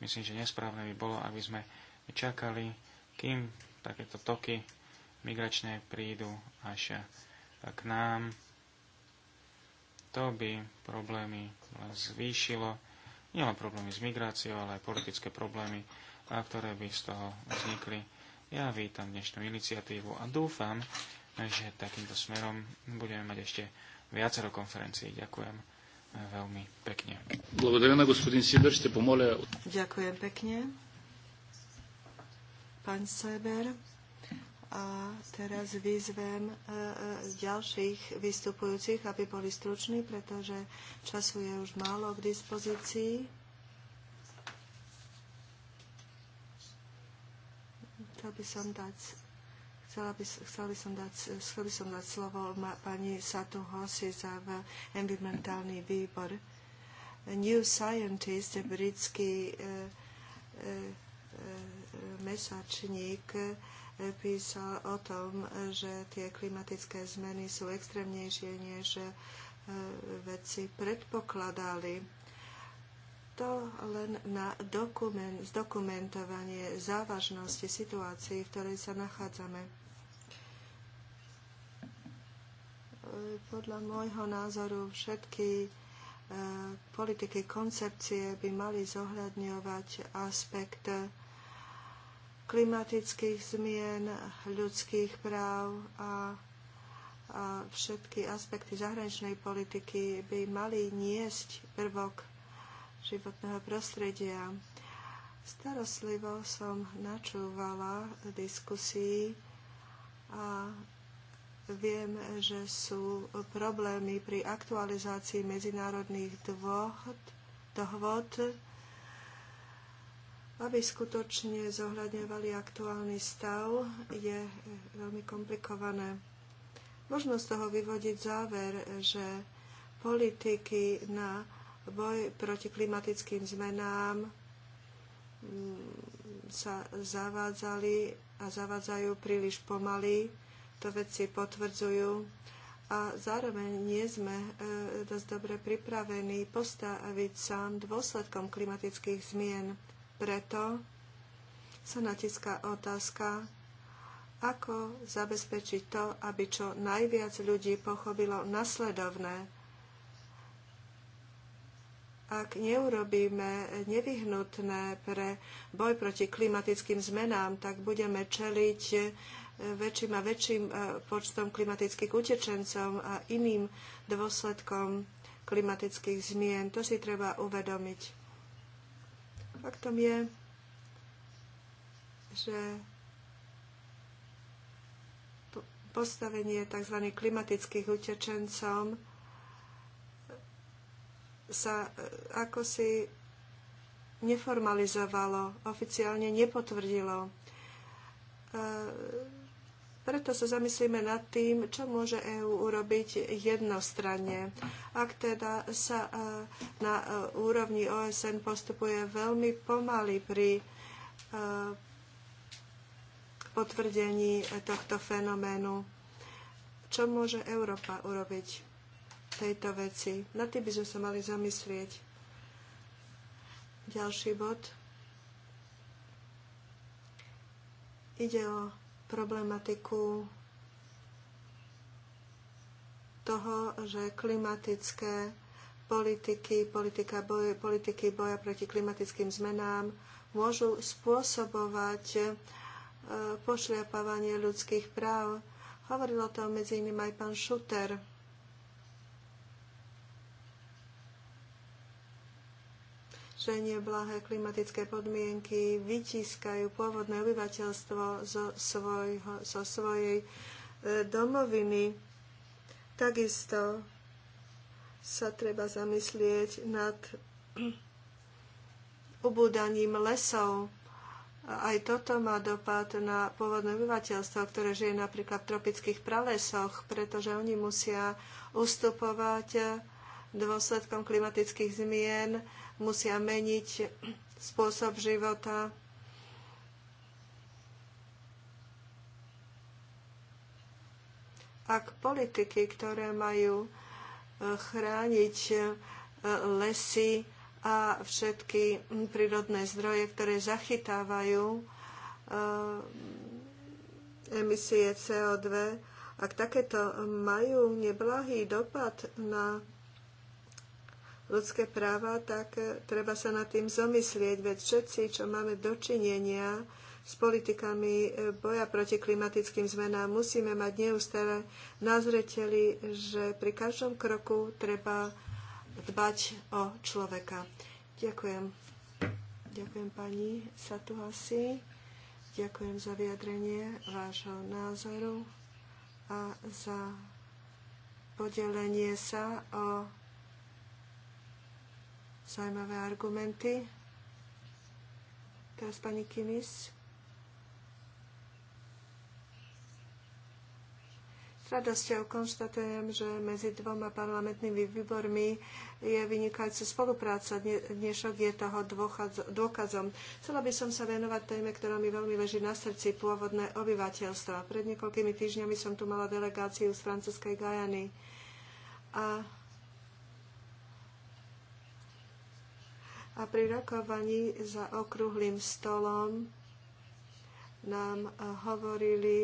C: Myslím, že nesprávne by bolo, aby sme čakali, kým takéto toky migračné prídu až k nám. To by problémy zvýšilo. zvýšilo, nielen problémy s migráciou, ale aj politické problémy, ktoré by z toho vznikli ja vítam dnešnú iniciatívu a dúfam, že takýmto smerom budeme mať ešte viacero konferencií. Ďakujem e, veľmi pekne. Ďakujem
A: pekne. Pán Seber. A teraz vyzvem e, e, ďalších vystupujúcich, aby boli struční, pretože času je už málo k dispozícii. Chcel by som dať Chcela by, chcela by som dať, chcel by som dať slovo pani Satu Hosi za environmentálny výbor. New Scientist, britský e, e, e, mesačník, e, písal o tom, že tie klimatické zmeny sú extrémnejšie, než e, vedci predpokladali to len na dokument, zdokumentovanie závažnosti situácií, v ktorej sa nachádzame. E, podľa môjho názoru všetky e, politiky, koncepcie by mali zohľadňovať aspekt klimatických zmien, ľudských práv a, a všetky aspekty zahraničnej politiky by mali niesť prvok životného prostredia. Starostlivo som načúvala diskusii a viem, že sú problémy pri aktualizácii medzinárodných dohod, aby skutočne zohľadňovali aktuálny stav, je veľmi komplikované. Možno z toho vyvodiť záver, že politiky na Boj proti klimatickým zmenám mm, sa zavádzali a zavádzajú príliš pomaly. To veci potvrdzujú. A zároveň nie sme e, dosť dobre pripravení postaviť sa dôsledkom klimatických zmien. Preto sa natiská otázka, ako zabezpečiť to, aby čo najviac ľudí pochopilo nasledovné ak neurobíme nevyhnutné pre boj proti klimatickým zmenám, tak budeme čeliť e, väčším a väčším e, počtom klimatických utečencov a iným dôsledkom klimatických zmien. To si treba uvedomiť. Faktom je, že postavenie tzv. klimatických utečencom sa e, ako si neformalizovalo, oficiálne nepotvrdilo. E, preto sa zamyslíme nad tým, čo môže EÚ urobiť jednostranne. Ak teda sa e, na úrovni OSN postupuje veľmi pomaly pri potvrdení tohto fenoménu, čo môže Európa urobiť? tejto veci. Na tým by sme sa mali zamyslieť. Ďalší bod. Ide o problematiku toho, že klimatické politiky, politika boj, politiky boja proti klimatickým zmenám môžu spôsobovať e, pošliapávanie ľudských práv. Hovoril o tom medzi iným aj pán Šuter. že neblahé klimatické podmienky vytiskajú pôvodné obyvateľstvo zo, svojho, zo svojej e, domoviny. Takisto sa treba zamyslieť nad [CLEARS THROAT] ubúdaním lesov. Aj toto má dopad na pôvodné obyvateľstvo, ktoré žije napríklad v tropických pralesoch, pretože oni musia ustupovať dôsledkom klimatických zmien musia meniť spôsob života. Ak politiky, ktoré majú e, chrániť e, lesy a všetky prírodné zdroje, ktoré zachytávajú e, emisie CO2, ak takéto majú neblahý dopad na ľudské práva, tak e, treba sa nad tým zomyslieť, veď všetci, čo máme dočinenia s politikami e, boja proti klimatickým zmenám, musíme mať neustále nazreteli, že pri každom kroku treba dbať o človeka. Ďakujem. Ďakujem pani Satuhasi. Ďakujem za vyjadrenie vášho názoru a za podelenie sa o zaujímavé argumenty. Teraz pani Kimis. S radosťou konštatujem, že medzi dvoma parlamentnými výbormi je vynikajúca spolupráca. Dnešok je toho dôkazom. Chcela by som sa venovať téme, ktorá mi veľmi leží na srdci, pôvodné obyvateľstvo. Pred niekoľkými týždňami som tu mala delegáciu z francúzskej Gajany. A a pri rokovaní za okrúhlým stolom nám eh, hovorili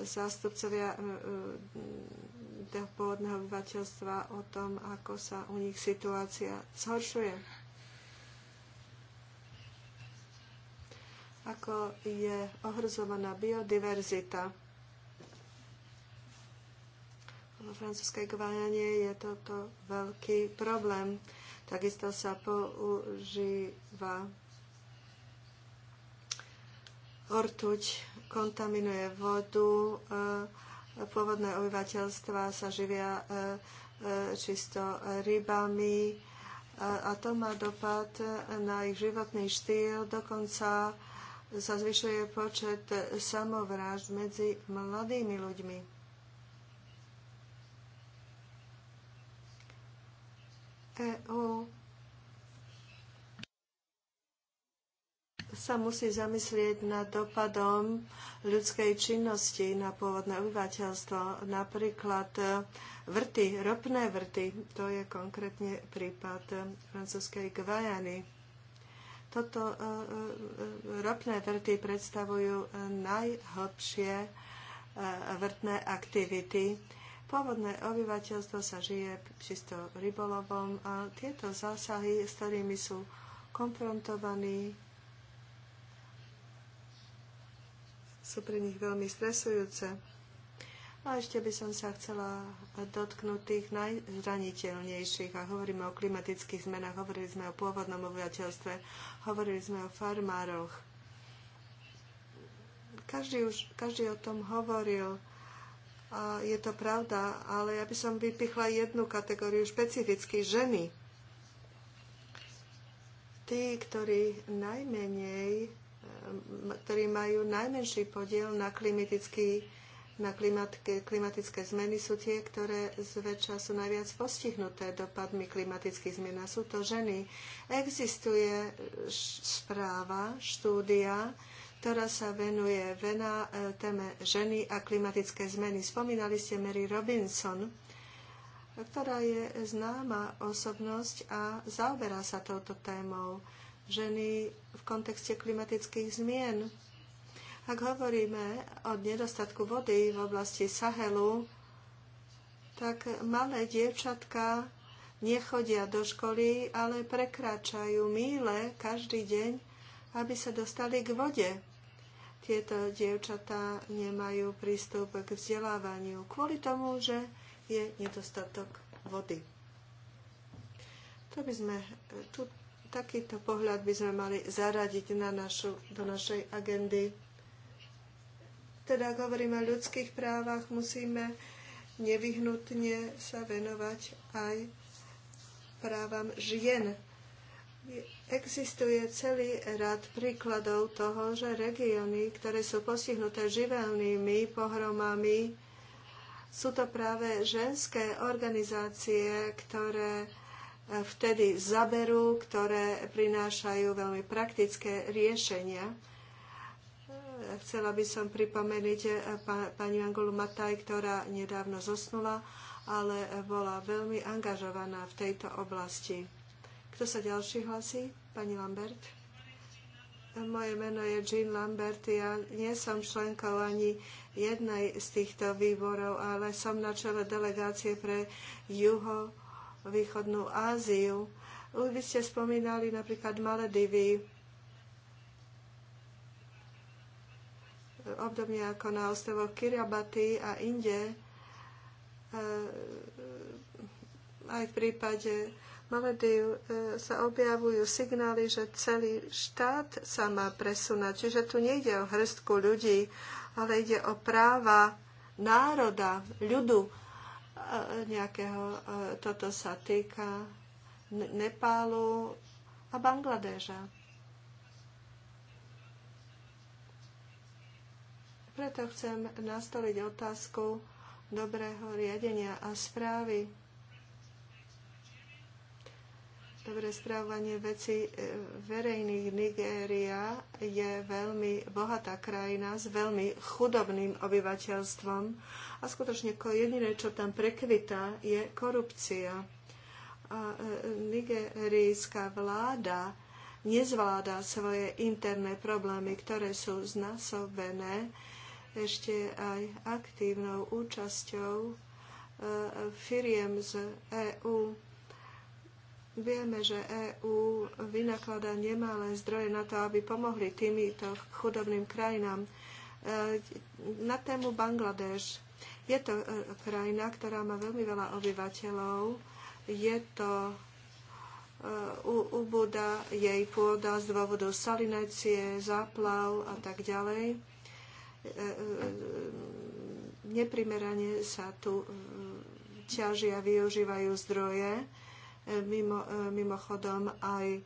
A: zástupcovia eh, eh, toho pôvodného obyvateľstva o tom, ako sa u nich situácia zhoršuje. Ako je ohrozovaná biodiverzita. V francúzskej Gvajane je toto veľký problém. Takisto sa používa ortuť, kontaminuje vodu, e, pôvodné obyvateľstva sa živia e, e, čisto rybami a to má dopad na ich životný štýl, dokonca sa zvyšuje počet samovrážd medzi mladými ľuďmi. EÚ sa musí zamyslieť nad dopadom ľudskej činnosti na pôvodné obyvateľstvo. Napríklad e, vrty, ropné vrty, to je konkrétne prípad e, francúzskej Gvajany. Toto e, ropné vrty predstavujú najhlbšie vrtné aktivity Pôvodné obyvateľstvo sa žije čisto rybolovom a tieto zásahy, s ktorými sú konfrontovaní, sú pre nich veľmi stresujúce. A ešte by som sa chcela dotknúť tých najzraniteľnejších. A hovoríme o klimatických zmenách, hovorili sme o pôvodnom obyvateľstve, hovorili sme o farmároch. Každý, už, každý o tom hovoril. A je to pravda, ale ja by som vypichla jednu kategóriu, špecificky ženy. Tí, ktorí najmenej, e, ktorí majú najmenší podiel na, klimatický, na klimatické, klimatické zmeny, sú tie, ktoré zväčša sú najviac postihnuté dopadmi klimatických zmien. A sú to ženy. Existuje správa, štúdia, ktorá sa venuje vena e, téme ženy a klimatické zmeny. Spomínali ste Mary Robinson, ktorá je známa osobnosť a zaoberá sa touto témou ženy v kontexte klimatických zmien. Ak hovoríme o nedostatku vody v oblasti Sahelu, tak malé dievčatka nechodia do školy, ale prekračajú míle každý deň, aby sa dostali k vode tieto dievčatá nemajú prístup k vzdelávaniu kvôli tomu, že je nedostatok vody. To by sme, tu, takýto pohľad by sme mali zaradiť na našu, do našej agendy. Teda ak hovoríme o ľudských právach, musíme nevyhnutne sa venovať aj právam žien. Existuje celý rad príkladov toho, že regióny, ktoré sú postihnuté živelnými pohromami, sú to práve ženské organizácie, ktoré e, vtedy zaberú, ktoré prinášajú veľmi praktické riešenia. E, chcela by som pripomeniť e, pani Angolu Mataj, ktorá nedávno zosnula, ale bola veľmi angažovaná v tejto oblasti. Kto sa ďalší hlasí? Pani Lambert. Moje meno je Jean Lambert. Ja nie som členkou ani jednej z týchto výborov, ale som na čele delegácie pre juho východnú Áziu. Už by ste spomínali napríklad Maledivy, obdobne ako na ostrovoch Kiribati a inde, eh, aj v prípade Malediv e, sa objavujú signály, že celý štát sa má presunať. Čiže tu nejde o hrstku ľudí, ale ide o práva národa, ľudu e, nejakého. E, toto sa týka Nepálu a Bangladeža. Preto chcem nastoliť otázku dobrého riadenia a správy Dobre správanie veci e, verejných Nigéria je veľmi bohatá krajina s veľmi chudobným obyvateľstvom a skutočne jediné, čo tam prekvita, je korupcia. A e, nigerijská vláda nezvláda svoje interné problémy, ktoré sú znasobené ešte aj aktívnou účasťou e, firiem z EÚ Vieme, že EÚ vynakladá nemalé zdroje na to, aby pomohli týmito chudobným krajinám. E, na tému Bangladeš. Je to e, krajina, ktorá má veľmi veľa obyvateľov. Je to e, ubúda jej pôda z dôvodu salinecie, záplav a tak ďalej. Neprimerane sa tu ťažia, využívajú zdroje mimo, e, mimochodom aj e,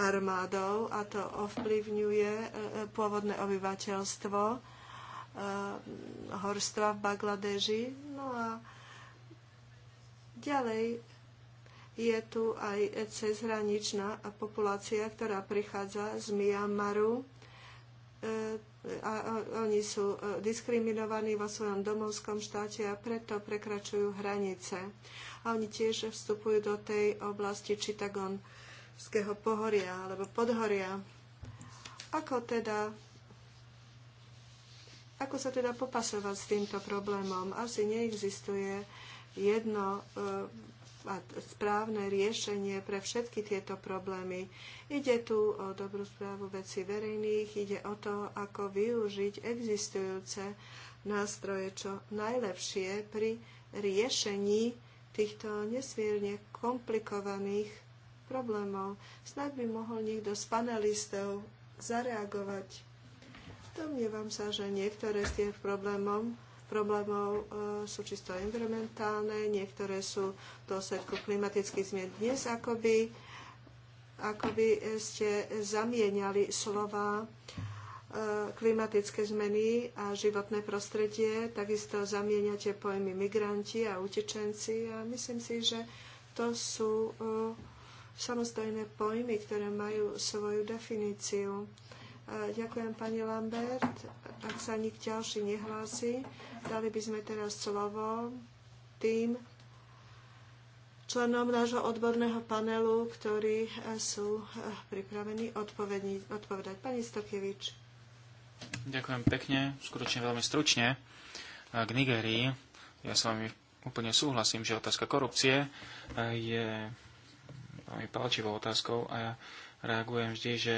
A: armádou a to ovplyvňuje e, pôvodné obyvateľstvo horstva v Bangladeži. No a ďalej je tu aj cezhraničná populácia, ktorá prichádza z Myanmaru a oni sú e, diskriminovaní vo svojom domovskom štáte a preto prekračujú hranice. A oni tiež vstupujú do tej oblasti Čitagonského pohoria alebo podhoria. Ako teda ako sa teda popasovať s týmto problémom? Asi neexistuje jedno e, a správne riešenie pre všetky tieto problémy. Ide tu o dobrú správu veci verejných, ide o to, ako využiť existujúce nástroje čo najlepšie pri riešení týchto nesmierne komplikovaných problémov. Snad by mohol niekto z panelistov zareagovať. Domnievam sa, že niektoré z tých problémov problémov e, sú čisto environmentálne, niektoré sú v dôsledku klimatických zmien. Dnes akoby, akoby ste zamieniali slova e, klimatické zmeny a životné prostredie, takisto zamieniate pojmy migranti a utečenci a myslím si, že to sú e, samostojné pojmy, ktoré majú svoju definíciu. Ďakujem pani Lambert. Ak sa nik ďalší nehlási, dali by sme teraz slovo tým členom nášho odborného panelu, ktorí eh, sú eh, pripravení odpovedať. Pani Stokievič.
C: Ďakujem pekne, skutočne veľmi stručne. K Nigerii ja s vami úplne súhlasím, že otázka korupcie eh, je veľmi palčivou otázkou a ja reagujem vždy, že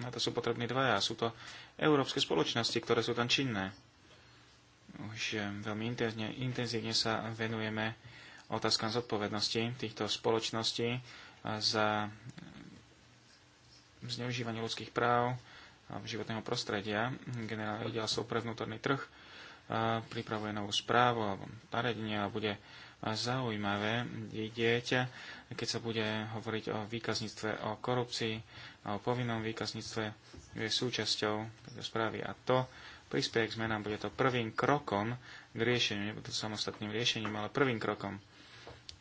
C: na to sú potrební dvaja. Sú to európske spoločnosti, ktoré sú tam činné. Už eh, veľmi intenzívne, intenzívne sa venujeme otázkam zodpovednosti týchto spoločností eh, za eh, zneužívanie ľudských práv a životného prostredia. Generálne riaditeľstvo pre vnútorný trh pripravuje novú správu alebo nariadenie a bude zaujímavé dieťa, keď sa bude hovoriť o výkazníctve, o korupcii a o povinnom výkazníctve je súčasťou tejto správy a to prispieje k zmenám, bude to prvým krokom k riešeniu, nebude to samostatným riešením, ale prvým krokom.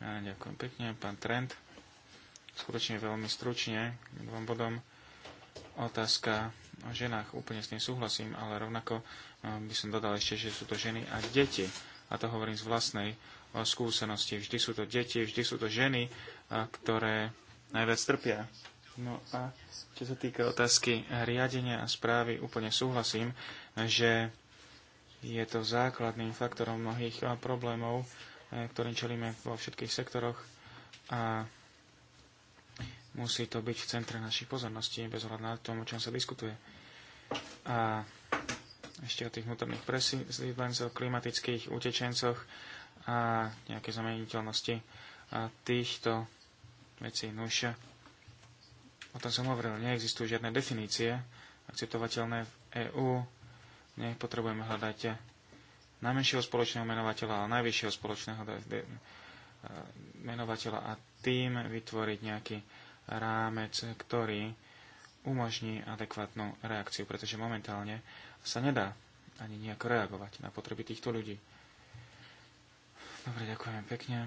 C: A ďakujem pekne, pán Trent. Skutočne veľmi stručne, dvom bodom otázka o ženách, úplne s tým súhlasím, ale rovnako by som dodal ešte, že sú to ženy a deti. A to hovorím z vlastnej skúsenosti. Vždy sú to deti, vždy sú to ženy, ktoré najviac trpia. No a čo sa týka otázky riadenia a správy, úplne súhlasím, že je to základným faktorom mnohých problémov, ktorým čelíme vo všetkých sektoroch a musí to byť v centre našich pozorností, bez ohľadu na tom, o čom sa diskutuje. A ešte o tých vnútorných presídlencoch, klimatických utečencoch a nejaké zameniteľnosti týchto vecí. Nuž, no eh, o tom som hovoril, neexistujú žiadne definície akceptovateľné v EÚ. Nepotrebujeme hľadať eh, najmenšieho spoločného menovateľa, ale najvyššieho spoločného eh, menovateľa a tým vytvoriť nejaký rámec, ktorý umožní adekvátnu reakciu, pretože momentálne sa nedá ani nejako reagovať na potreby týchto ľudí. Dobre, ďakujeme pekne.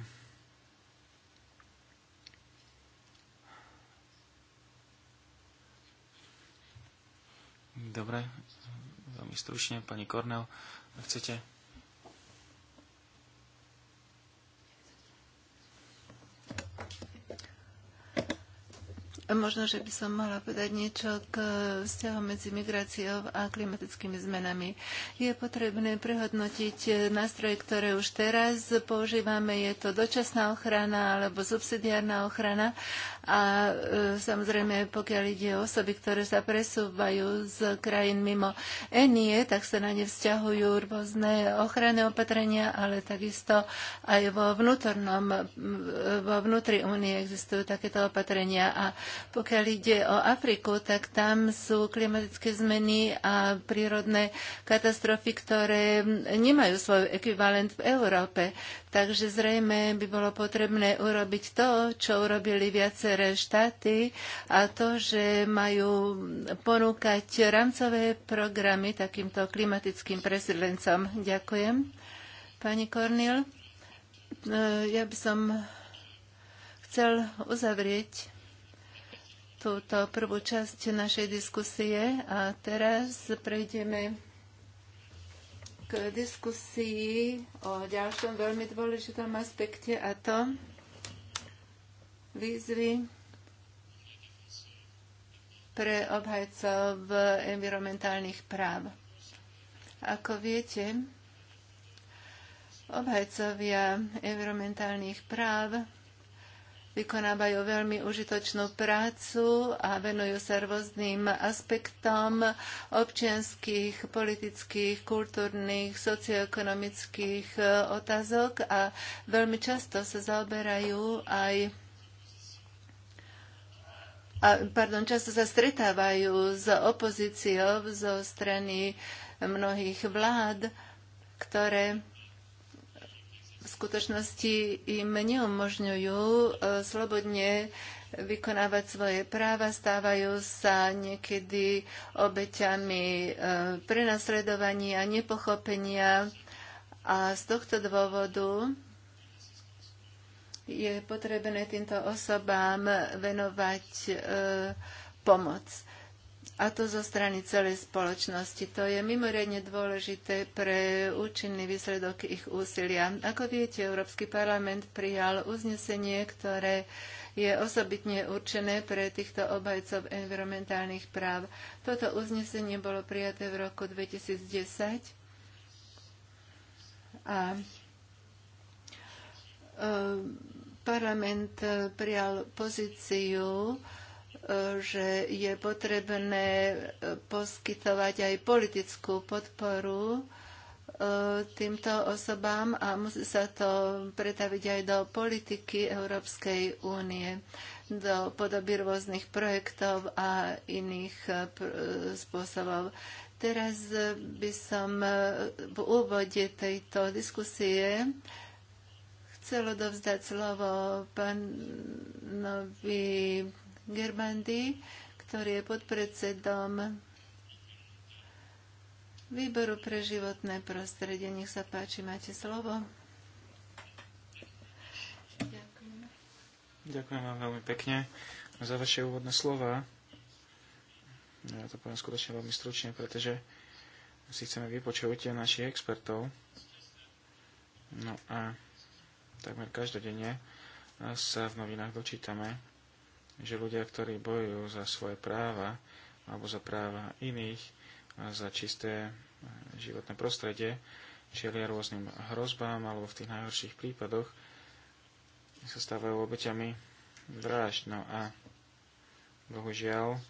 C: Dobre, veľmi stručne, pani Kornel, ak chcete.
B: Možno, že by som mohla povedať niečo k vzťahu medzi migráciou a klimatickými zmenami. Je potrebné prehodnotiť nástroje, ktoré už teraz používame. Je to dočasná ochrana alebo subsidiárna ochrana. A e, samozrejme, pokiaľ ide o osoby, ktoré sa presúvajú z krajín mimo ENIE, tak sa na ne vzťahujú rôzne ochranné opatrenia, ale takisto aj vo vnútornom, vo vnútri únie existujú takéto opatrenia. A pokiaľ ide o Afriku, tak tam sú klimatické zmeny a prírodné katastrofy, ktoré nemajú svoj ekvivalent v Európe. Takže zrejme by bolo potrebné urobiť to, čo urobili viaceré štáty a to, že majú ponúkať rámcové programy takýmto klimatickým presídlencom. Ďakujem. Pani Kornil, e, ja by som chcel uzavrieť túto prvú časť našej diskusie a teraz prejdeme k diskusii o ďalšom veľmi dôležitom aspekte a to výzvy pre obhajcov environmentálnych práv. Ako viete, obhajcovia environmentálnych práv vykonávajú veľmi užitočnú prácu a venujú sa rôznym aspektom občianských, politických, kultúrnych, socioekonomických e, otázok a veľmi často sa zaoberajú aj a, pardon, často sa stretávajú s opozíciou zo strany mnohých vlád, ktoré v skutočnosti im neumožňujú e, slobodne vykonávať svoje práva, stávajú sa niekedy obeťami e, prenasledovania, nepochopenia a z tohto dôvodu je potrebné týmto osobám venovať e, pomoc a to zo strany celej spoločnosti. To je mimoriadne dôležité pre účinný výsledok ich úsilia. Ako viete, Európsky parlament prijal uznesenie, ktoré je osobitne určené pre týchto obhajcov environmentálnych práv. Toto uznesenie bolo prijaté v roku 2010 a e, parlament prijal pozíciu, že je potrebné e, poskytovať aj politickú podporu e, týmto osobám a musí sa to pretaviť aj do politiky Európskej únie, do podoby rôznych projektov a iných e, spôsobov. Teraz by som v úvode tejto diskusie chcela dovzdať slovo pánovi Gerbandy, ktorý je podpredsedom Výboru pre životné prostredie. Nech sa páči, máte slovo.
C: Ďakujem. vám veľmi pekne za vaše úvodné slova. Ja to poviem skutočne veľmi stručne, pretože si chceme vypočuť našich expertov. No a takmer každodenne sa v novinách dočítame že ľudia, ktorí bojujú za svoje práva alebo za práva iných, za čisté životné prostredie, čelia rôznym hrozbám alebo v tých najhorších prípadoch sa stávajú obeťami vražd. No a bohužiaľ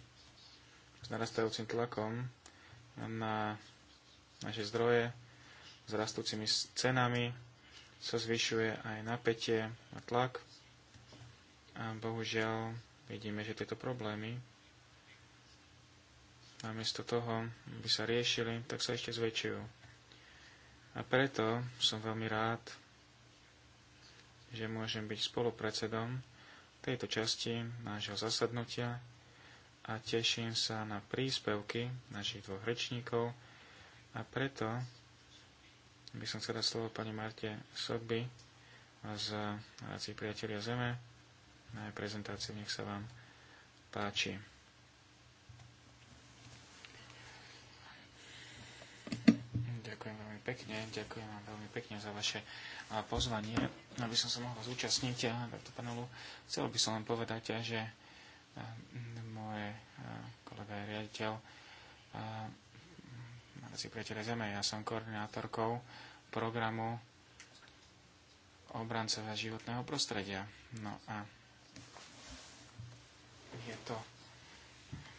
C: s narastajúcim tlakom na naše zdroje, s rastúcimi cenami sa zvyšuje aj napätie a tlak a bohužiaľ vidíme, že tieto problémy namiesto toho, aby sa riešili, tak sa ešte zväčšujú. A preto som veľmi rád, že môžem byť spolupredsedom tejto časti nášho zasadnutia a teším sa na príspevky našich dvoch rečníkov a preto by som chcel dať slovo pani Marte Sogby z Rácii priatelia Zeme, na jej prezentáciu. Nech sa vám páči. Ďakujem veľmi pekne, ďakujem vám veľmi pekne za vaše pozvanie, aby som sa mohla zúčastniť takto panelu. Chcel by som len povedať, že môj kolega je riaditeľ si priateľe Zeme. Ja som koordinátorkou programu obrancové životného prostredia. No a je to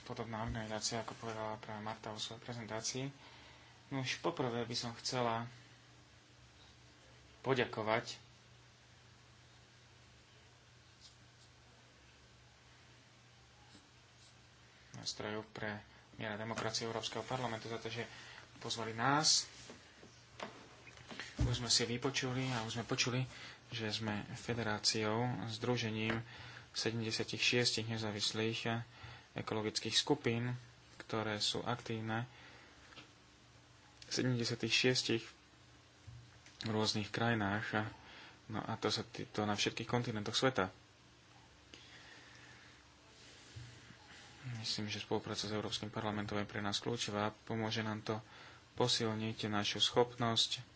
C: podobná organizácia, ako povedala práve Marta o svojej prezentácii. No už poprvé by som chcela poďakovať nástrojov pre miera demokracie Európskeho parlamentu za to, že pozvali nás. Už sme si vypočuli a už sme počuli, že sme federáciou, združením 76 nezávislých ekologických skupín, ktoré sú aktívne v 76 rôznych krajinách. No a to sa to na všetkých kontinentoch sveta. Myslím, že spolupráca s Európskym parlamentom je pre nás kľúčová. Pomôže nám to posilniť našu schopnosť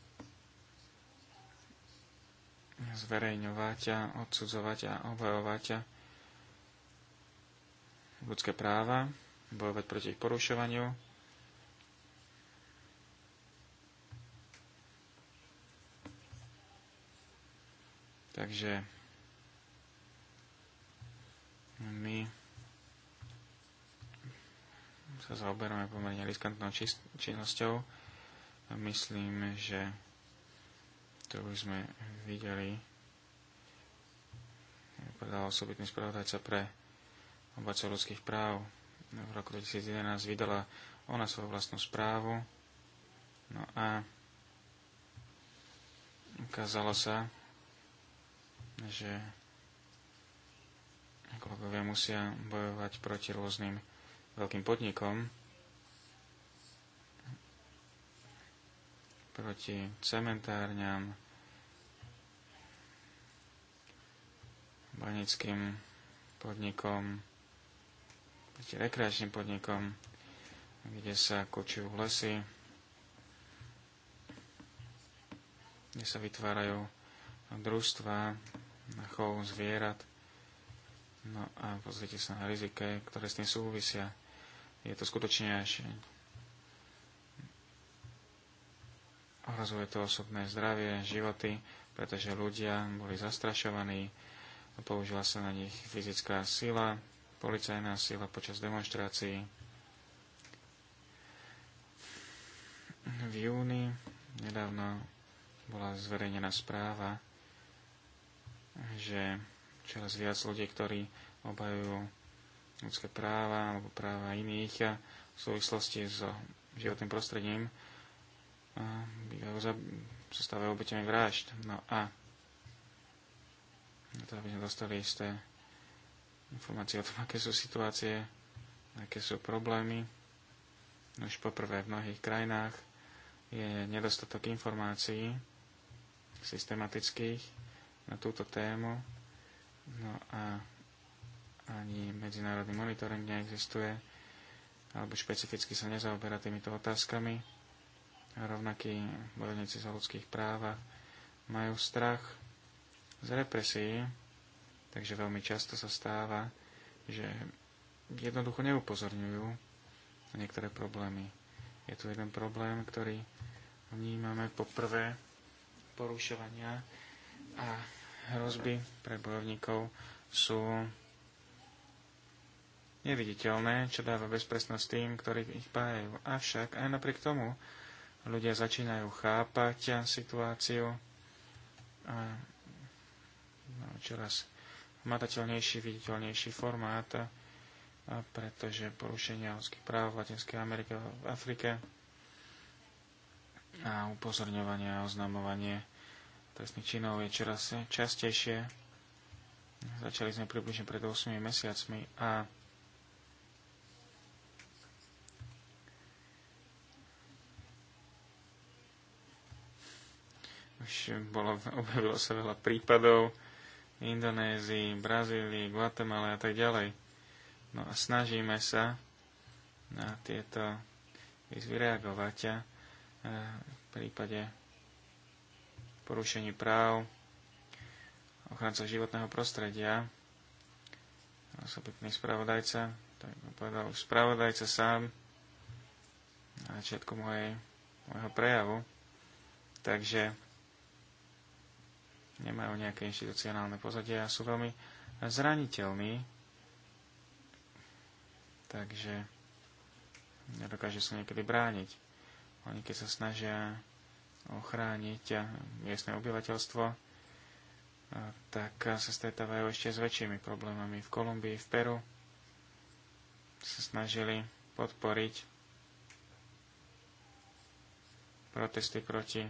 C: zverejňovať a odsudzovať a obhajovať a ľudské práva, bojovať proti ich porušovaniu. Takže my sa zaoberáme pomerne riskantnou činnosťou. Myslím, že to už sme videli. Podľa osobitný spravodajca pre obhajcov ľudských práv. V roku 2011 vydala ona svoju vlastnú správu. No a ukázalo sa, že ekologovia musia bojovať proti rôznym veľkým podnikom, proti cementárňam, banickým podnikom, proti rekreačným podnikom, kde sa kočujú lesy, kde sa vytvárajú družstva na chov zvierat. No a pozrite sa na rizike, ktoré s tým súvisia. Je to skutočne až Ohrozuje to osobné zdravie, životy, pretože ľudia boli zastrašovaní, použila sa na nich fyzická sila, policajná sila počas demonstrácií. V júni nedávno bola zverejnená správa, že čoraz viac ľudí, ktorí obhajujú ľudské práva alebo práva iných v súvislosti s so životným prostredím, bývajú za, sa stávajú obeťami vražd. No a to, aby sme dostali isté informácie o tom, aké sú situácie, aké sú problémy. Už poprvé v mnohých krajinách je nedostatok informácií systematických na túto tému. No a ani medzinárodný monitoring neexistuje, alebo špecificky sa nezaoberá týmito otázkami rovnakí bojovníci za ľudských práv majú strach z represí, takže veľmi často sa stáva, že jednoducho neupozorňujú na niektoré problémy. Je tu jeden problém, ktorý vnímame poprvé porušovania a hrozby pre bojovníkov sú neviditeľné, čo dáva bezpresnosť tým, ktorí ich pájajú. Avšak aj napriek tomu ľudia začínajú chápať eh, situáciu a no, čoraz matateľnejší, viditeľnejší formát, a eh, pretože porušenia ľudských práv v Latinskej Amerike, a v Afrike a upozorňovanie a oznamovanie trestných činov je čoraz častejšie. Začali sme približne pred 8 mesiacmi a už bolo, objavilo sa veľa prípadov v Indonézii, Brazílii, Guatemala a tak ďalej. No a snažíme sa na tieto vyreagovať a eh, v prípade porušení práv ochranca životného prostredia osobitný spravodajca, tak povedal spravodajca sám na začiatku mojej, mojho prejavu. Takže nemajú nejaké inštitucionálne pozadie a sú veľmi zraniteľní. Takže nedokáže sa niekedy brániť. Oni keď sa snažia ochrániť miestne obyvateľstvo, tak sa stretávajú ešte s väčšími problémami. V Kolumbii, v Peru sa snažili podporiť protesty proti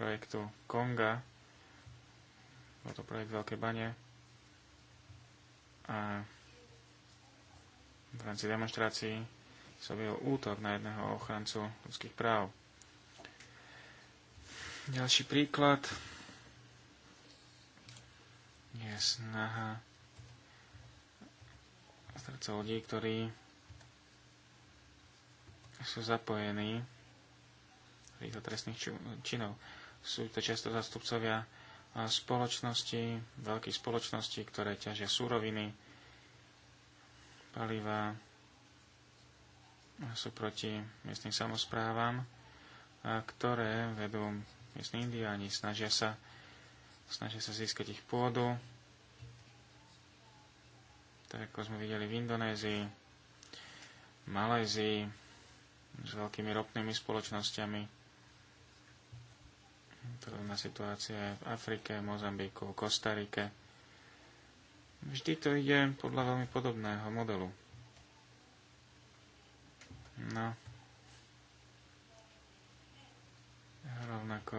C: projektu Konga. Bol to projekt Veľkej bane. A v rámci demonstrácií sa byl útok na jedného ochrancu ľudských práv. Ďalší príklad je snaha srdca ľudí, ktorí sú zapojení týchto trestných činov sú to často zastupcovia spoločnosti, veľkých spoločností, ktoré ťažia súroviny, paliva, sú proti miestnym samozprávam, ktoré vedú miestni indiáni, snažia sa, snažia sa získať ich pôdu, tak ako sme videli v Indonézii, Malézii, s veľkými ropnými spoločnosťami, Podobná situácia je v Afrike, Mozambiku, Kostarike. Vždy to ide podľa veľmi podobného modelu. No. Rovnako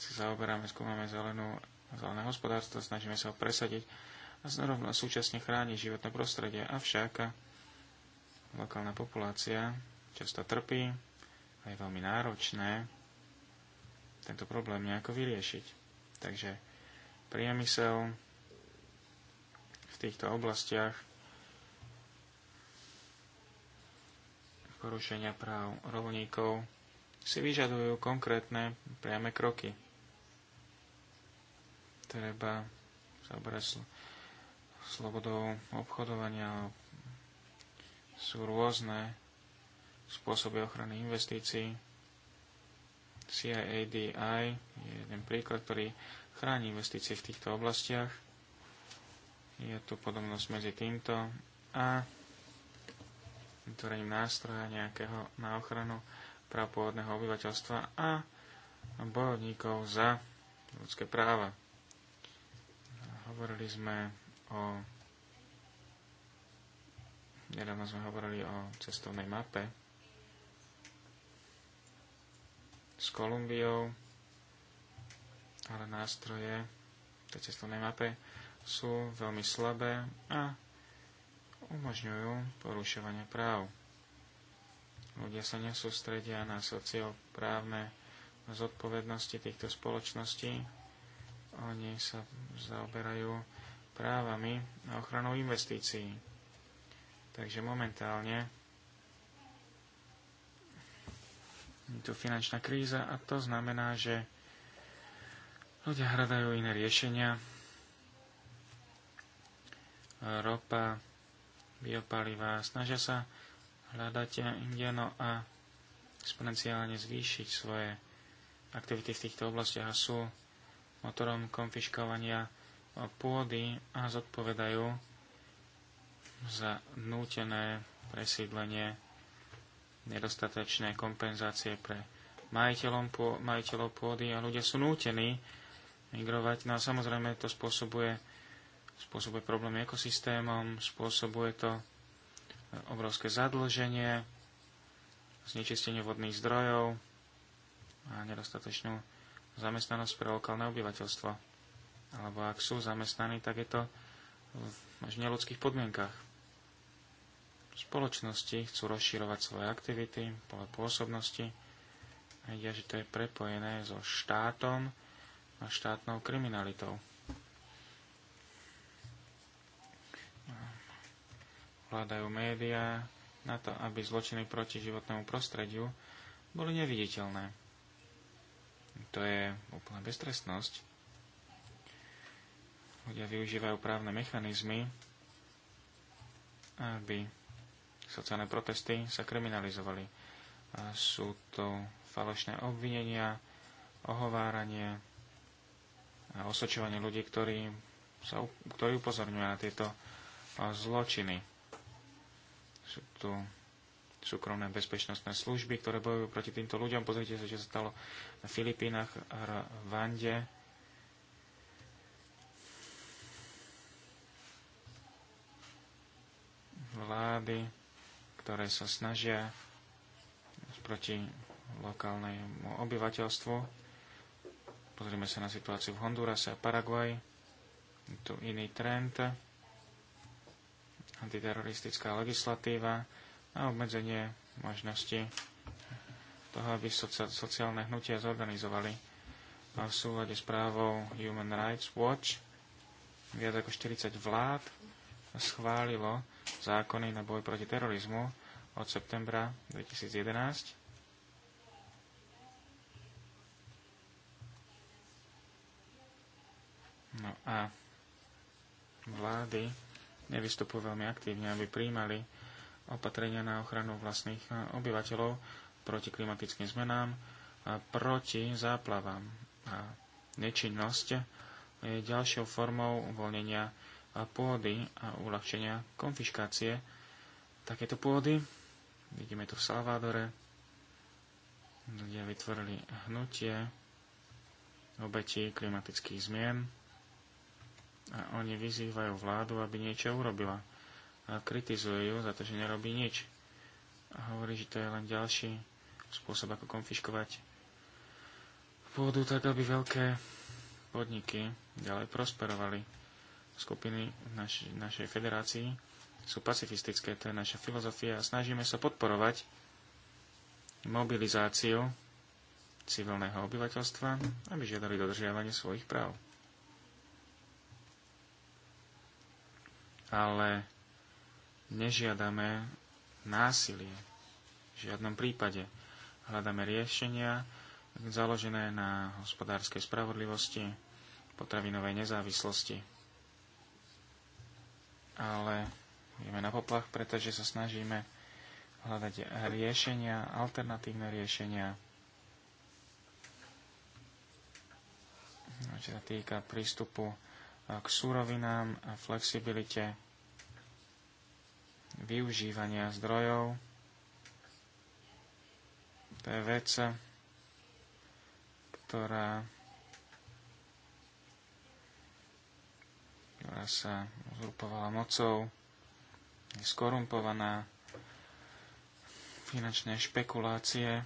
C: sa zaoberáme, skúmame zelenú, zelené hospodárstvo, snažíme sa ho presadiť a zároveň súčasne chrániť životné prostredie. Avšak lokálna populácia často trpí a je veľmi náročné tento problém nejako vyriešiť. Takže priemysel v týchto oblastiach porušenia práv rolníkov si vyžadujú konkrétne priame kroky. Treba zabrať slobodou obchodovania. Sú rôzne spôsoby ochrany investícií, CIADI je jeden príklad, ktorý chráni investície v týchto oblastiach. Je tu podobnosť medzi týmto a vytvorením nástroja nejakého na ochranu práv pôvodného obyvateľstva a bojovníkov za ľudské práva. Hovorili sme o... Nedávno sme hovorili o cestovnej mape, s Kolumbiou, ale nástroje v tej cestovnej mape sú veľmi slabé a umožňujú porušovanie práv. Ľudia sa nesústredia na socioprávne zodpovednosti týchto spoločností. Oni sa zaoberajú právami a ochranou investícií. Takže momentálne Je tu finančná kríza a to znamená, že ľudia hľadajú iné riešenia. Ropa, biopalivá, snažia sa hľadať indiano a exponenciálne zvýšiť svoje aktivity v týchto oblastiach a sú motorom konfiškovania pôdy a zodpovedajú za nútené presídlenie nedostatočné kompenzácie pre majiteľom, majiteľov pôdy a ľudia sú nútení migrovať. No a samozrejme to spôsobuje, spôsobuje problémy ekosystémom, spôsobuje to e, obrovské zadlženie, znečistenie vodných zdrojov a nedostatočnú zamestnanosť pre lokálne obyvateľstvo. Alebo ak sú zamestnaní, tak je to v až neludských podmienkach spoločnosti chcú rozširovať svoje aktivity, pole pôsobnosti. Vidia, že to je prepojené so štátom a štátnou kriminalitou. Vládajú médiá na to, aby zločiny proti životnému prostrediu boli neviditeľné. To je úplná beztrestnosť. Ľudia využívajú právne mechanizmy, aby sociálne protesty sa kriminalizovali. Sú to falošné obvinenia, ohováranie a osočovanie ľudí, ktorí, sa, ktorí upozorňujú na tieto zločiny. Sú tu súkromné bezpečnostné služby, ktoré bojujú proti týmto ľuďom. Pozrite sa, čo sa stalo na Filipínach, Rwande. Vlády ktoré sa snažia proti lokálnemu obyvateľstvu. Pozrieme sa na situáciu v Hondurase a Paraguaj. Je tu iný trend. Antiteroristická legislatíva a obmedzenie možnosti toho, aby sociálne hnutia zorganizovali a v súlade s právou Human Rights Watch viac ako 40 vlád schválilo zákony na boj proti terorizmu od septembra 2011. No a vlády nevystupujú veľmi aktívne, aby príjmali opatrenia na ochranu vlastných eh, obyvateľov proti klimatickým zmenám, a proti záplavám. A nečinnosť je ďalšou formou uvoľnenia a pôdy a uľahčenia konfiškácie takéto pôdy. Vidíme to v Salvadore. Ľudia vytvorili hnutie obeti klimatických zmien a oni vyzývajú vládu, aby niečo urobila. A kritizujú ju za to, že nerobí nič. A hovorí, že to je len ďalší spôsob, ako konfiškovať pôdu tak, aby veľké podniky ďalej prosperovali skupiny naš, našej federácii sú pacifistické, to je naša filozofia a snažíme sa podporovať mobilizáciu civilného obyvateľstva, aby žiadali dodržiavanie svojich práv. Ale nežiadame násilie v žiadnom prípade. Hľadáme riešenia založené na hospodárskej spravodlivosti, potravinovej nezávislosti ale ideme na poplach, pretože sa snažíme hľadať riešenia, alternatívne riešenia. No, čo sa týka prístupu eh, k súrovinám a flexibilite využívania zdrojov. To je vec, ktorá, ktorá sa uzurpovala mocou, je skorumpovaná, finančné špekulácie,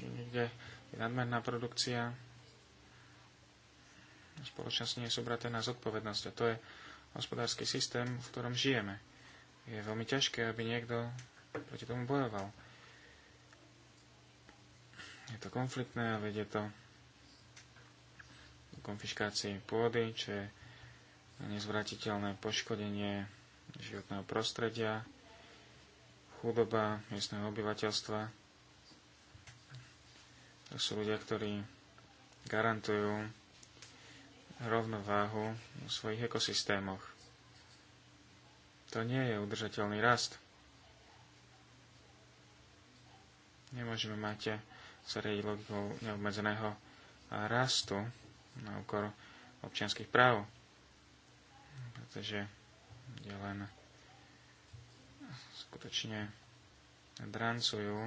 C: niekde je nadmerná produkcia, Spoločnosť nie sú braté na zodpovednosť a to je hospodársky systém, v ktorom žijeme. Je veľmi ťažké, aby niekto proti tomu bojoval. Je to konfliktné a vedie to konfiškácii pôdy, čo je nezvratiteľné poškodenie životného prostredia, chudoba miestneho obyvateľstva. To sú ľudia, ktorí garantujú rovnováhu v svojich ekosystémoch. To nie je udržateľný rast. Nemôžeme mať zariadiť logikou neobmedzeného rastu, na úkor občianských práv. Pretože je len skutočne drancujú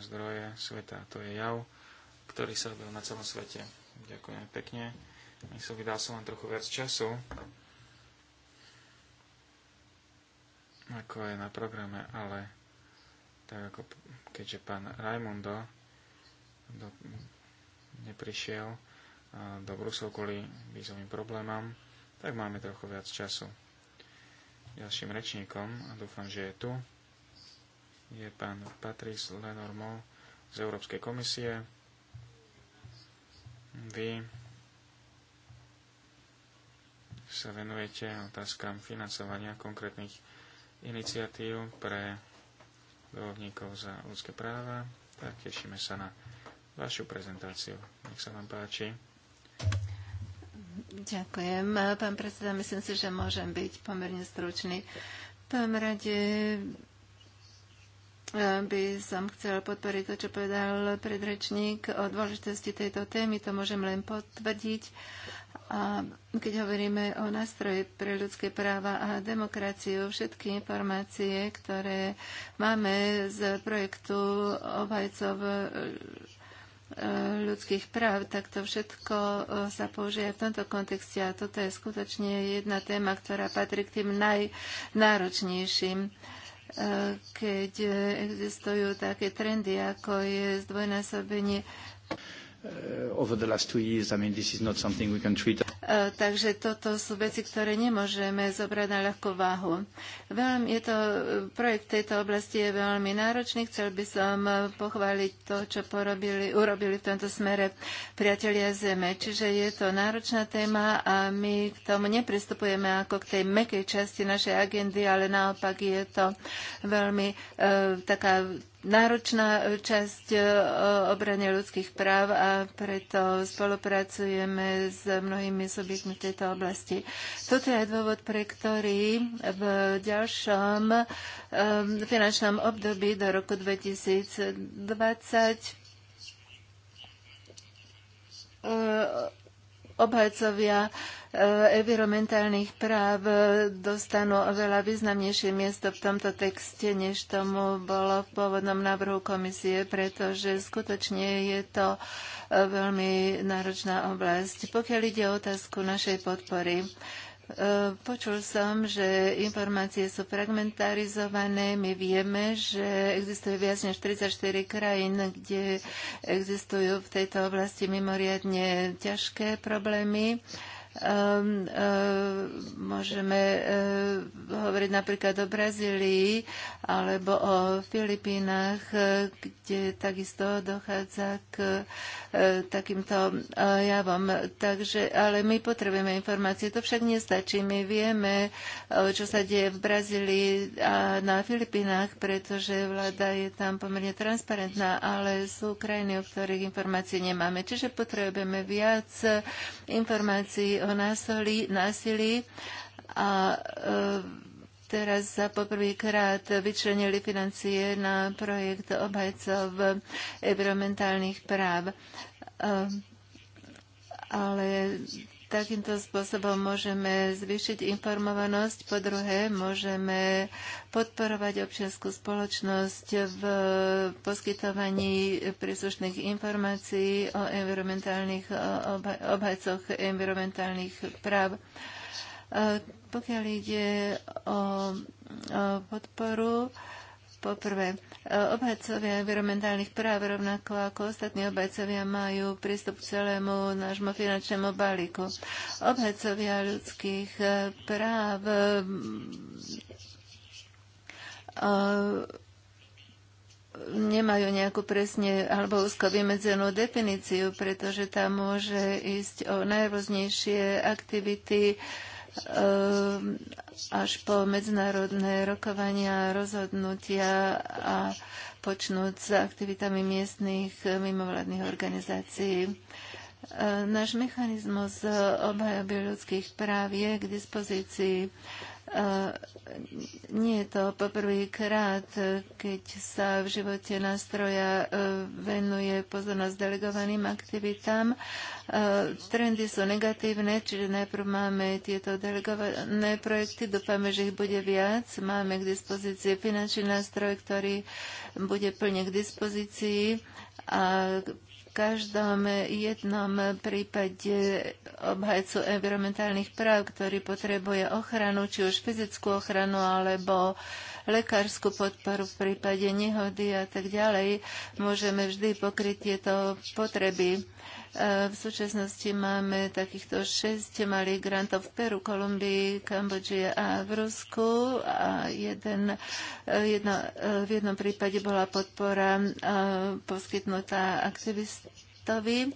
C: zdroje sveta. To je jav, ktorý sa robil na celom svete. Ďakujem pekne. Nech som vydal som vám trochu viac času, ako je na programe, ale tak ako keďže pán Raimundo do, neprišiel, do Brusel kvôli vízovým problémom, tak máme trochu viac času. Ďalším rečníkom, a dúfam, že je tu, je pán Patrice Lenormand z Európskej komisie. Vy sa venujete otázkam financovania konkrétnych iniciatív pre bojovníkov za ľudské práva, tak tešíme sa na vašu prezentáciu. Nech sa vám páči.
B: Ďakujem. Pán predseda, myslím si, že môžem byť pomerne stručný. V rade eh, by som chcel podporiť to, čo povedal predrečník o dôležitosti tejto témy. To môžem len potvrdiť. A keď hovoríme o nástroji pre ľudské práva a demokraciu, všetky informácie, ktoré máme z projektu obhajcov eh, Eh, ľudských práv, tak to všetko eh, sa použije v tomto kontexte a toto je skutočne jedna téma, ktorá patrí k tým najnáročnejším eh, keď existujú také trendy, ako je zdvojnásobenie
C: Uh, over the last two years. I mean, this is not something we can treat.
B: E, takže toto sú veci, ktoré nemôžeme zobrať na ľahkú váhu. Veľmi, je to, e, projekt v tejto oblasti je veľmi náročný. Chcel by som e, pochváliť to, čo porobili, urobili v tomto smere priatelia Zeme. Čiže je to náročná téma a my k tomu nepristupujeme ako k tej mekej časti našej agendy, ale naopak je to veľmi e, taká náročná časť e, obrany ľudských práv a preto spolupracujeme s mnohými subjektmi v tejto oblasti. Toto je dôvod, pre ktorý v ďalšom e, finančnom období do roku 2020 e, obhajcovia Eh, environmentálnych práv dostanú oveľa významnejšie miesto v tomto texte, než tomu bolo v pôvodnom návrhu komisie, pretože skutočne je to eh, veľmi náročná oblasť. Pokiaľ ide o otázku našej podpory, eh, Počul som, že informácie sú fragmentarizované. My vieme, že existuje viac než 34 krajín, kde existujú v tejto oblasti mimoriadne ťažké problémy. Um, um, môžeme um, hovoriť napríklad o Brazílii alebo o Filipínach, kde takisto dochádza k takýmto javom. Takže, ale my potrebujeme informácie. To však nestačí. My vieme, čo sa deje v Brazílii a na Filipínach, pretože vláda je tam pomerne transparentná, ale sú krajiny, o ktorých informácie nemáme. Čiže potrebujeme viac informácií o násilí, násilí a e, teraz sa poprvýkrát vyčlenili financie na projekt obhajcov environmentálnych práv ale Takýmto spôsobom môžeme zvýšiť informovanosť, po druhé môžeme podporovať občianskú spoločnosť v poskytovaní príslušných informácií o environmentálnych obhajcoch environmentálnych práv. Pokiaľ ide o podporu, Poprvé, e, obhajcovia environmentálnych práv, rovnako ako ostatní obhajcovia, majú prístup k celému nášmu finančnému balíku. Obhajcovia ľudských e, práv e, nemajú nejakú presne alebo úzko vymedzenú definíciu, pretože tam môže ísť o najrôznejšie aktivity, Ehm, až po medzinárodné rokovania, rozhodnutia a počnúť s aktivitami miestných mimovládnych organizácií. Ehm, náš mechanizmus obhajoby ľudských práv je k dispozícii nie je to poprvýkrát, keď sa v živote nástroja e, venuje pozornosť delegovaným aktivitám. E, trendy sú negatívne, čiže najprv máme tieto delegované projekty, dúfame, že ich bude viac. Máme k dispozícii finančný nástroj, ktorý bude plne k dispozícii a každom jednom prípade obhajcu environmentálnych práv, ktorý potrebuje ochranu, či už fyzickú ochranu alebo uh, lekárskú podporu v prípade nehody a tak ďalej. Môžeme vždy pokryť tieto potreby. V súčasnosti máme takýchto 6 malých grantov v Peru, Kolumbii, Kambodži a v Rusku. A jeden, jedno, v jednom prípade bola podpora poskytnutá aktivistovi.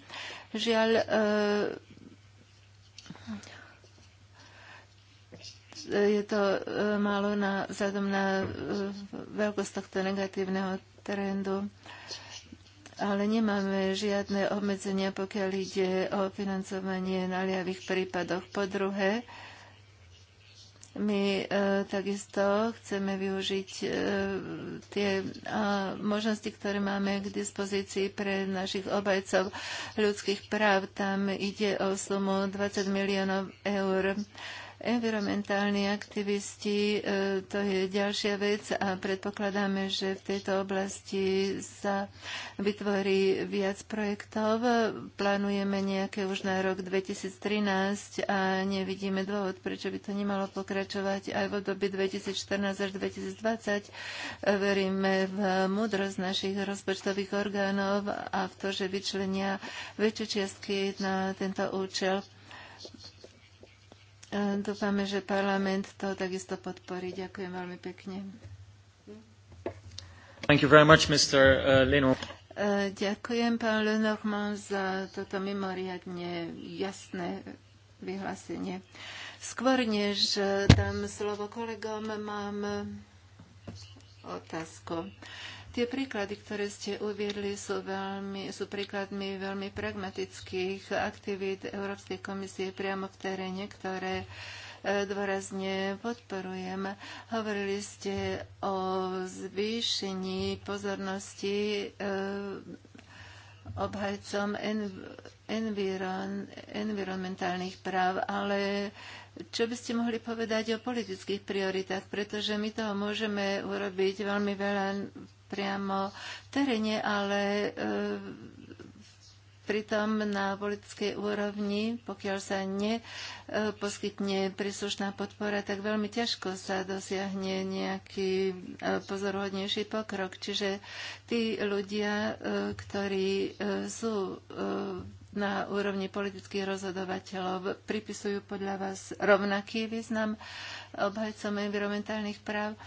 B: Žiaľ, e, je to e, málo na, vzhľadom na e, veľkosť tohto negatívneho trendu. Ale nemáme žiadne obmedzenia, pokiaľ ide o financovanie na liavých prípadoch. Po druhé, my e, takisto chceme využiť e, tie a, možnosti, ktoré máme k dispozícii pre našich obajcov ľudských práv. Tam ide o sumu 20 miliónov eur. E, Environmentálni aktivisti, e, to je ďalšia vec a predpokladáme, že v tejto oblasti sa vytvorí viac projektov. Plánujeme nejaké už na rok 2013 a nevidíme dôvod, prečo by to nemalo pokračovať aj v období 2014 až 2020. Veríme v múdrosť našich rozpočtových orgánov a v to, že vyčlenia väčšie čiastky na tento účel. Dúfame, že parlament to takisto podporí. Ďakujem veľmi pekne.
C: Thank you very much, Mr. Uh, Lenormand.
B: Uh, ďakujem, pán Lenormand, za toto mimoriadne jasné vyhlásenie. Skôr než uh, dám slovo kolegom, mám otázku. Tie príklady, ktoré ste uviedli, sú, veľmi, sú príkladmi veľmi pragmatických aktivít Európskej komisie priamo v teréne, ktoré e, dôrazne podporujem. Hovorili ste o zvýšení pozornosti e, obhajcom environ, environmentálnych práv, ale čo by ste mohli povedať o politických prioritách, pretože my toho môžeme urobiť veľmi veľa v priamo v teréne, ale e, Pritom na politickej úrovni, pokiaľ sa neposkytne e, príslušná podpora, tak veľmi ťažko sa dosiahne nejaký e, pozorhodnejší pokrok. Čiže tí ľudia, ktorí sú na úrovni politických rozhodovateľov, pripisujú podľa vás rovnaký význam obhajcom environmentálnych práv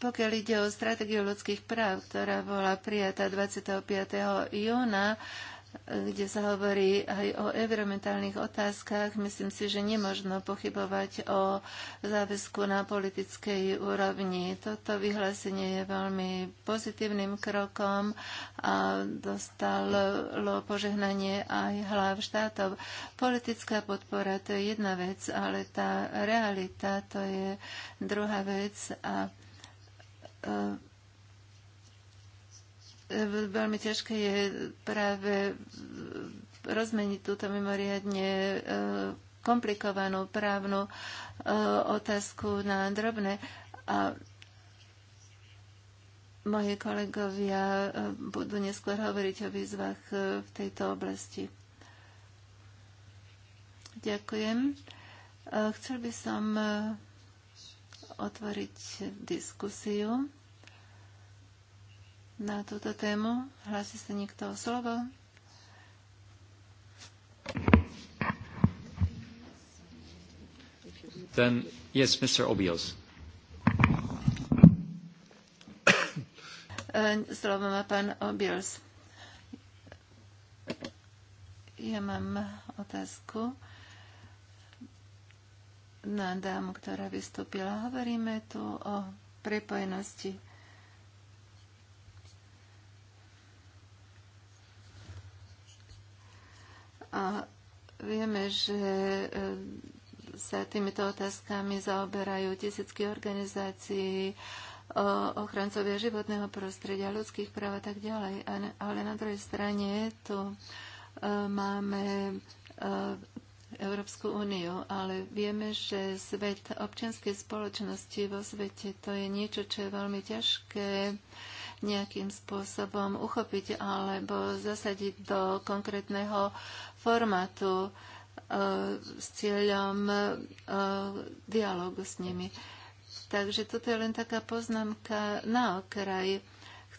B: pokiaľ ide o stratégiu ľudských práv, ktorá bola prijatá 25. júna, kde sa hovorí aj o environmentálnych otázkach. Myslím si, že nemožno pochybovať o záväzku na politickej úrovni. Toto vyhlásenie je veľmi pozitívnym krokom a dostalo požehnanie aj hlav štátov. Politická podpora to je jedna vec, ale tá realita to je druhá vec a E, e, veľmi ťažké je práve rozmeniť túto mimoriadne e, komplikovanú právnu otázku na drobné. A moji kolegovia budú neskôr hovoriť o výzvach v tejto oblasti. Ďakujem. Chcel by som otvoriť diskusiu na túto tému. Hlási sa niekto o slovo?
C: Then, yes, Mr. Obios.
B: [COUGHS] Eh, slovo má pán Obios. Ja mám otázku na dámu, ktorá vystúpila. Hovoríme tu o prepojenosti a vieme, že e, sa týmito otázkami zaoberajú tisícky organizácií, ochrancovia životného prostredia, ľudských práv a tak ďalej. Ale na druhej strane tu e, máme e, Európsku úniu, ale vieme, že svet občianskej spoločnosti vo svete to je niečo, čo je veľmi ťažké nejakým spôsobom uchopiť alebo zasadiť do konkrétneho formátu e, s cieľom e, dialogu s nimi. Takže toto je len taká poznámka na okraj.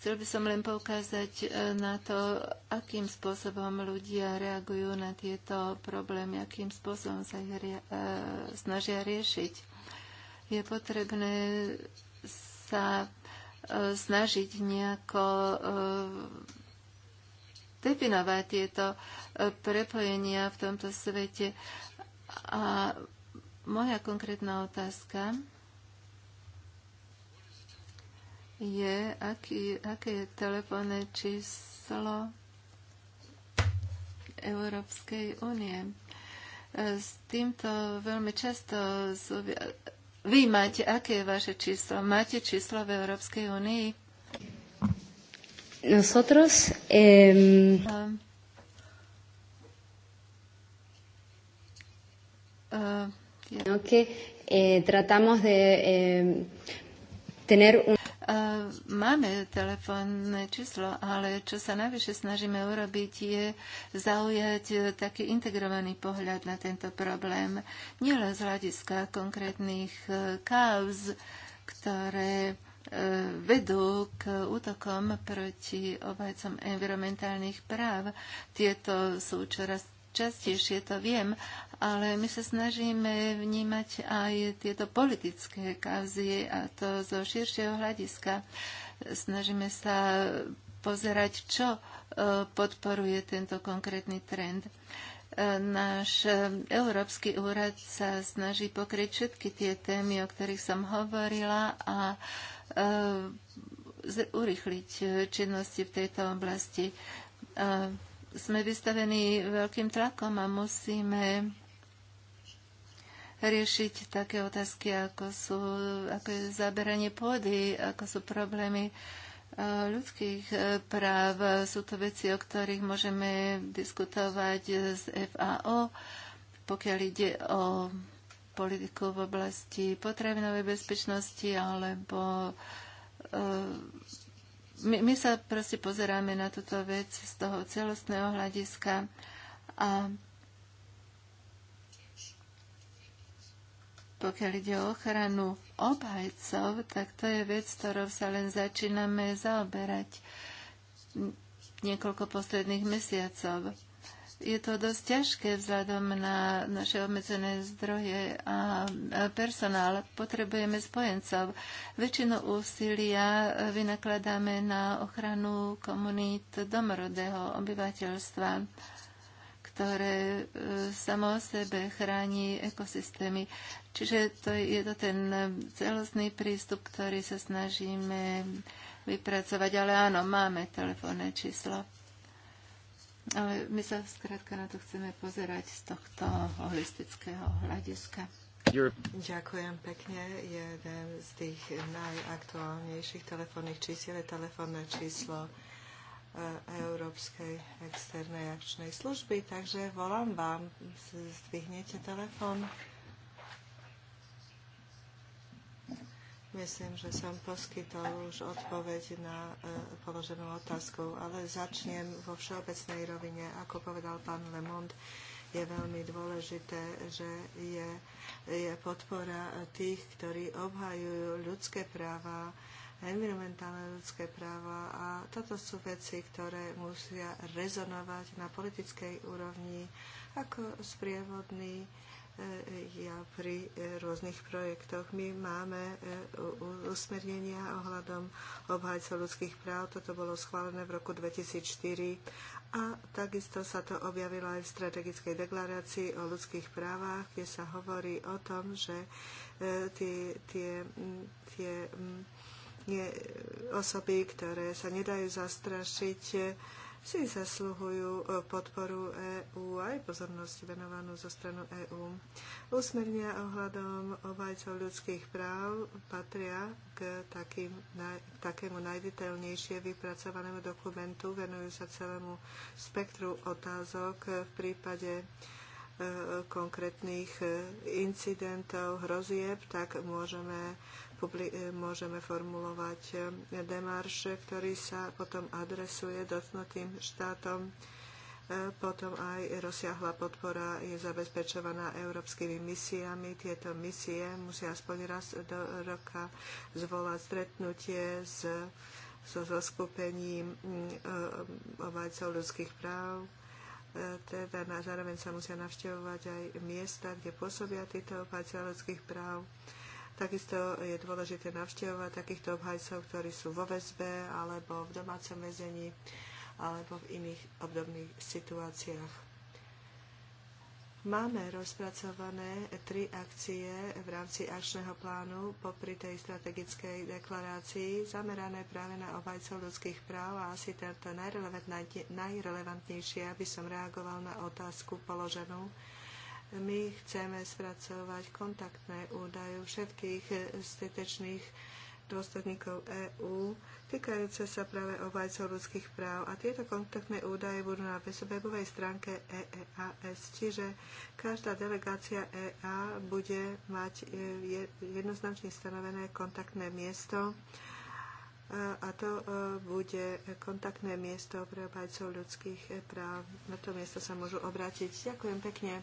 B: Chcel by som len poukázať e, na to, akým spôsobom ľudia reagujú na tieto problémy, akým spôsobom sa ich ria- e, snažia riešiť. Je potrebné sa e, snažiť nejako definovať tieto prepojenia v tomto svete. A moja konkrétna otázka je, aký, aké je telefónne číslo Európskej únie. E, s týmto veľmi často zúvia... Vy máte, aké je vaše číslo? Máte číslo v Európskej únii? Nosotros... Eh... Um... Uh, yeah. que eh, tratamos de eh, tener un E, máme telefónne číslo, ale čo sa najvyššie snažíme urobiť je zaujať e, taký integrovaný pohľad na tento problém. Nielen z hľadiska konkrétnych e, kauz, ktoré vedú k útokom proti obhajcom environmentálnych práv. Tieto sú čoraz častejšie, to viem, ale my sa snažíme vnímať aj tieto politické kauzy a to zo širšieho hľadiska. Snažíme sa pozerať, čo e, podporuje tento konkrétny trend. E, náš e, Európsky úrad sa snaží pokryť všetky tie témy, o ktorých som hovorila a urychliť činnosti v tejto oblasti sme vystavení veľkým tlakom a musíme riešiť také otázky, ako, sú, ako je zaberanie pôdy, ako sú problémy e, ľudských e, práv. Sú to veci, o ktorých môžeme diskutovať s FAO, pokiaľ ide o politiku v oblasti potravinovej bezpečnosti alebo e, my, my sa proste pozeráme na túto vec z toho celostného hľadiska a pokiaľ ide o ochranu obhajcov, tak to je vec, ktorou sa len začíname zaoberať niekoľko posledných mesiacov je to dosť ťažké vzhľadom na naše obmedzené zdroje a personál. Potrebujeme spojencov. Väčšinu úsilia vynakladáme na ochranu komunít domorodého obyvateľstva ktoré e, samo o sebe chráni ekosystémy. Čiže to je to ten celostný prístup, ktorý sa snažíme vypracovať. Ale áno, máme telefónne číslo ale my sa skrátka na to chceme pozerať z tohto holistického hľadiska. Ďakujem pekne. Jeden z tých
A: najaktuálnejších telefónnych čísiel je telefónne číslo eh, Európskej externej akčnej služby, takže volám vám, zdvihnete telefón. Myslím, že som poskytol už odpoveď na e, položenú otázku, ale začnem vo všeobecnej rovine. Ako povedal pán Lemond, je veľmi dôležité, že je, je podpora tých, ktorí obhajujú ľudské práva, environmentálne ľudské práva a toto sú veci, ktoré musia rezonovať na politickej úrovni ako sprievodný ja pri e, rôznych projektoch. My máme e, usmernenia ohľadom obhajcov ľudských práv. Toto bolo schválené v roku 2004 a takisto sa to objavilo aj v strategickej deklarácii o ľudských právach, kde sa hovorí o tom, že e, tie, tie, tie nie, osoby, ktoré sa nedajú zastrašiť, si zasluhujú e, podporu EÚ aj pozornosť venovanú zo stranu EÚ. Úsmernia ohľadom obajcov ľudských práv patria k, takým, naj, takému najdetailnejšie vypracovanému dokumentu. Venujú sa celému spektru otázok v prípade e, konkrétnych e, incidentov, hrozieb, tak môžeme E, môžeme formulovať e, demarš, ktorý sa potom adresuje dotknutým štátom. E, potom aj rozsiahla podpora je zabezpečovaná európskymi misiami. Tieto misie musia aspoň raz do roka zvolať stretnutie s so zoskupením mm, obajcov ľudských práv. Teda na zároveň sa musia navštevovať aj miesta, kde pôsobia títo obajcov ľudských práv. Takisto je dôležité navštevovať takýchto obhajcov, ktorí sú vo väzbe alebo v domácom väzení alebo v iných obdobných situáciách. Máme rozpracované tri akcie v rámci akčného plánu popri tej strategickej deklarácii zamerané práve na obhajcov ľudských práv a asi tento najrelevantnejšie, aby som reagoval na otázku položenú my chceme spracovať kontaktné údaje všetkých e, stretečných dôstojníkov EÚ týkajúce sa práve obajcov ľudských práv a tieto kontaktné údaje budú na webovej stránke EEAS, čiže každá delegácia EA bude mať e, jednoznačne stanovené kontaktné miesto e, a to bude kontaktné miesto pre obhajcov ľudských práv. Na to miesto sa môžu obrátiť. Ďakujem pekne.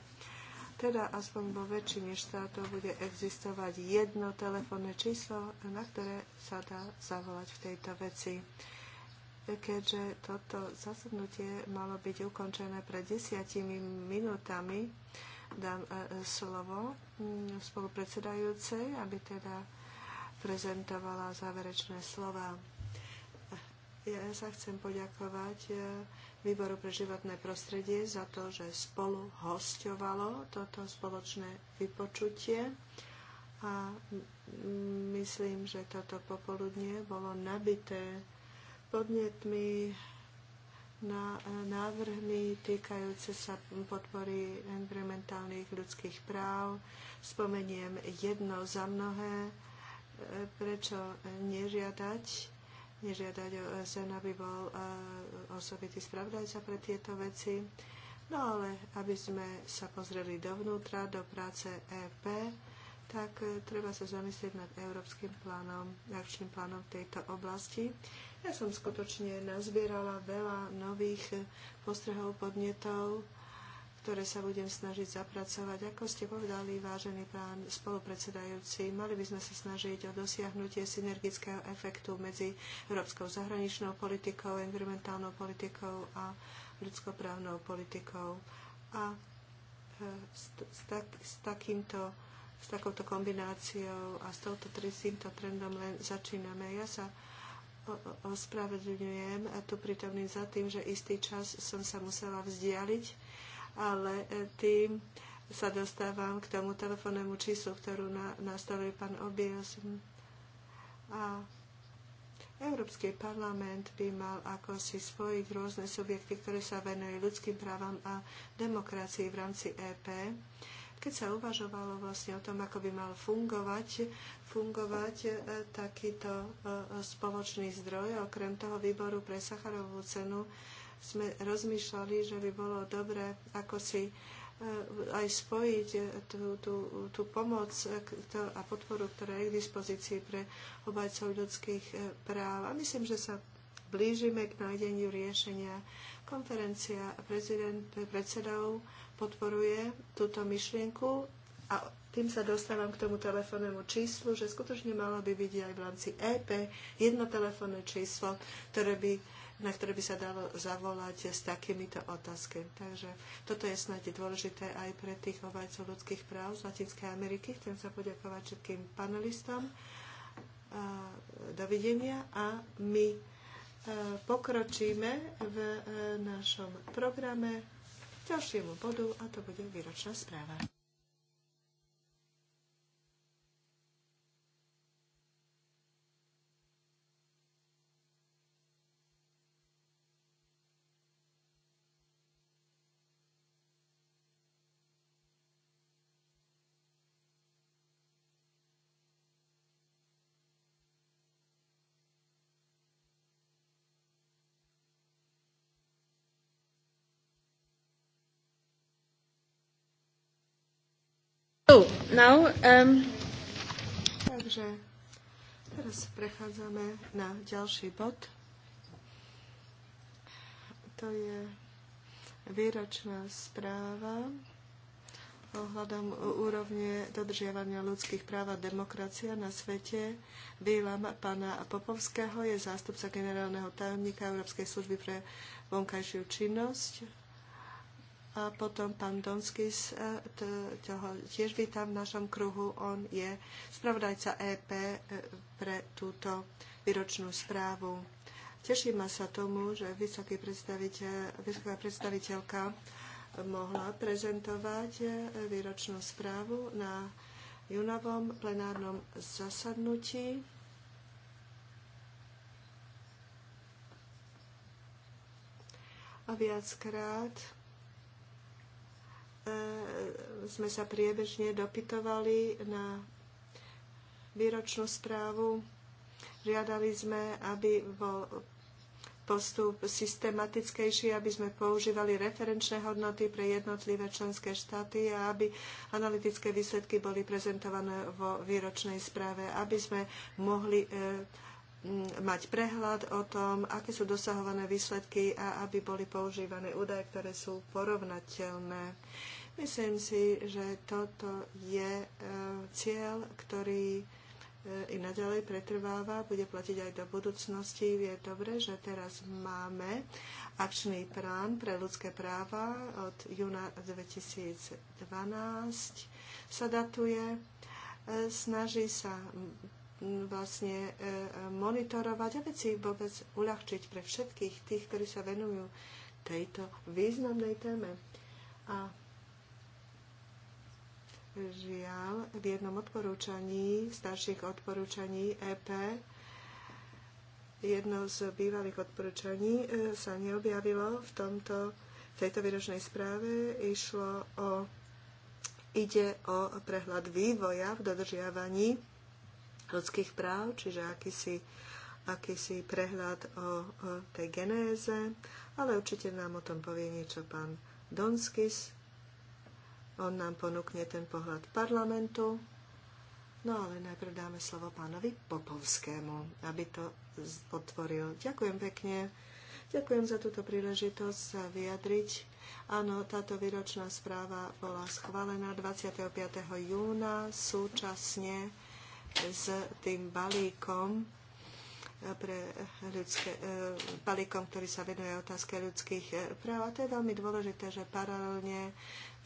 A: Teda aspoň vo väčšine štátov bude existovať jedno telefónne číslo, na ktoré sa dá zavolať v tejto veci. Keďže toto zasadnutie malo byť ukončené pred desiatimi minútami, dám e, e, slovo mm, spolupredsedajúcej, aby teda prezentovala záverečné slova. Ja sa chcem poďakovať e, Výboru pre životné prostredie za to, že spolu hostovalo toto spoločné vypočutie. A myslím, že toto popoludne bolo nabité podnetmi, na návrhmi týkajúce sa podpory environmentálnych ľudských práv. Spomeniem jedno za mnohé, prečo nežiadať nežiadať sen, aby bol e, osobitý spravodajca pre tieto veci. No ale aby sme sa pozreli dovnútra, do práce EP, tak e, treba sa zamyslieť nad európskym plánom, akčným plánom v tejto oblasti. Ja som skutočne nazbierala veľa nových e, postrehov, podnetov, ktoré sa budem snažiť zapracovať. Ako ste povedali, vážený pán spolupredsedajúci, mali by sme sa snažiť o dosiahnutie synergického efektu medzi európskou zahraničnou politikou, environmentálnou politikou a ľudskoprávnou politikou. A e, s, tak, s takýmto s takouto kombináciou a s touto, týmto trendom len začíname. Ja sa ospravedlňujem tu prítomným za tým, že istý čas som sa musela vzdialiť ale e, tým sa dostávam k tomu telefónnemu číslu, ktorú na, nastavil pán Obios. A Európsky parlament by mal ako si spojiť rôzne subjekty, ktoré sa venujú ľudským právam a demokracii v rámci EP. Keď sa uvažovalo vlastne o tom, ako by mal fungovať, fungovať e, takýto e, spoločný zdroj, okrem toho výboru pre Sacharovú cenu, sme rozmýšľali, že by bolo dobré ako si e, aj spojiť e, tú, tú, tú pomoc e, a podporu, ktorá je k dispozícii pre obajcov ľudských práv. A myslím, že sa blížime k nájdeniu riešenia. Konferencia prezident, predsedov podporuje túto myšlienku a tým sa dostávam k tomu telefónnemu číslu, že skutočne malo by byť aj v rámci EP jedno telefónne číslo, ktoré by na ktoré by sa dalo zavolať s takýmito otázkami. Takže toto je snáď dôležité aj pre tých obajcov ľudských práv z Latinskej Ameriky. Chcem sa poďakovať všetkým panelistom. Dovidenia a my e, pokročíme v e, našom programe k ďalšiemu bodu a to bude výročná správa. now, um... Takže teraz prechádzame na ďalší bod. To je výročná správa ohľadom úrovne dodržiavania ľudských práv a demokracia na svete. Výlam pána Popovského je zástupca generálneho tajomníka Európskej služby pre vonkajšiu činnosť a potom pán Donskis, e, toho tiež vítam v našom kruhu. On je spravodajca EP e, pre túto výročnú správu. Teším sa tomu, že vysoký predstaviteľ, vysoká predstaviteľka mohla prezentovať e, výročnú správu na junovom plenárnom zasadnutí. A viackrát E, sme sa priebežne dopytovali na výročnú správu. Žiadali sme, aby bol postup systematickejší, aby sme používali referenčné hodnoty pre jednotlivé členské štáty a aby analytické výsledky boli prezentované vo výročnej správe, aby sme mohli e, Mm, mať prehľad o tom, aké sú dosahované výsledky a aby boli používané údaje, ktoré sú porovnateľné. Myslím si, že toto je e, cieľ, ktorý e, i naďalej pretrváva, bude platiť aj do budúcnosti. Je dobre, že teraz máme akčný plán pre ľudské práva od júna 2012 sa datuje. E, snaží sa vlastne e, e, monitorovať a veci vôbec uľahčiť pre všetkých tých, ktorí sa venujú tejto významnej téme. A žiaľ, v jednom odporúčaní, starších odporúčaní EP, jedno z bývalých odporúčaní e, sa neobjavilo v, tomto, v tejto výročnej správe. Išlo o, ide o prehľad vývoja v dodržiavaní ľudských práv, čiže akýsi, akýsi prehľad o, o tej genéze, ale určite nám o tom povie niečo pán Donskis. On nám ponúkne ten pohľad parlamentu. No ale najprv dáme slovo pánovi Popovskému, aby to otvoril. Ďakujem pekne. Ďakujem za túto príležitosť sa vyjadriť. Áno, táto výročná správa bola schválená 25. júna súčasne s tým balíkom eh, pre ľudské, eh, balíkom, ktorý sa venuje otázke ľudských eh, práv. A to je veľmi dôležité, že paralelne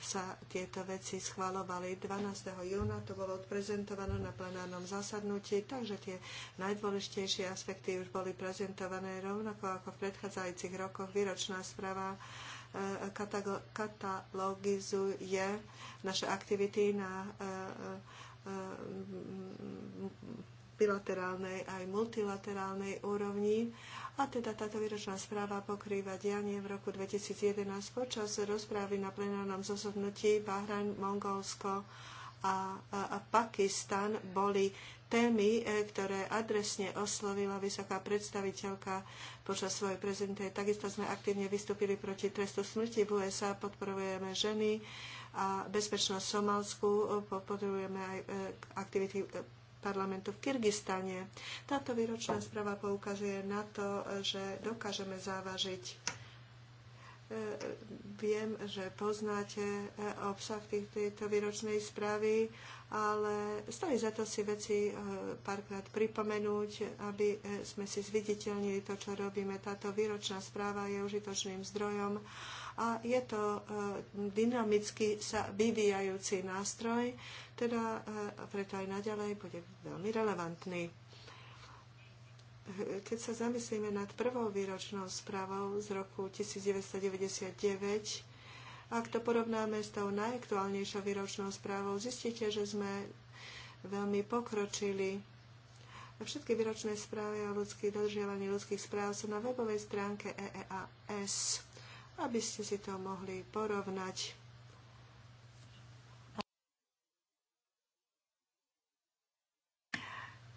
A: sa tieto veci schvalovali. 12. júna to bolo odprezentované na plenárnom zasadnutí, takže tie najdôležitejšie aspekty už boli prezentované rovnako ako v predchádzajúcich rokoch. Výročná správa katalogizuje naše aktivity na Eh, bilaterálnej aj multilaterálnej úrovni. A teda táto výročná správa pokrýva dianie v roku 2011 počas rozprávy na plenárnom zosobnutí Bahrain, Mongolsko a, a, a Pakistan boli témy, eh, ktoré adresne oslovila vysoká predstaviteľka počas svojej prezentácie. Takisto sme aktívne vystúpili proti trestu smrti v USA, podporujeme ženy a bezpečnosť v Somálsku, e, podporujeme aj e, aktivity e, parlamentu v Kyrgyzstane. Táto výročná správa poukazuje na to, že dokážeme závažiť viem, že poznáte obsah tejto výročnej správy, ale stojí za to si veci párkrát pripomenúť, aby sme si zviditeľnili to, čo robíme. Táto výročná správa je užitočným zdrojom a je to e, dynamicky sa vyvíjajúci nástroj, teda e, preto aj naďalej bude veľmi relevantný. Keď sa zamyslíme nad prvou výročnou správou z roku 1999, ak to porovnáme s tou najaktuálnejšou výročnou správou, zistíte, že sme veľmi pokročili. Všetky výročné správy o ľudských dodržiavaní ľudských správ sú na webovej stránke EEAS aby ste si to mohli porovnať.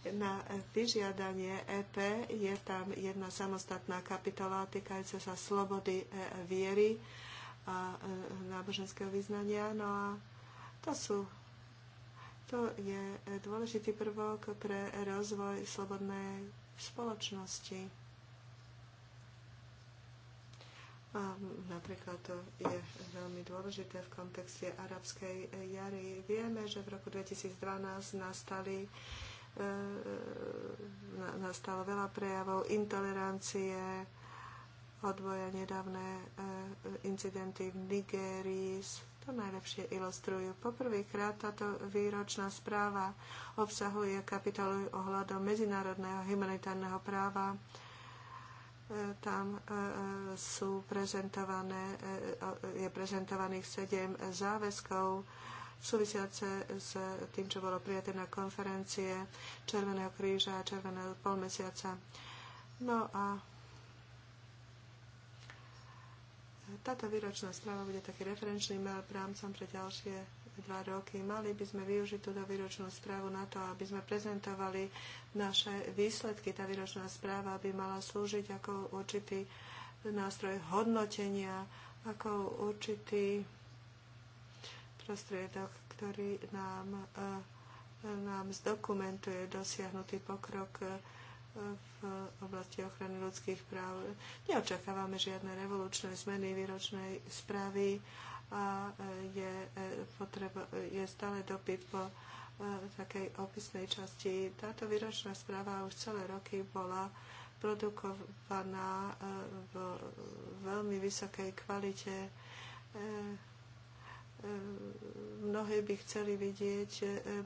A: Na vyžiadanie EP je tam jedna samostatná kapitola týkajúca sa slobody e, viery a e, náboženského vyznania. No a to sú to je dôležitý prvok pre rozvoj slobodnej spoločnosti. A napríklad to je veľmi dôležité v kontexte arabskej jary. Vieme, že v roku 2012 nastali e, nastalo veľa prejavov intolerancie, odboja nedávne e, incidenty v Nigérii. To najlepšie ilustrujú. Poprvýkrát táto výročná správa obsahuje kapitolu ohľadom medzinárodného humanitárneho práva tam e, sú prezentované, e, je prezentovaných sedem záväzkov súvisiace s tým, čo bolo prijaté na konferencie Červeného kríža a Červeného polmesiaca. No a táto výročná správa bude taký referenčný mail rámcom pre ďalšie dva roky. Mali by sme využiť túto výročnú správu na to, aby sme prezentovali naše výsledky. Tá výročná správa by mala slúžiť ako určitý nástroj hodnotenia, ako určitý prostriedok, ktorý nám, e, nám zdokumentuje dosiahnutý pokrok e, v oblasti ochrany ľudských práv. Neočakávame žiadne revolučné zmeny výročnej správy a e, je, e, potreba, je stále dopyt po e, takej opisnej časti. Táto výročná správa už celé roky bola produkovaná v veľmi vysokej kvalite Mnohí by chceli vidieť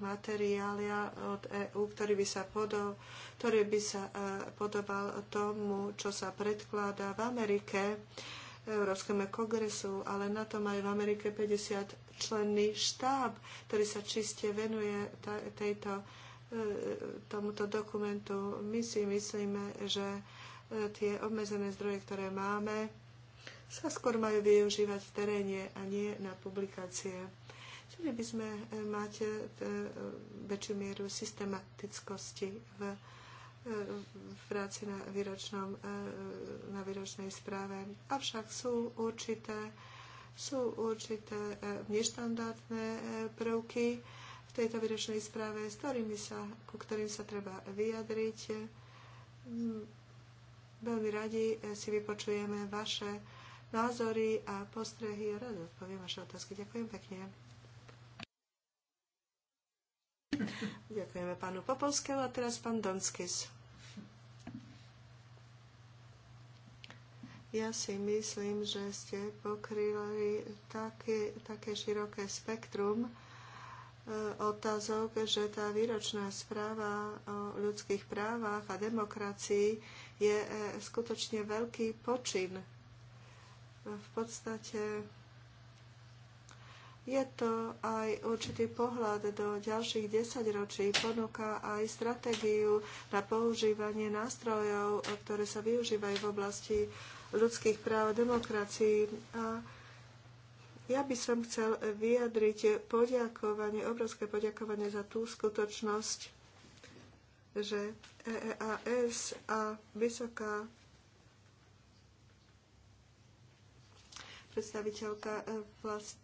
A: materiály od EÚ, ktorý by sa, podol, ktorý by sa podobal tomu, čo sa predkladá v Amerike. Európskemu kongresu, ale na to majú v Amerike 50 členný štáb, ktorý sa čiste venuje tejto, e, tomuto dokumentu. My si myslíme, že e, tie obmedzené zdroje, ktoré máme, sa skôr majú využívať v teréne a nie na publikácie. Chceli by sme e, mať väčšiu mieru systematickosti v v práci na, výročnom, e, na výročnej správe. Avšak sú určité, sú určité e, neštandardné e, prvky v tejto výročnej správe, s ktorými sa, ku ktorým sa treba vyjadriť. Mm, veľmi radi si vypočujeme vaše názory a postrehy a rada odpoviem vaše otázky. Ďakujem pekne. Ďakujeme pánu Popolskému a teraz pán Donskis. Ja si myslím, že ste pokryli také, také široké spektrum e, otázok, že tá výročná správa o ľudských právach a demokracii je e, skutočne veľký počin. V podstate je to aj určitý pohľad do ďalších desaťročí. Ponúka aj stratégiu na používanie nástrojov, ktoré sa využívajú v oblasti ľudských práv a demokracií. A ja by som chcel vyjadriť poďakovanie, obrovské poďakovanie za tú skutočnosť, že EEAS a vysoká predstaviteľka e,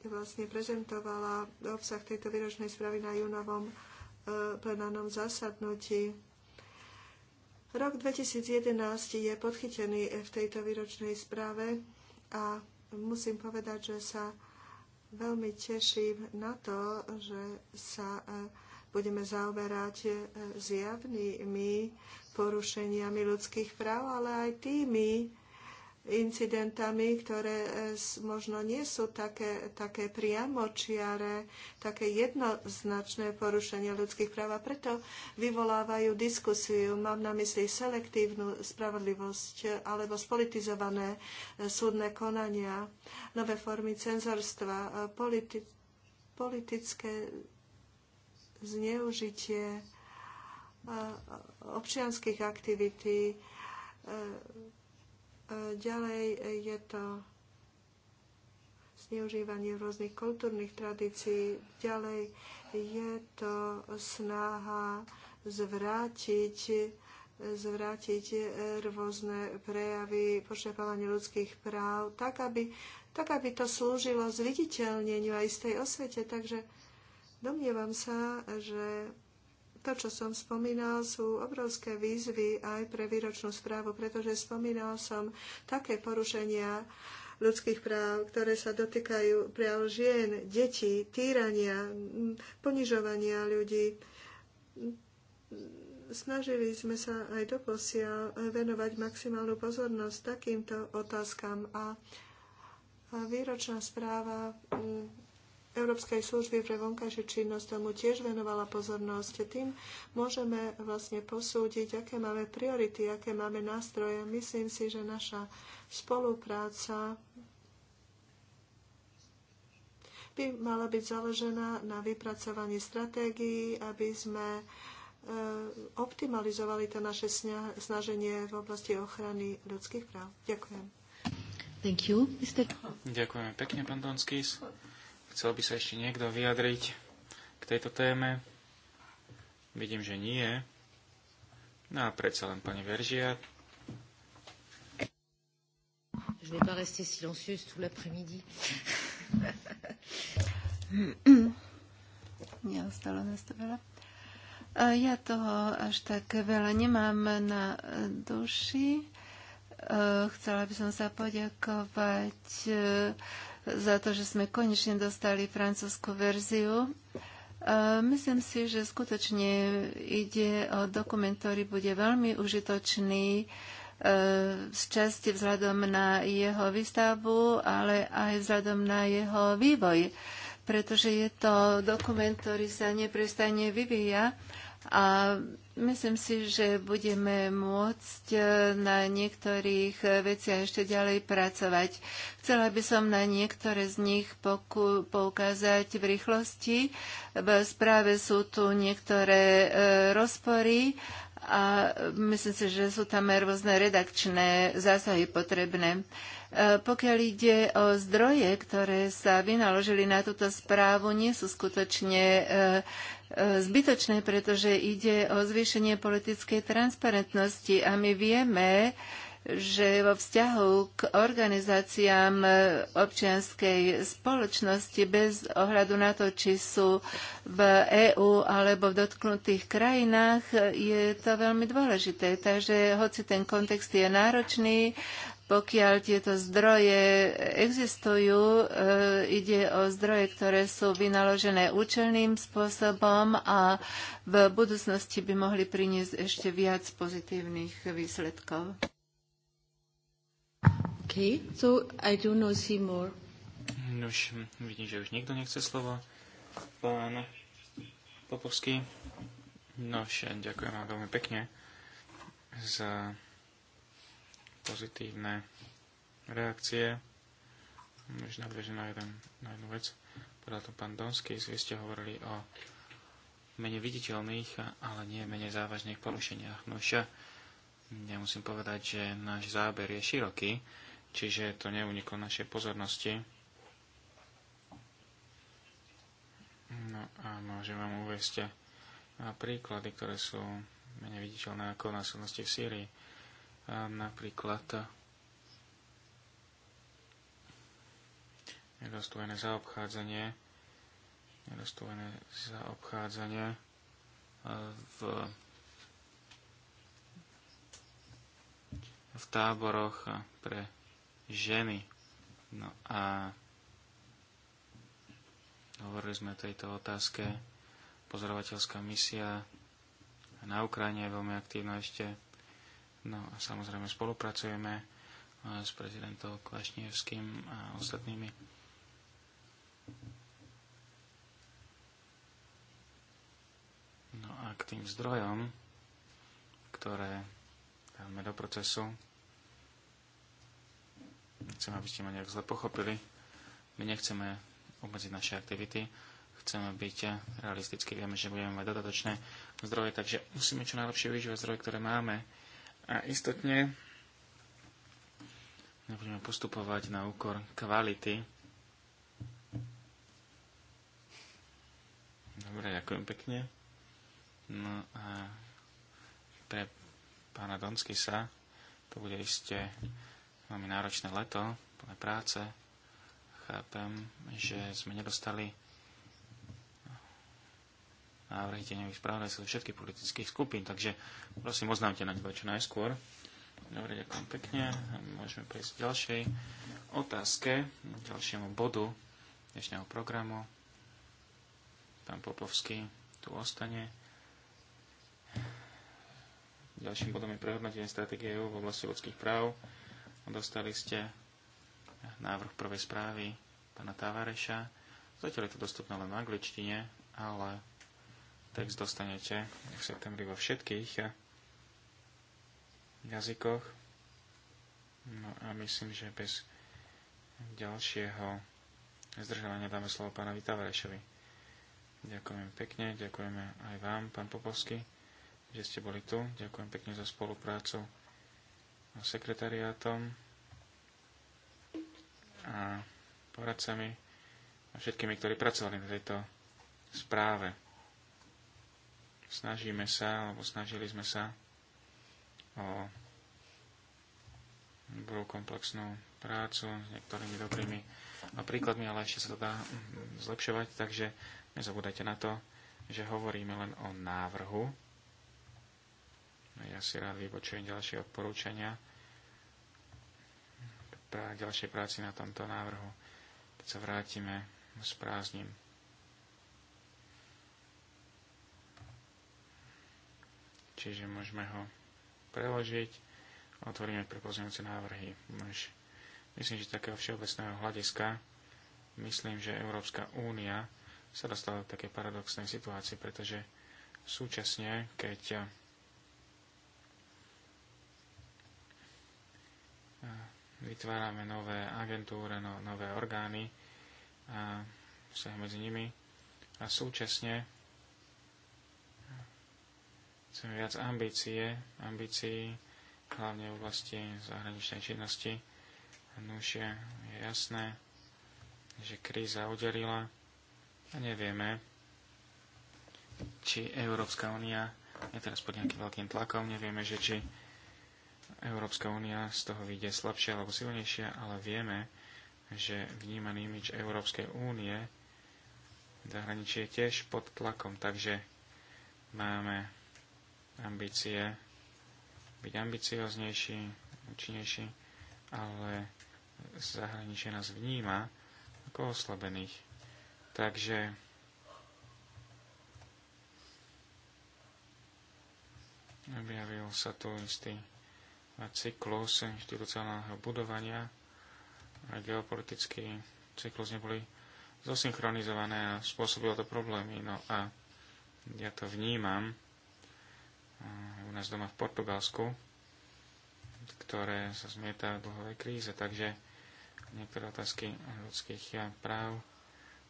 A: vlastne prezentovala obsah tejto výročnej správy na júnovom e, plenárnom zasadnutí. Rok 2011 je podchytený v tejto výročnej správe a musím povedať, že sa veľmi teším na to, že sa e, budeme zaoberať zjavnými e, porušeniami ľudských práv, ale aj tými, incidentami, ktoré e, možno nie sú také, také priamočiare, také jednoznačné porušenie ľudských práv a preto vyvolávajú diskusiu. Mám na mysli selektívnu spravodlivosť alebo spolitizované e, súdne konania, nové formy cenzorstva, e, politi- politické zneužitie občianských aktivití, Ďalej je to zneužívanie rôznych kultúrnych tradícií. Ďalej je to snaha zvrátiť, zvrátiť rôzne prejavy pošľapávania ľudských práv, tak aby, tak aby to slúžilo zviditeľneniu aj z tej osvete. Takže domnievam sa, že to, čo som spomínal, sú obrovské výzvy aj pre výročnú správu, pretože spomínal som také porušenia ľudských práv, ktoré sa dotýkajú práv žien, detí, týrania, ponižovania ľudí. Snažili sme sa aj doposiaľ venovať maximálnu pozornosť takýmto otázkam a výročná správa Európskej služby pre vonkajšiu činnosť tomu tiež venovala pozornosť. Tým môžeme vlastne posúdiť, aké máme priority, aké máme nástroje. Myslím si, že naša spolupráca by mala byť založená na vypracovaní stratégií, aby sme eh, optimalizovali to naše snaženie v oblasti ochrany ľudských práv. Ďakujem.
B: Thank you, Mr.
C: Ďakujeme pekne, pán Donskis. Chcel by sa ešte niekto vyjadriť k tejto téme? Vidím, že nie. No a predsa len pani Veržia.
B: Je vais pas rester silencieuse tout l'après-midi. Neostalo nás to veľa. Ja toho až tak veľa nemám na duši. Chcela by som sa poďakovať e, za to, že sme konečne dostali francúzsku verziu. E, myslím si, že skutočne ide o dokument, ktorý bude veľmi užitočný e, z časti vzhľadom na jeho výstavbu, ale aj vzhľadom na jeho vývoj, pretože je to dokument, ktorý sa neprestane vyvíja a Myslím si, že budeme môcť eh, na niektorých eh, veciach ešte ďalej pracovať. Chcela by som na niektoré z nich poukázať v rýchlosti. V správe sú tu niektoré eh, rozpory a myslím si, že sú tam rôzne redakčné zásahy potrebné. Pokiaľ ide o zdroje, ktoré sa vynaložili na túto správu, nie sú skutočne zbytočné, pretože ide o zvýšenie politickej transparentnosti a my vieme, že vo vzťahu k organizáciám občianskej spoločnosti bez ohľadu na to, či sú v EÚ alebo v dotknutých krajinách, je to veľmi dôležité. Takže hoci ten kontext je náročný, pokiaľ tieto zdroje existujú, e, ide o zdroje, ktoré sú vynaložené účelným spôsobom a v budúcnosti by mohli priniesť ešte viac pozitívnych výsledkov. Okay, so I do not see more.
C: No už vidím, že už nikto nechce slovo. Pán Popovský. No, ďakujem vám veľmi pekne za pozitívne reakcie. Už nadviežem na, jeden, na jednu vec. Podľa to pán Donský, vy ste hovorili o menej viditeľných, ale nie menej závažných porušeniach. No však ja musím povedať, že náš záber je široký, čiže to neuniklo našej pozornosti. No a môžem vám uvieť príklady, ktoré sú menej viditeľné ako násilnosti v Sýrii napríklad eh, nedostojné zaobchádzanie, nedostupné zaobchádzanie eh, v, v táboroch eh, pre ženy. No a hovorili sme o tejto otázke. Pozorovateľská misia na Ukrajine je veľmi aktívna ešte No a samozrejme spolupracujeme e, s prezidentom Klašnievským a ostatnými. No a k tým zdrojom, ktoré dáme do procesu, chcem, aby ste ma nejak zle pochopili. My nechceme obmedziť naše aktivity, chceme byť realisticky, vieme, že budeme mať dodatočné zdroje, takže musíme čo najlepšie využívať zdroje, ktoré máme a istotne nebudeme postupovať na úkor kvality. Dobre, ďakujem pekne. No a pre pána Donsky sa to bude iste veľmi náročné leto, plné práce. Chápem, že sme nedostali návrhy správne spravodajcov všetkých politických skupín, takže prosím, oznámte na to čo najskôr. Dobre, ďakujem pekne. Môžeme prejsť k ďalšej otázke, ďalšiemu bodu dnešného programu. Pán Popovský tu ostane. Ďalším bodom je prehodnotenie stratégie EU v oblasti ľudských práv. Dostali ste návrh prvej správy pána Tavareša. Zatiaľ je to dostupné len v angličtine, ale Text dostanete v septembri vo všetkých eh, jazykoch. No a myslím, že bez ďalšieho zdržovania dáme slovo pána Vitavrešovi. Ďakujem pekne, ďakujeme aj vám, pán Popovský, že ste boli tu. Ďakujem pekne za spoluprácu s sekretariátom a poradcami a všetkými, ktorí pracovali na tejto správe snažíme sa, alebo snažili sme sa o dobrú komplexnú prácu s niektorými dobrými príkladmi, ale ešte sa to dá zlepšovať, takže nezabúdajte na to, že hovoríme len o návrhu. Ja si rád vypočujem ďalšie odporúčania pre ďalšej práci na tomto návrhu, keď sa vrátime s prázdnim. čiže môžeme ho preložiť. Otvoríme pre pozmeňujúce návrhy. Myslím, že takého všeobecného hľadiska, myslím, že Európska únia sa dostala do také paradoxnej situácie, pretože súčasne, keď eh, vytvárame nové agentúre, no, nové orgány eh, a sa medzi nimi a súčasne chcem viac ambície, ambícií, hlavne v oblasti zahraničnej činnosti. Nuž je jasné, že kríza uderila a nevieme, či Európska únia je teraz pod nejakým veľkým tlakom, nevieme, že či Európska únia z toho vyjde slabšia alebo silnejšia, ale vieme, že vnímaný imič Európskej únie v zahraničí je tiež pod tlakom, takže máme ambície, byť ambicioznejší, účinnejší, ale zahraničie nás vníma ako oslabených. Takže objavil sa tu istý cyklus institucionálneho budovania a geopolitický cyklus neboli zosynchronizované a spôsobilo to problémy. No a ja to vnímam u nás doma v Portugalsku, ktoré sa zmietajú v dlhovej kríze, takže niektoré otázky ľudských práv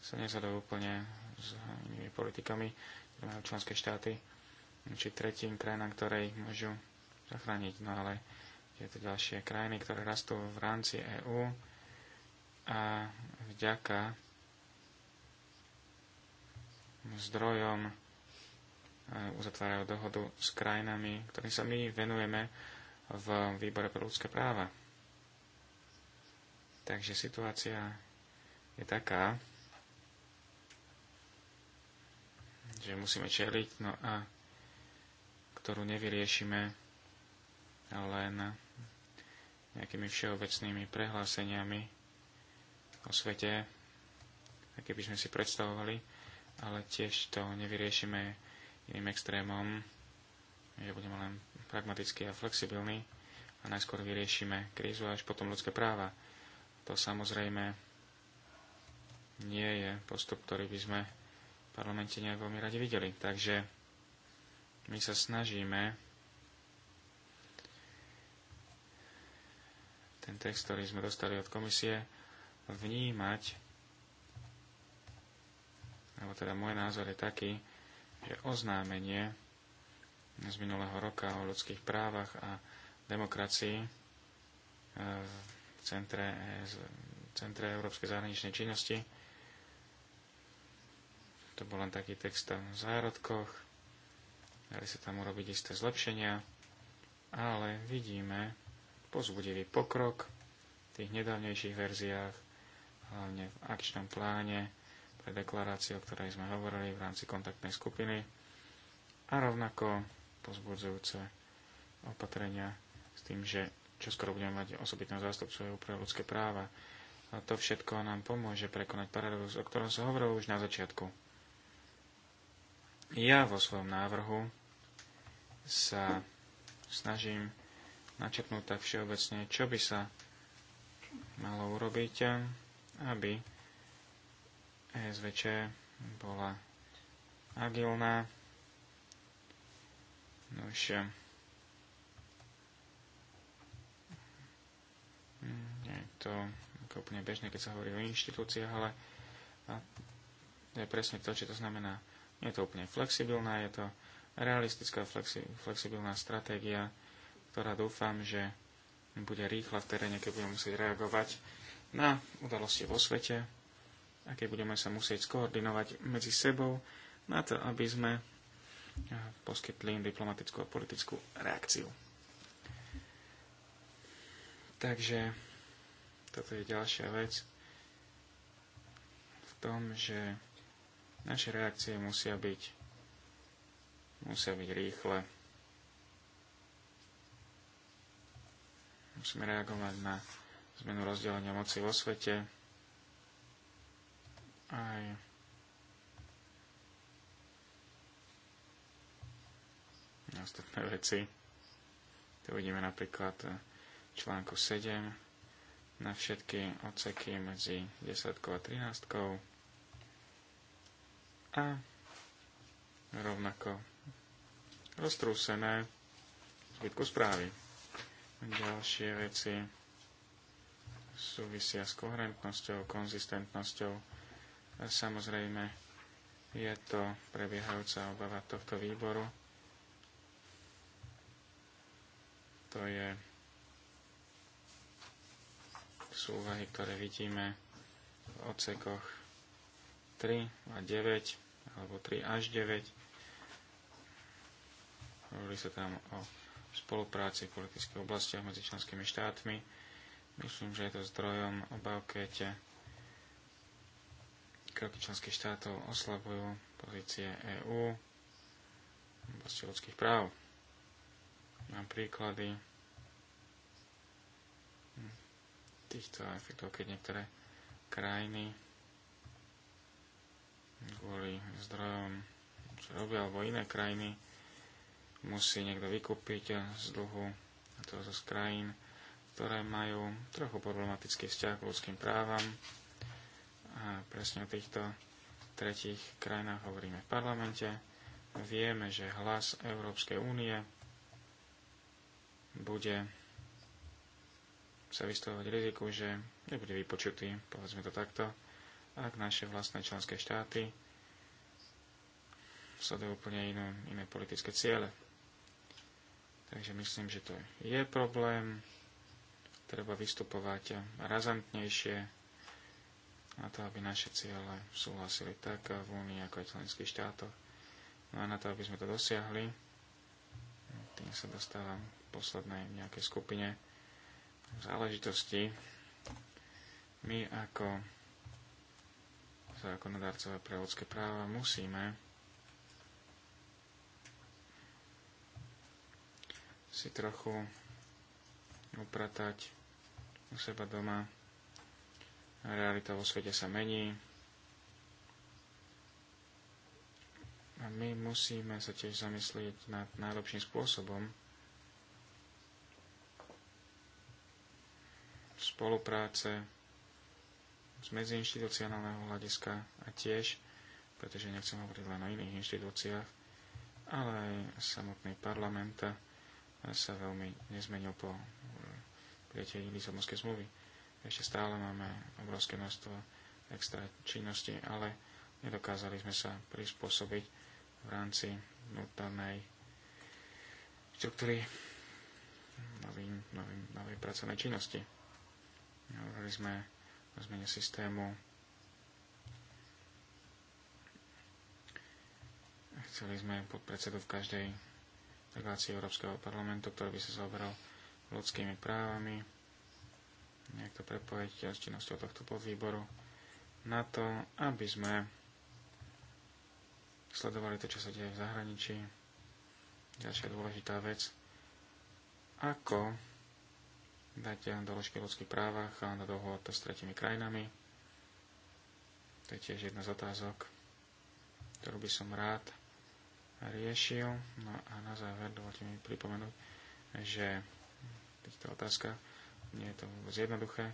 C: sa nezadujú úplne s inými politikami, ktoré majú členské štáty, či tretím krajinám, ktoré ich môžu zachrániť. No ale je to ďalšie krajiny, ktoré rastú v rámci EÚ a vďaka zdrojom uzatvárajú dohodu s krajinami, ktorým sa my venujeme v výbore pre ľudské práva. Takže situácia je taká, že musíme čeliť, no a ktorú nevyriešime len nejakými všeobecnými prehláseniami o svete, aké by sme si predstavovali, ale tiež to nevyriešime Iným extrémom je, že budeme len pragmatický a flexibilní a najskôr vyriešime krízu až potom ľudské práva. To samozrejme nie je postup, ktorý by sme v parlamente nejak veľmi radi videli. Takže my sa snažíme ten text, ktorý sme dostali od komisie, vnímať, alebo teda môj názor je taký, je oznámenie z minulého roka o ľudských právach a demokracii e, v centre, e, centre Európskej zahraničnej činnosti. To bol len taký text tam v zárodkoch. Dali sa tam urobiť isté zlepšenia, ale vidíme pozbudivý pokrok v tých nedávnejších verziách, hlavne v akčnom pláne pre deklaráciu, o ktorej sme hovorili v rámci kontaktnej skupiny a rovnako pozbudzujúce opatrenia s tým, že čoskoro budeme mať osobitného zástupcu pre ľudské práva. A to všetko nám pomôže prekonať paradox, o ktorom sa hovorilo už na začiatku. Ja vo svojom návrhu sa snažím načrtnúť tak všeobecne, čo by sa malo urobiť, aby SVČ bola agilná. No už nie je to ako úplne bežné, keď sa hovorí o inštitúciách, ale to je presne to, čo to znamená. Nie je to úplne flexibilná, je to realistická flexi, flexibilná stratégia, ktorá dúfam, že bude rýchla v teréne, keď budeme musieť reagovať na udalosti vo svete, a keď budeme sa musieť skoordinovať medzi sebou na to, aby sme eh, poskytli im diplomatickú a politickú reakciu. Takže toto je ďalšia vec v tom, že naše reakcie musia byť musia byť rýchle. Musíme reagovať na zmenu rozdelenia moci vo svete, aj ostatné veci. Tu vidíme napríklad eh, článku 7 na všetky odseky medzi 10 a 13 a rovnako roztrúsené zbytku správy. Ďalšie veci súvisia s koherentnosťou, konzistentnosťou Samozrejme, je to prebiehajúca obava tohto výboru. To je sú úvahy, ktoré vidíme v odsekoch 3 a 9, alebo 3 až 9. Hovorí sa tam o spolupráci v politických oblastiach medzi členskými štátmi. Myslím, že je to zdrojom obav, keď kroky členských štátov oslabujú pozície EÚ v oblasti ľudských práv. Mám príklady týchto efektov, keď niektoré krajiny kvôli zdrojom, čo robia, alebo iné krajiny, musí niekto vykúpiť z dlhu, a to z krajín, ktoré majú trochu problematický vzťah k ľudským právam, a presne o týchto tretích krajinách hovoríme v parlamente. Vieme, že hlas Európskej únie bude sa vystavovať riziku, že nebude vypočutý, povedzme to takto, ak naše vlastné členské štáty sledujú úplne iné, iné politické ciele. Takže myslím, že to je problém. Treba vystupovať razantnejšie, na to, aby naše ciele súhlasili tak v Únii ako aj členských štátoch. No a na to, aby sme to dosiahli, tým sa dostávam k poslednej nejakej skupine záležitosti. My ako zákonodárcové pre ľudské práva musíme si trochu upratať u seba doma realita vo svete sa mení. A my musíme sa tiež zamyslieť nad najlepším spôsobom spolupráce z medziinstitucionálneho hľadiska a tiež, pretože nechcem hovoriť len o iných inštitúciách, ale aj samotný parlament sa veľmi nezmenil po prijatie Lisabonskej zmluvy ešte stále máme obrovské množstvo extra činnosti, ale nedokázali sme sa prispôsobiť v rámci nutanej štruktúry novým, novým, novej pracovnej činnosti. Hovorili sme o zmene systému. Chceli sme podpredsedu v každej delegácii Európskeho parlamentu, ktorý by sa zaoberal ľudskými právami, nejak to prepojiť s činnosťou tohto podvýboru na to, aby sme sledovali to, čo sa deje v zahraničí. Ďalšia dôležitá vec, ako dať doložky o ľudských právach a na dohovor s tretimi krajinami. To je tiež jedna z otázok, ktorú by som rád riešil. No a na záver dovolte mi pripomenúť, že v týchto otázkach nie je to vôbec jednoduché,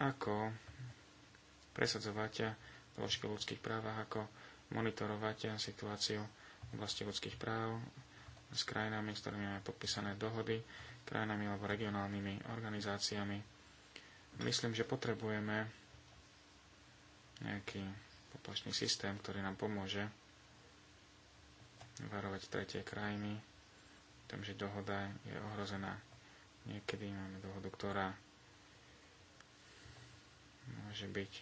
C: ako presadzovať doložky ľudských práv, ako monitorovať situáciu v oblasti ľudských práv s krajinami, s ktorými máme podpísané dohody, krajinami alebo regionálnymi organizáciami. Myslím, že potrebujeme nejaký poplačný systém, ktorý nám pomôže varovať tretie krajiny, tom, že dohoda je ohrozená Niekedy máme dohodu, ktorá môže byť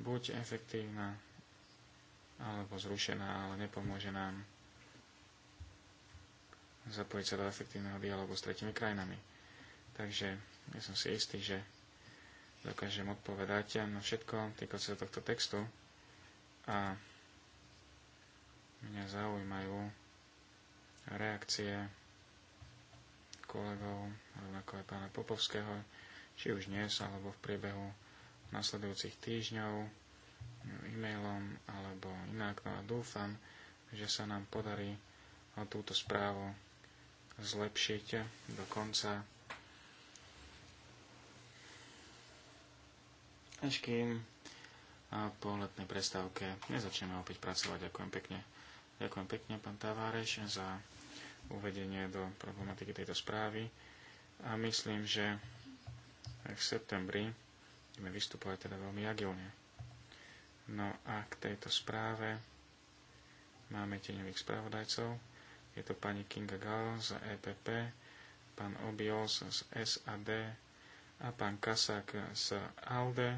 C: buď efektívna, alebo zrušená, ale nepomôže nám zapojiť sa do efektívneho dialogu s tretimi krajinami. Takže ja som si istý, že dokážem odpovedať na všetko týko sa tohto textu a mňa zaujímajú reakcie kolegov, rovnako aj pána Popovského, či už dnes, alebo v priebehu nasledujúcich týždňov, e-mailom, alebo inak. No a dúfam, že sa nám podarí túto správu zlepšiť do konca, až kým po letnej prestávke nezačneme opäť pracovať. Ďakujem pekne. Ďakujem pekne, pán Taváreš, za uvedenie do problematiky tejto správy a myslím, že aj v septembri budeme vystupovať teda veľmi agilne. No a k tejto správe máme tieňových spravodajcov. Je to pani Kinga Gal z EPP, pán Obios z SAD a pán Kasak z ALDE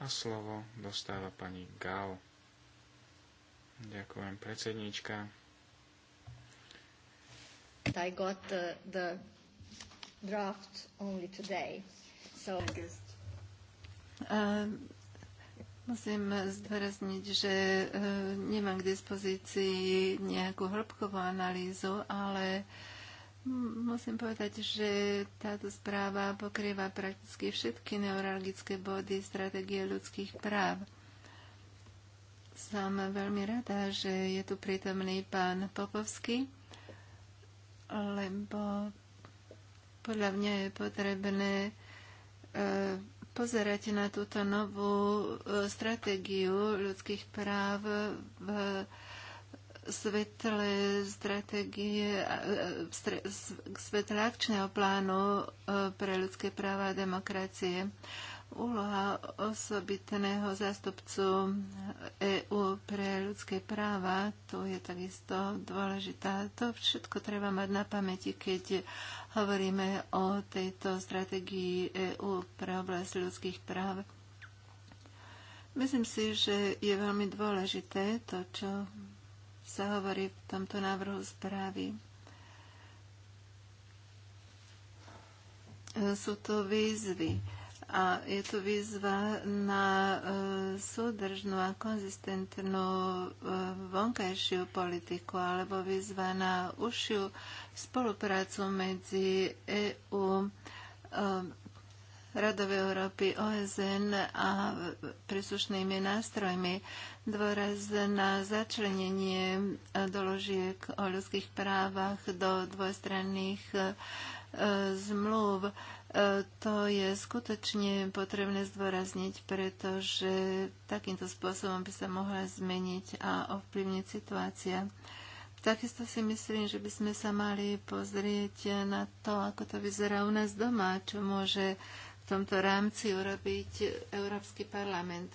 C: a slovo dostáva pani Gal. Ďakujem predsedníčka
B: but I got the, the draft only today. So... Um, Musím zdôrazniť, že e, nemám k dispozícii nejakú hĺbkovú analýzu, ale musím povedať, že táto správa pokrýva prakticky všetky neurologické body stratégie ľudských práv. Som veľmi rada, že je tu prítomný pán Popovský lebo podľa mňa je potrebné e, pozerať na túto novú e, stratégiu ľudských práv v svetle stratégie, e, svetle akčného plánu pre ľudské práva a demokracie. Úloha osobitného zástupcu ľudské práva, to je takisto dôležitá. To všetko treba mať na pamäti, keď hovoríme o tejto strategii EÚ pre oblasť ľudských práv. Myslím si, že je veľmi dôležité to, čo sa hovorí v tomto návrhu správy. Sú to výzvy a je tu výzva na e, súdržnú a konzistentnú e, vonkajšiu politiku alebo výzva na užšiu spoluprácu medzi EU, e, e Radov Európy, OSN a príslušnými nástrojmi. Dôraz na začlenenie e, doložiek o ľudských právach do dvojstranných e, zmluv to je skutočne potrebné zdôrazniť, pretože takýmto spôsobom by sa mohla zmeniť a ovplyvniť situácia. Takisto si myslím, že by sme sa mali pozrieť na to, ako to vyzerá u nás doma, čo môže v tomto rámci urobiť Európsky parlament.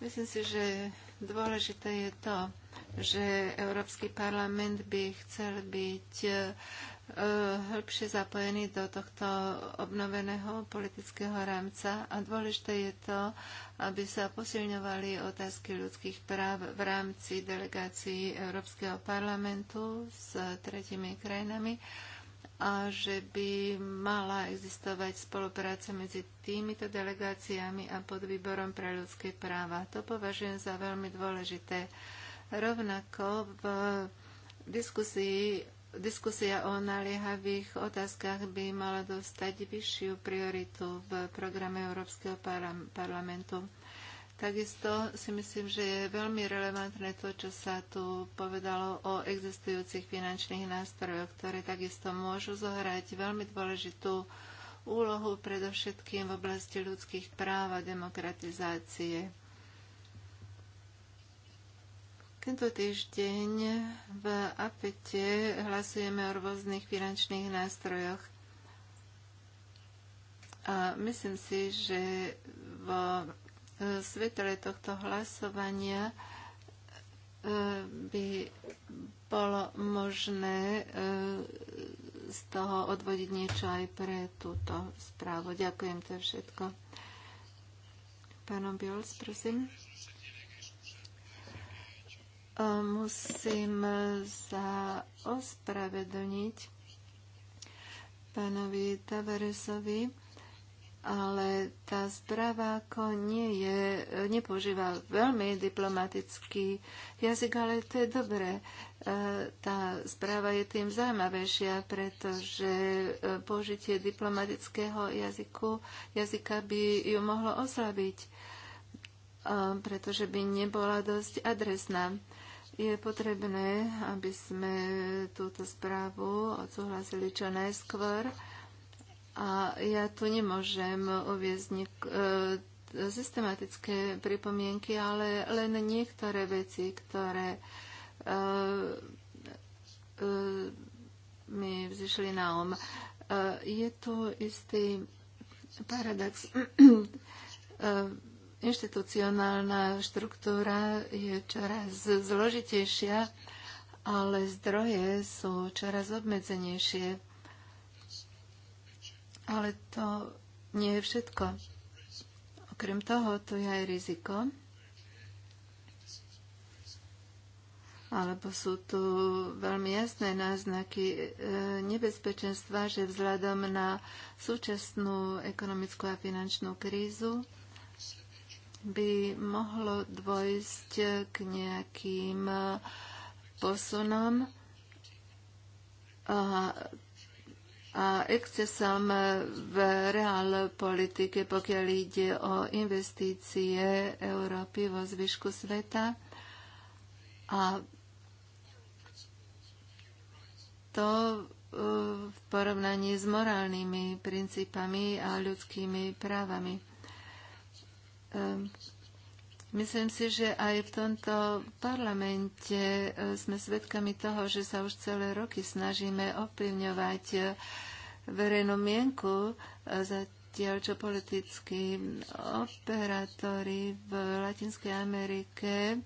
B: Myslím si, že dôležité je to, že Európsky parlament by chcel byť Eh, hĺbšie zapojení do tohto obnoveného politického rámca a dôležité je to, aby sa posilňovali otázky ľudských práv v rámci delegácií Európskeho parlamentu s tretimi krajinami a že by mala existovať spolupráca medzi týmito delegáciami a podvýborom pre ľudské práva. To považujem za veľmi dôležité. Rovnako v diskusii Diskusia o naliehavých otázkach by mala dostať vyššiu prioritu v programe Európskeho parlamentu. Takisto si myslím, že je veľmi relevantné to, čo sa tu povedalo o existujúcich finančných nástrojoch, ktoré takisto môžu zohrať veľmi dôležitú úlohu predovšetkým v oblasti ľudských práv a demokratizácie. Tento týždeň v APETE hlasujeme o rôznych finančných nástrojoch. A myslím si, že vo e, svetle tohto hlasovania e, by bolo možné e, z toho odvodiť niečo aj pre túto správu. Ďakujem, to je všetko. Pánom Biols, prosím. Musím e, sa ospravedlniť pánovi Tavaresovi, ale tá správa ako nie je, e, nepožíva veľmi diplomatický jazyk, ale to je dobré. E, tá správa je tým zaujímavejšia, pretože použitie diplomatického jazyku, jazyka by ju mohlo oslabiť, pretože by nebola dosť adresná. Je potrebné, aby sme túto správu odsúhlasili čo najskôr. A ja tu nemôžem uviezť nik- e, systematické pripomienky, ale len niektoré veci, ktoré e, e, mi vzýšli na om. Um. je tu istý paradox. [CLEARS THROAT] Inštitucionálna štruktúra je čoraz zložitejšia, ale zdroje sú čoraz obmedzenejšie. Ale to nie je všetko. Okrem toho, tu je aj riziko, alebo sú tu veľmi jasné náznaky e, nebezpečenstva, že vzhľadom na súčasnú ekonomickú a finančnú krízu by mohlo dôjsť k nejakým e, posunom a, a excesom v reál politike, pokiaľ ide o investície Európy vo zvyšku sveta. A to e, v porovnaní s morálnymi princípami a ľudskými právami Myslím si, že aj v tomto parlamente e, sme svedkami toho, že sa už celé roky snažíme ovplyvňovať e, verejnú mienku, e, zatiaľ čo politickí operátori v Latinskej Amerike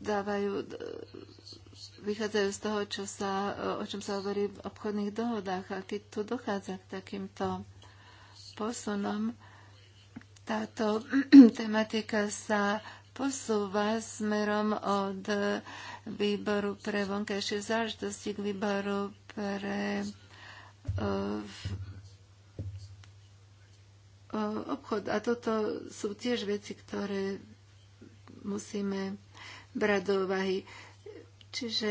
B: dávajú vychádzajú z toho, čo sa, o čom sa hovorí v obchodných dohodách. A keď tu dochádza k takýmto posunom, táto [CLEARS THROAT] tematika sa posúva smerom od výboru pre vonkajšie záležitosti k výboru pre e, e, obchod. A toto sú tiež veci, ktoré musíme brať do uvahy. Čiže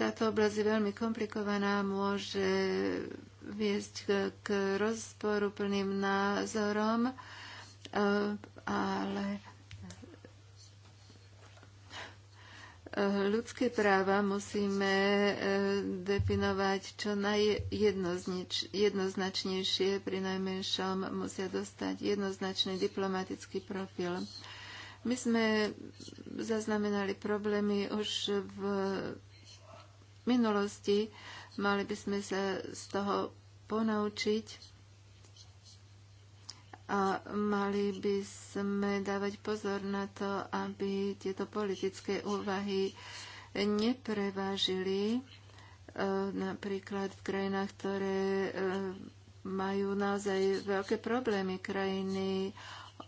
B: táto oblasť je veľmi komplikovaná, môže viesť k, k rozporu plným názorom, e, ale e, ľudské práva musíme e, definovať čo najjednoznačnejšie, pri najmenšom musia dostať jednoznačný diplomatický profil. My sme zaznamenali problémy už v minulosti. Mali by sme sa z toho ponaučiť a mali by sme dávať pozor na to, aby tieto politické úvahy neprevážili e, napríklad v krajinách, ktoré e, majú naozaj veľké problémy krajiny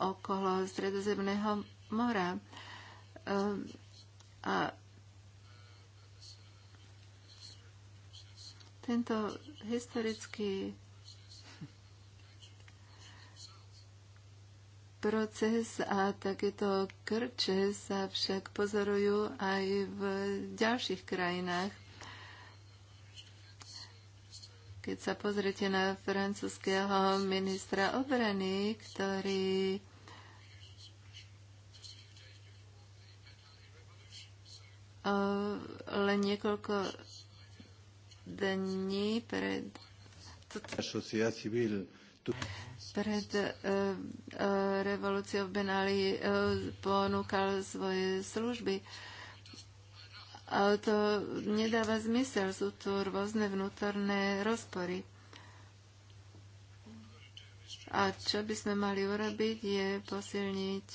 B: okolo Stredozemného mora. Ehm, a tento historický proces a takéto krče sa však pozorujú aj v ďalších krajinách. Keď sa pozrete na francúzského ministra obrany, ktorý len niekoľko dní pred pred e, e, revolúciou v Benali e, ponúkal svoje služby. Ale to nedáva zmysel, sú tu rôzne vnútorné rozpory. A čo by sme mali urobiť, je posilniť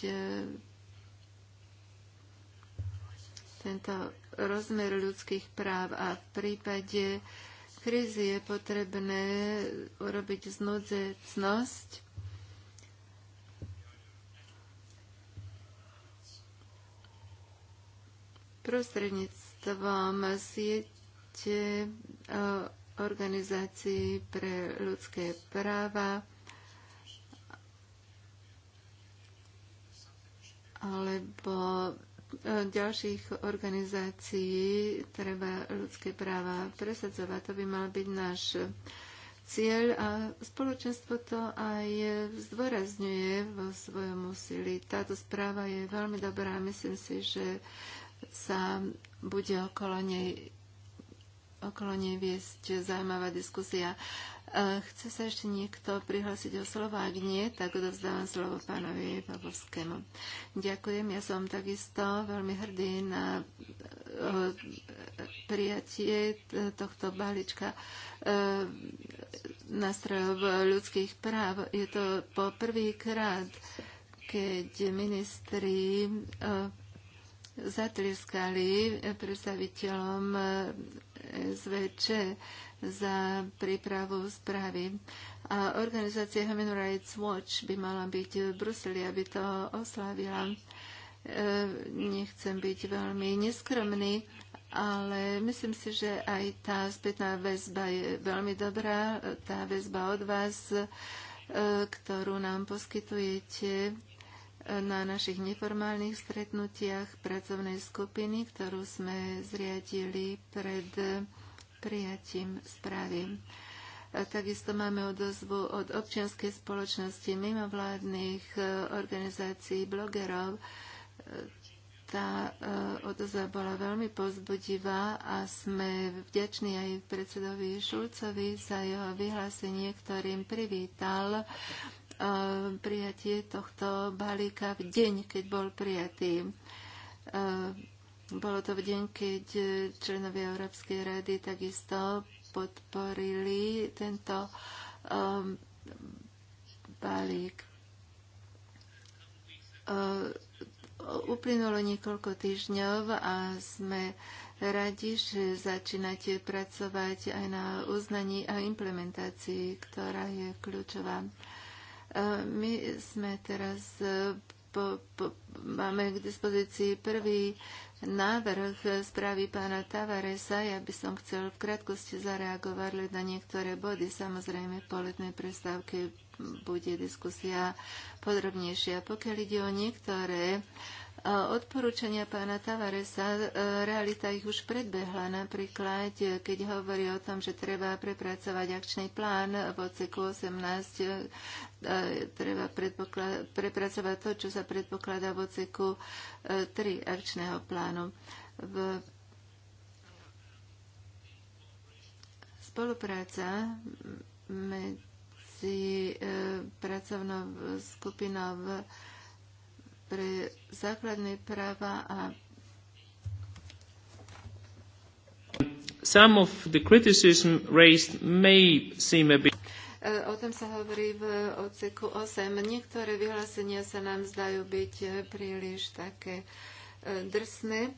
B: tento rozmer ľudských práv a v prípade krízy je potrebné urobiť znudzecnosť. prostredníctvom siete e, organizácií pre ľudské práva alebo ďalších organizácií treba ľudské práva presadzovať. To by mal byť náš cieľ a spoločenstvo to aj zdôrazňuje vo svojom úsilí. Táto správa je veľmi dobrá a myslím si, že sa bude okolo nej okolo nej viesť zaujímavá diskusia. E, chce sa ešte niekto prihlásiť o slovo? Ak nie, tak odovzdávam slovo pánovi Pavlovskému. Ďakujem, ja som takisto veľmi hrdý na e, prijatie tohto balíčka e, nástrojov ľudských práv. Je to po prvýkrát, keď ministri zatliskali predstaviteľom SVČ za prípravu správy. A organizácia Human Rights Watch by mala byť v Bruseli, aby to oslavila. E, nechcem byť veľmi neskromný, ale myslím si, že aj tá spätná väzba je veľmi dobrá. Tá väzba od vás, e, ktorú nám poskytujete, na našich neformálnych stretnutiach pracovnej skupiny, ktorú sme zriadili pred prijatím správy. A takisto máme odozvu od občianskej spoločnosti, mimovládnych e, organizácií, blogerov. E, tá e, odozva bola veľmi pozbudivá a sme vďační aj predsedovi Šulcovi za jeho vyhlásenie, ktorým privítal prijatie tohto balíka v deň, keď bol prijatý. Bolo to v deň, keď členovia Európskej rady takisto podporili tento balík. Uplynulo niekoľko týždňov a sme radi, že začínate pracovať aj na uznaní a implementácii, ktorá je kľúčová. My sme teraz e, po, po, máme k dispozícii prvý návrh správy pána Tavaresa. Ja by som chcel v krátkosti zareagovať na niektoré body. Samozrejme, po letnej prestávke bude diskusia podrobnejšia. Pokiaľ ide o niektoré uh, Odporúčania pána Tavaresa, e, realita ich už predbehla. Napríklad, e, keď hovorí o tom, že treba prepracovať akčný plán v odseku 18, e, treba prepracovať to, čo sa predpokladá v odseku 3 akčného plánu. V spolupráca medzi pracovnou skupinou v pre základné práva a
C: Some of the criticism raised may seem a bit
B: e, O tom sa hovorí v odseku 8. Niektoré vyhlásenia sa nám zdajú byť e, príliš také e, drsné.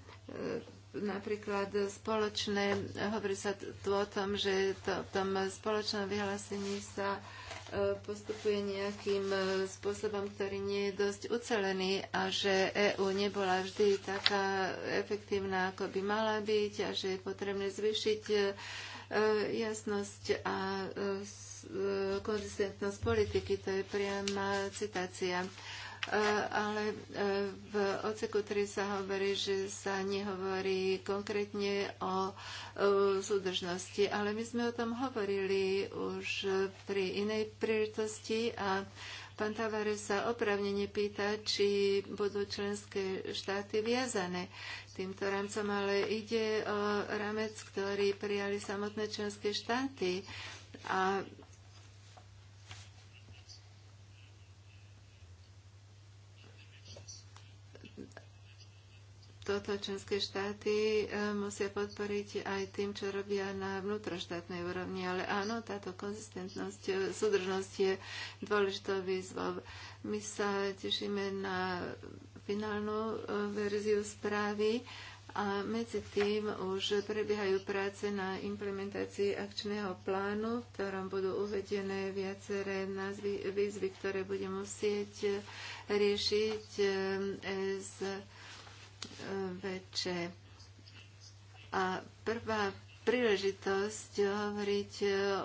B: Napríklad spoločné, hovorí sa tu o tom, že to, v tom spoločnom vyhlásení sa postupuje nejakým e, spôsobom, ktorý nie je dosť ucelený a že EÚ nebola vždy taká efektívna, ako by mala byť a že je potrebné zvýšiť e, jasnosť a e, konzistentnosť politiky. To je priama citácia ale e, v oceku 3 sa hovorí, že sa nehovorí konkrétne o e, súdržnosti, ale my sme o tom hovorili už pri inej príležitosti a pán Tavare sa opravnene pýta, či budú členské štáty viazané týmto rámcom, ale ide o rámec, ktorý prijali samotné členské štáty a toto členské štáty e, musia podporiť aj tým, čo robia na vnútroštátnej úrovni. Ale áno, táto konzistentnosť, e, súdržnosť je dôležitou výzvou. My sa tešíme na finálnu e, verziu správy a medzi tým už prebiehajú práce na implementácii akčného plánu, v ktorom budú uvedené viaceré názvy, výzvy, ktoré bude musieť riešiť z veče. A prvá príležitosť hovoriť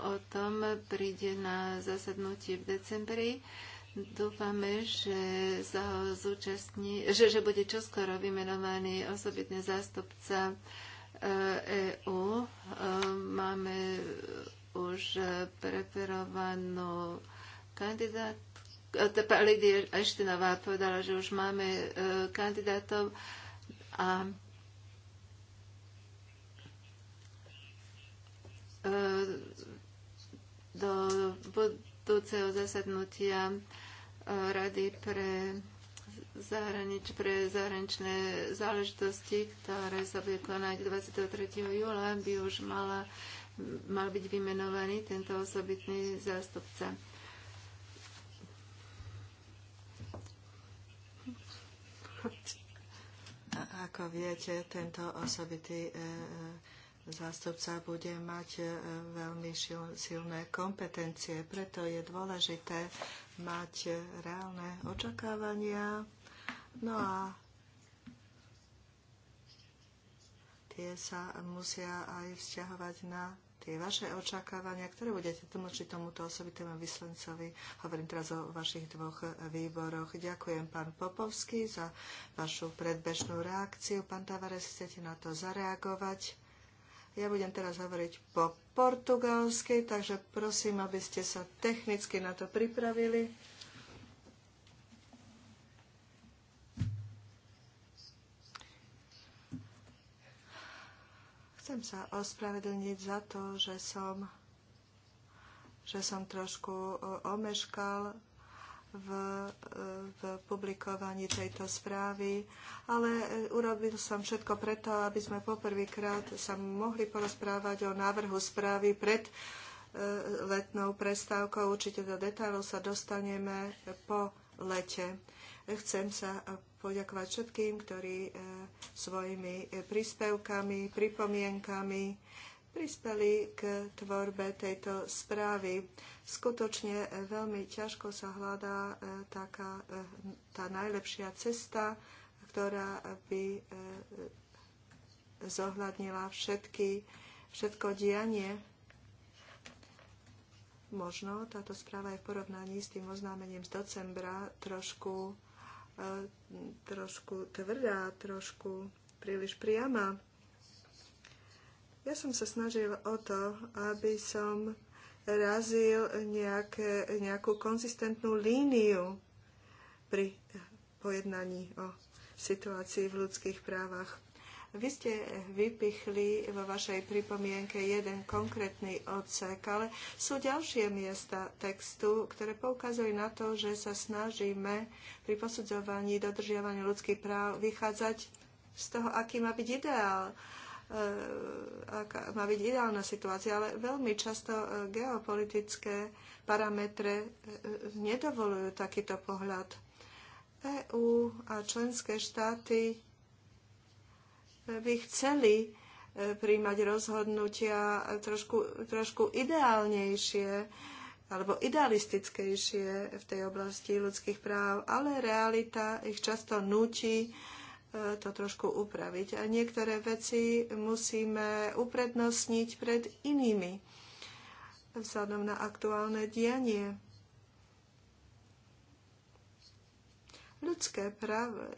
B: o tom príde na zasadnutí v decembri. Dúfame, že sa ho zúčastní, že, že bude čoskoro vymenovaný osobitný zástupca EÚ. E máme už preferovanú kandidátku. E, Lidia Eštinová povedala, že už máme e, kandidátov a e, do budúceho zasadnutia e, Rady pre, zahranič, pre zahraničné záležitosti, ktoré sa bude konať 23. júla, by už mala, mal byť vymenovaný tento osobitný zástupca.
A: Proti. Ako viete, tento osobitý e, e, zástupca bude mať e, veľmi silné kompetencie, preto je dôležité mať reálne očakávania. No a tie sa musia aj vzťahovať na tie vaše očakávania, ktoré budete tlmočiť tomuto osobitému vyslencovi. Hovorím teraz o vašich dvoch výboroch. Ďakujem pán Popovský za vašu predbežnú reakciu. Pán Tavares, chcete na to zareagovať? Ja budem teraz hovoriť po portugalsky, takže prosím, aby ste sa technicky na to pripravili. Chcem sa ospravedlniť za to, že som, že som trošku e, omeškal v, e, v publikovaní tejto správy, ale e, urobil som všetko preto, aby sme poprvýkrát sa mohli porozprávať o návrhu správy pred letnou prestávkou. Určite do detailov sa dostaneme po lete. Chcem sa poďakovať všetkým, ktorí e, svojimi e, príspevkami, pripomienkami prispeli k tvorbe tejto správy. Skutočne e, veľmi ťažko sa hľadá taká, tá najlepšia cesta, ktorá by zohľadnila všetky, všetko dianie. Možno táto správa je v porovnaní s tým oznámením z decembra trošku trošku tvrdá, trošku príliš priama. Ja som sa snažil o to, aby som razil nejaké, nejakú konzistentnú líniu pri pojednaní o situácii v ľudských právach. Vy ste vypichli vo vašej pripomienke jeden konkrétny odsek, ale sú ďalšie miesta textu, ktoré poukazujú na to, že sa snažíme pri posudzovaní dodržiavania ľudských práv vychádzať z toho, aký má byť ideál e, aká má byť ideálna situácia, ale veľmi často e, geopolitické parametre e, nedovolujú takýto pohľad. EÚ a členské štáty by chceli e, príjmať rozhodnutia trošku, trošku ideálnejšie alebo idealistickejšie v tej oblasti ľudských práv, ale realita ich často nutí e, to trošku upraviť. A niektoré veci musíme uprednostniť pred inými vzhľadom na aktuálne dianie. Ľudské práva,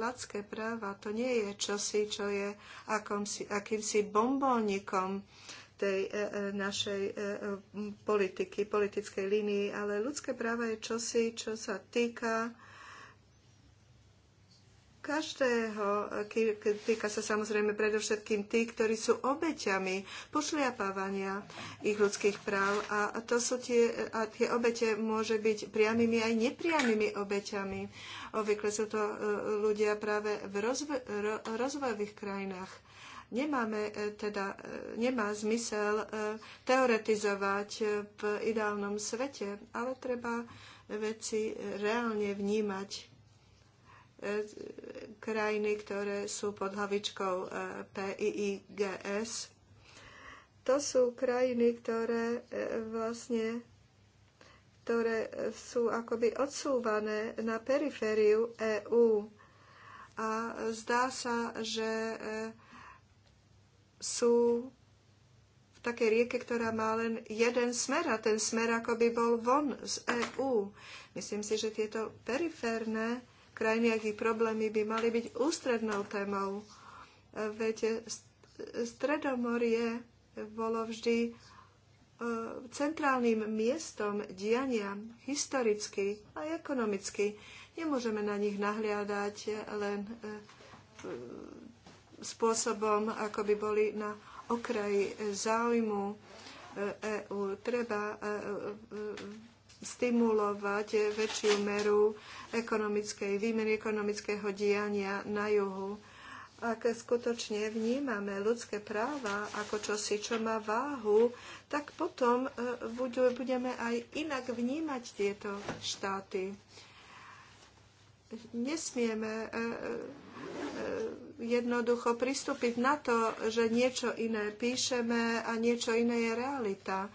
A: ľudské práva to nie je čosi, čo je akomsi, akýmsi bombónikom tej e, e, našej e, politiky, politickej línii, ale ľudské práva je čosi, čo sa týka každého, týka sa samozrejme predovšetkým tí, ktorí sú obeťami pošliapávania ich ľudských práv a, to sú tie, a tie obete môže byť priamými aj nepriamými obeťami. Obvykle sú to e, ľudia práve v rozvo- ro- rozvojových krajinách. Nemáme, e, teda, e, nemá zmysel teoretizovať v ideálnom svete, ale treba veci reálne vnímať E, krajiny, ktoré sú pod hlavičkou e, PIIGS. To sú krajiny, ktoré e, vlastne ktoré sú akoby odsúvané na perifériu EÚ. A zdá sa, že sú v takej rieke, ktorá má len jeden smer a ten smer akoby bol von z EÚ. Myslím si, že tieto periférne krajiny a ich problémy by mali byť ústrednou témou. Viete, Stredomorie bolo vždy e, centrálnym miestom diania historicky a ekonomicky. Nemôžeme na nich nahliadať len e, spôsobom, ako by boli na okraji záujmu EÚ. E Treba stimulovať väčšiu meru ekonomickej výmeny, ekonomického diania na juhu. Ak skutočne vnímame ľudské práva ako čosi, čo má váhu, tak potom e, budeme aj inak vnímať tieto štáty. Nesmieme e, e, jednoducho pristúpiť na to, že niečo iné píšeme a niečo iné je realita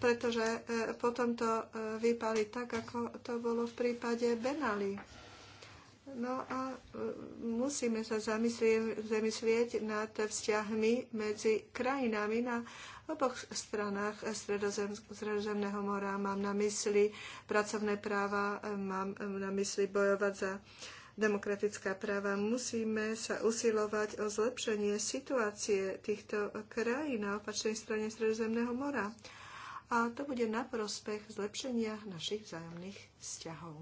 A: pretože e, potom to e, vypali tak, ako to bolo v prípade Benali. No a e, musíme sa zamyslieť, zamyslieť nad vzťahmi medzi krajinami na oboch stranách Stredozem, Stredozemného mora. Mám na mysli pracovné práva, mám na mysli bojovať za demokratická práva. Musíme sa usilovať o zlepšenie situácie týchto krajín na opačnej strane Stredozemného mora a to bude na prospech zlepšenia našich vzájomných vzťahov.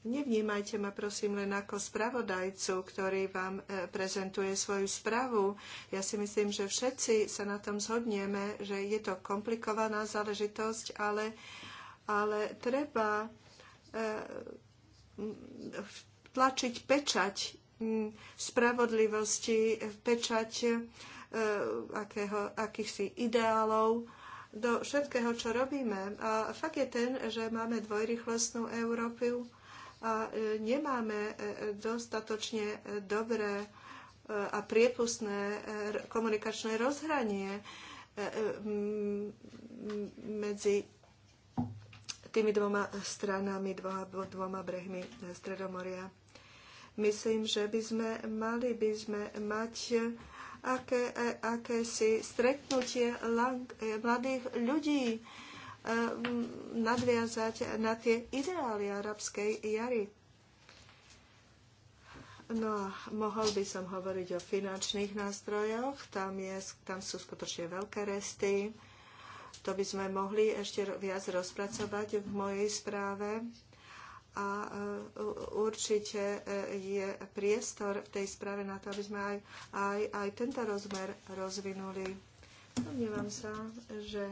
A: Nevnímajte ma prosím len ako spravodajcu, ktorý vám e, prezentuje svoju správu. Ja si myslím, že všetci sa na tom zhodneme, že je to komplikovaná záležitosť, ale, ale treba e, tlačiť pečať spravodlivosti, pečať Eh, akého, akýchsi ideálov do všetkého, čo robíme. A fakt je ten, že máme dvojrychlostnú Európu a eh, nemáme eh, dostatočne dobré a priepustné komunikačné rozhranie medzi tými dvoma stranami, dvoma, dvoma brehmi Stredomoria. Myslím, že by sme mali by sme mať E, aké, si stretnutie e, mladých ľudí e, nadviazať na tie ideály arabskej jary. No a mohol by som hovoriť o finančných nástrojoch. Tam, je, tam sú skutočne veľké resty. To by sme mohli ešte viac rozpracovať v mojej správe a e, určite e, je priestor v tej správe na to, aby sme aj, aj, aj tento rozmer rozvinuli. Domnievam sa, že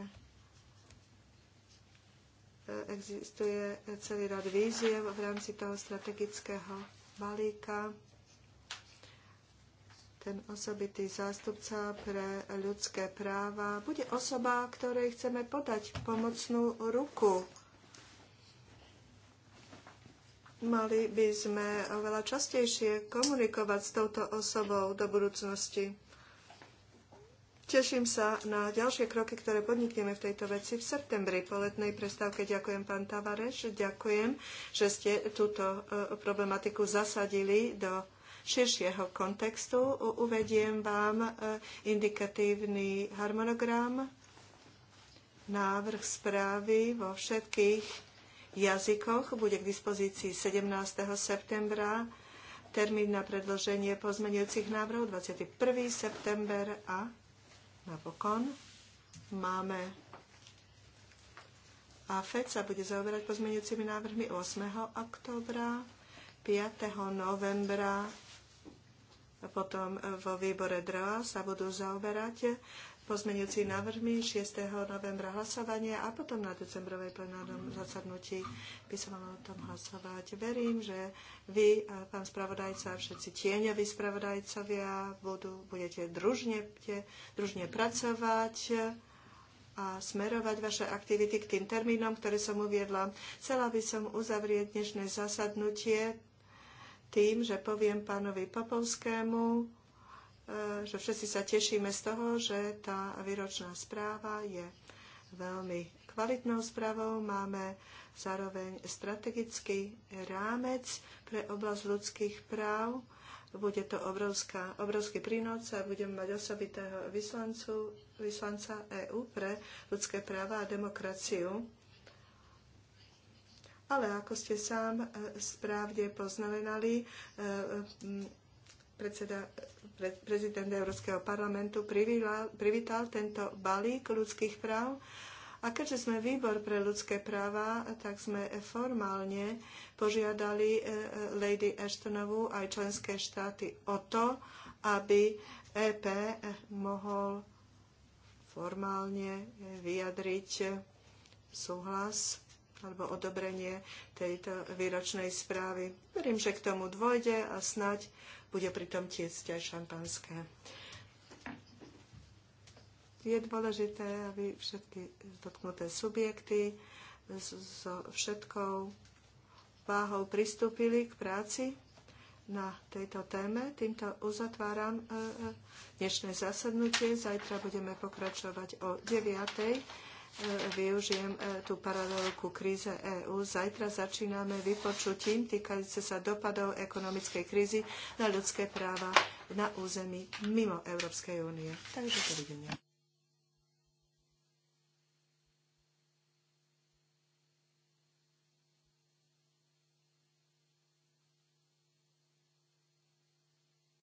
A: existuje celý rad vízie v rámci toho strategického balíka. Ten osobitý zástupca pre ľudské práva bude osoba, ktorej chceme podať pomocnú ruku Mali by sme oveľa častejšie komunikovať s touto osobou do budúcnosti. Teším sa na ďalšie kroky, ktoré podnikneme v tejto veci v septembri po letnej prestávke. Ďakujem, pán Tavareš, ďakujem, že ste túto e, problematiku zasadili do širšieho kontextu. Uvediem vám e, indikatívny harmonogram, návrh správy vo všetkých jazykoch. Bude k dispozícii 17. septembra. Termín na predloženie pozmeňujúcich návrhov 21. september a napokon máme a sa bude zaoberať pozmeňujúcimi návrhmi 8. oktobra, 5. novembra potom vo výbore DRA sa budú zaoberať pozmenujúci návrhmi 6. novembra hlasovanie a potom na decembrovej plenárnom zasadnutí by sa malo o tom hlasovať. Verím, že vy, pán spravodajca a všetci tieňoví spravodajcovia budú, budete družne, budete družne pracovať a smerovať vaše aktivity k tým termínom, ktoré som uviedla. Chcela by som uzavrieť dnešné zasadnutie tým, že poviem pánovi Popovskému, Eh, že všetci sa tešíme z toho, že tá výročná správa je veľmi kvalitnou správou. Máme zároveň strategický rámec pre oblasť ľudských práv. Bude to obrovská, obrovský prínos a budeme mať osobitého vyslancu, vyslanca EÚ pre ľudské práva a demokraciu. Ale ako ste sám eh, správne poznamenali, eh, predseda prezident Európskeho parlamentu privítal tento balík ľudských práv. A keďže sme výbor pre ľudské práva, tak sme formálne požiadali e, e, Lady Ashtonovú aj členské štáty o to, aby EP mohol formálne vyjadriť súhlas alebo odobrenie tejto výročnej správy. Verím, že k tomu dôjde a snať bude pritom tiecť aj šampanské. Je dôležité, aby všetky dotknuté subjekty so všetkou váhou pristúpili k práci na tejto téme. Týmto uzatváram e, e, dnešné zasadnutie. Zajtra budeme pokračovať o 9 využijem e, tú paralelku kríze EÚ. Zajtra začíname vypočutím týkajúce sa dopadov ekonomickej krízy na ľudské práva na území mimo Európskej únie. Takže dovidenia.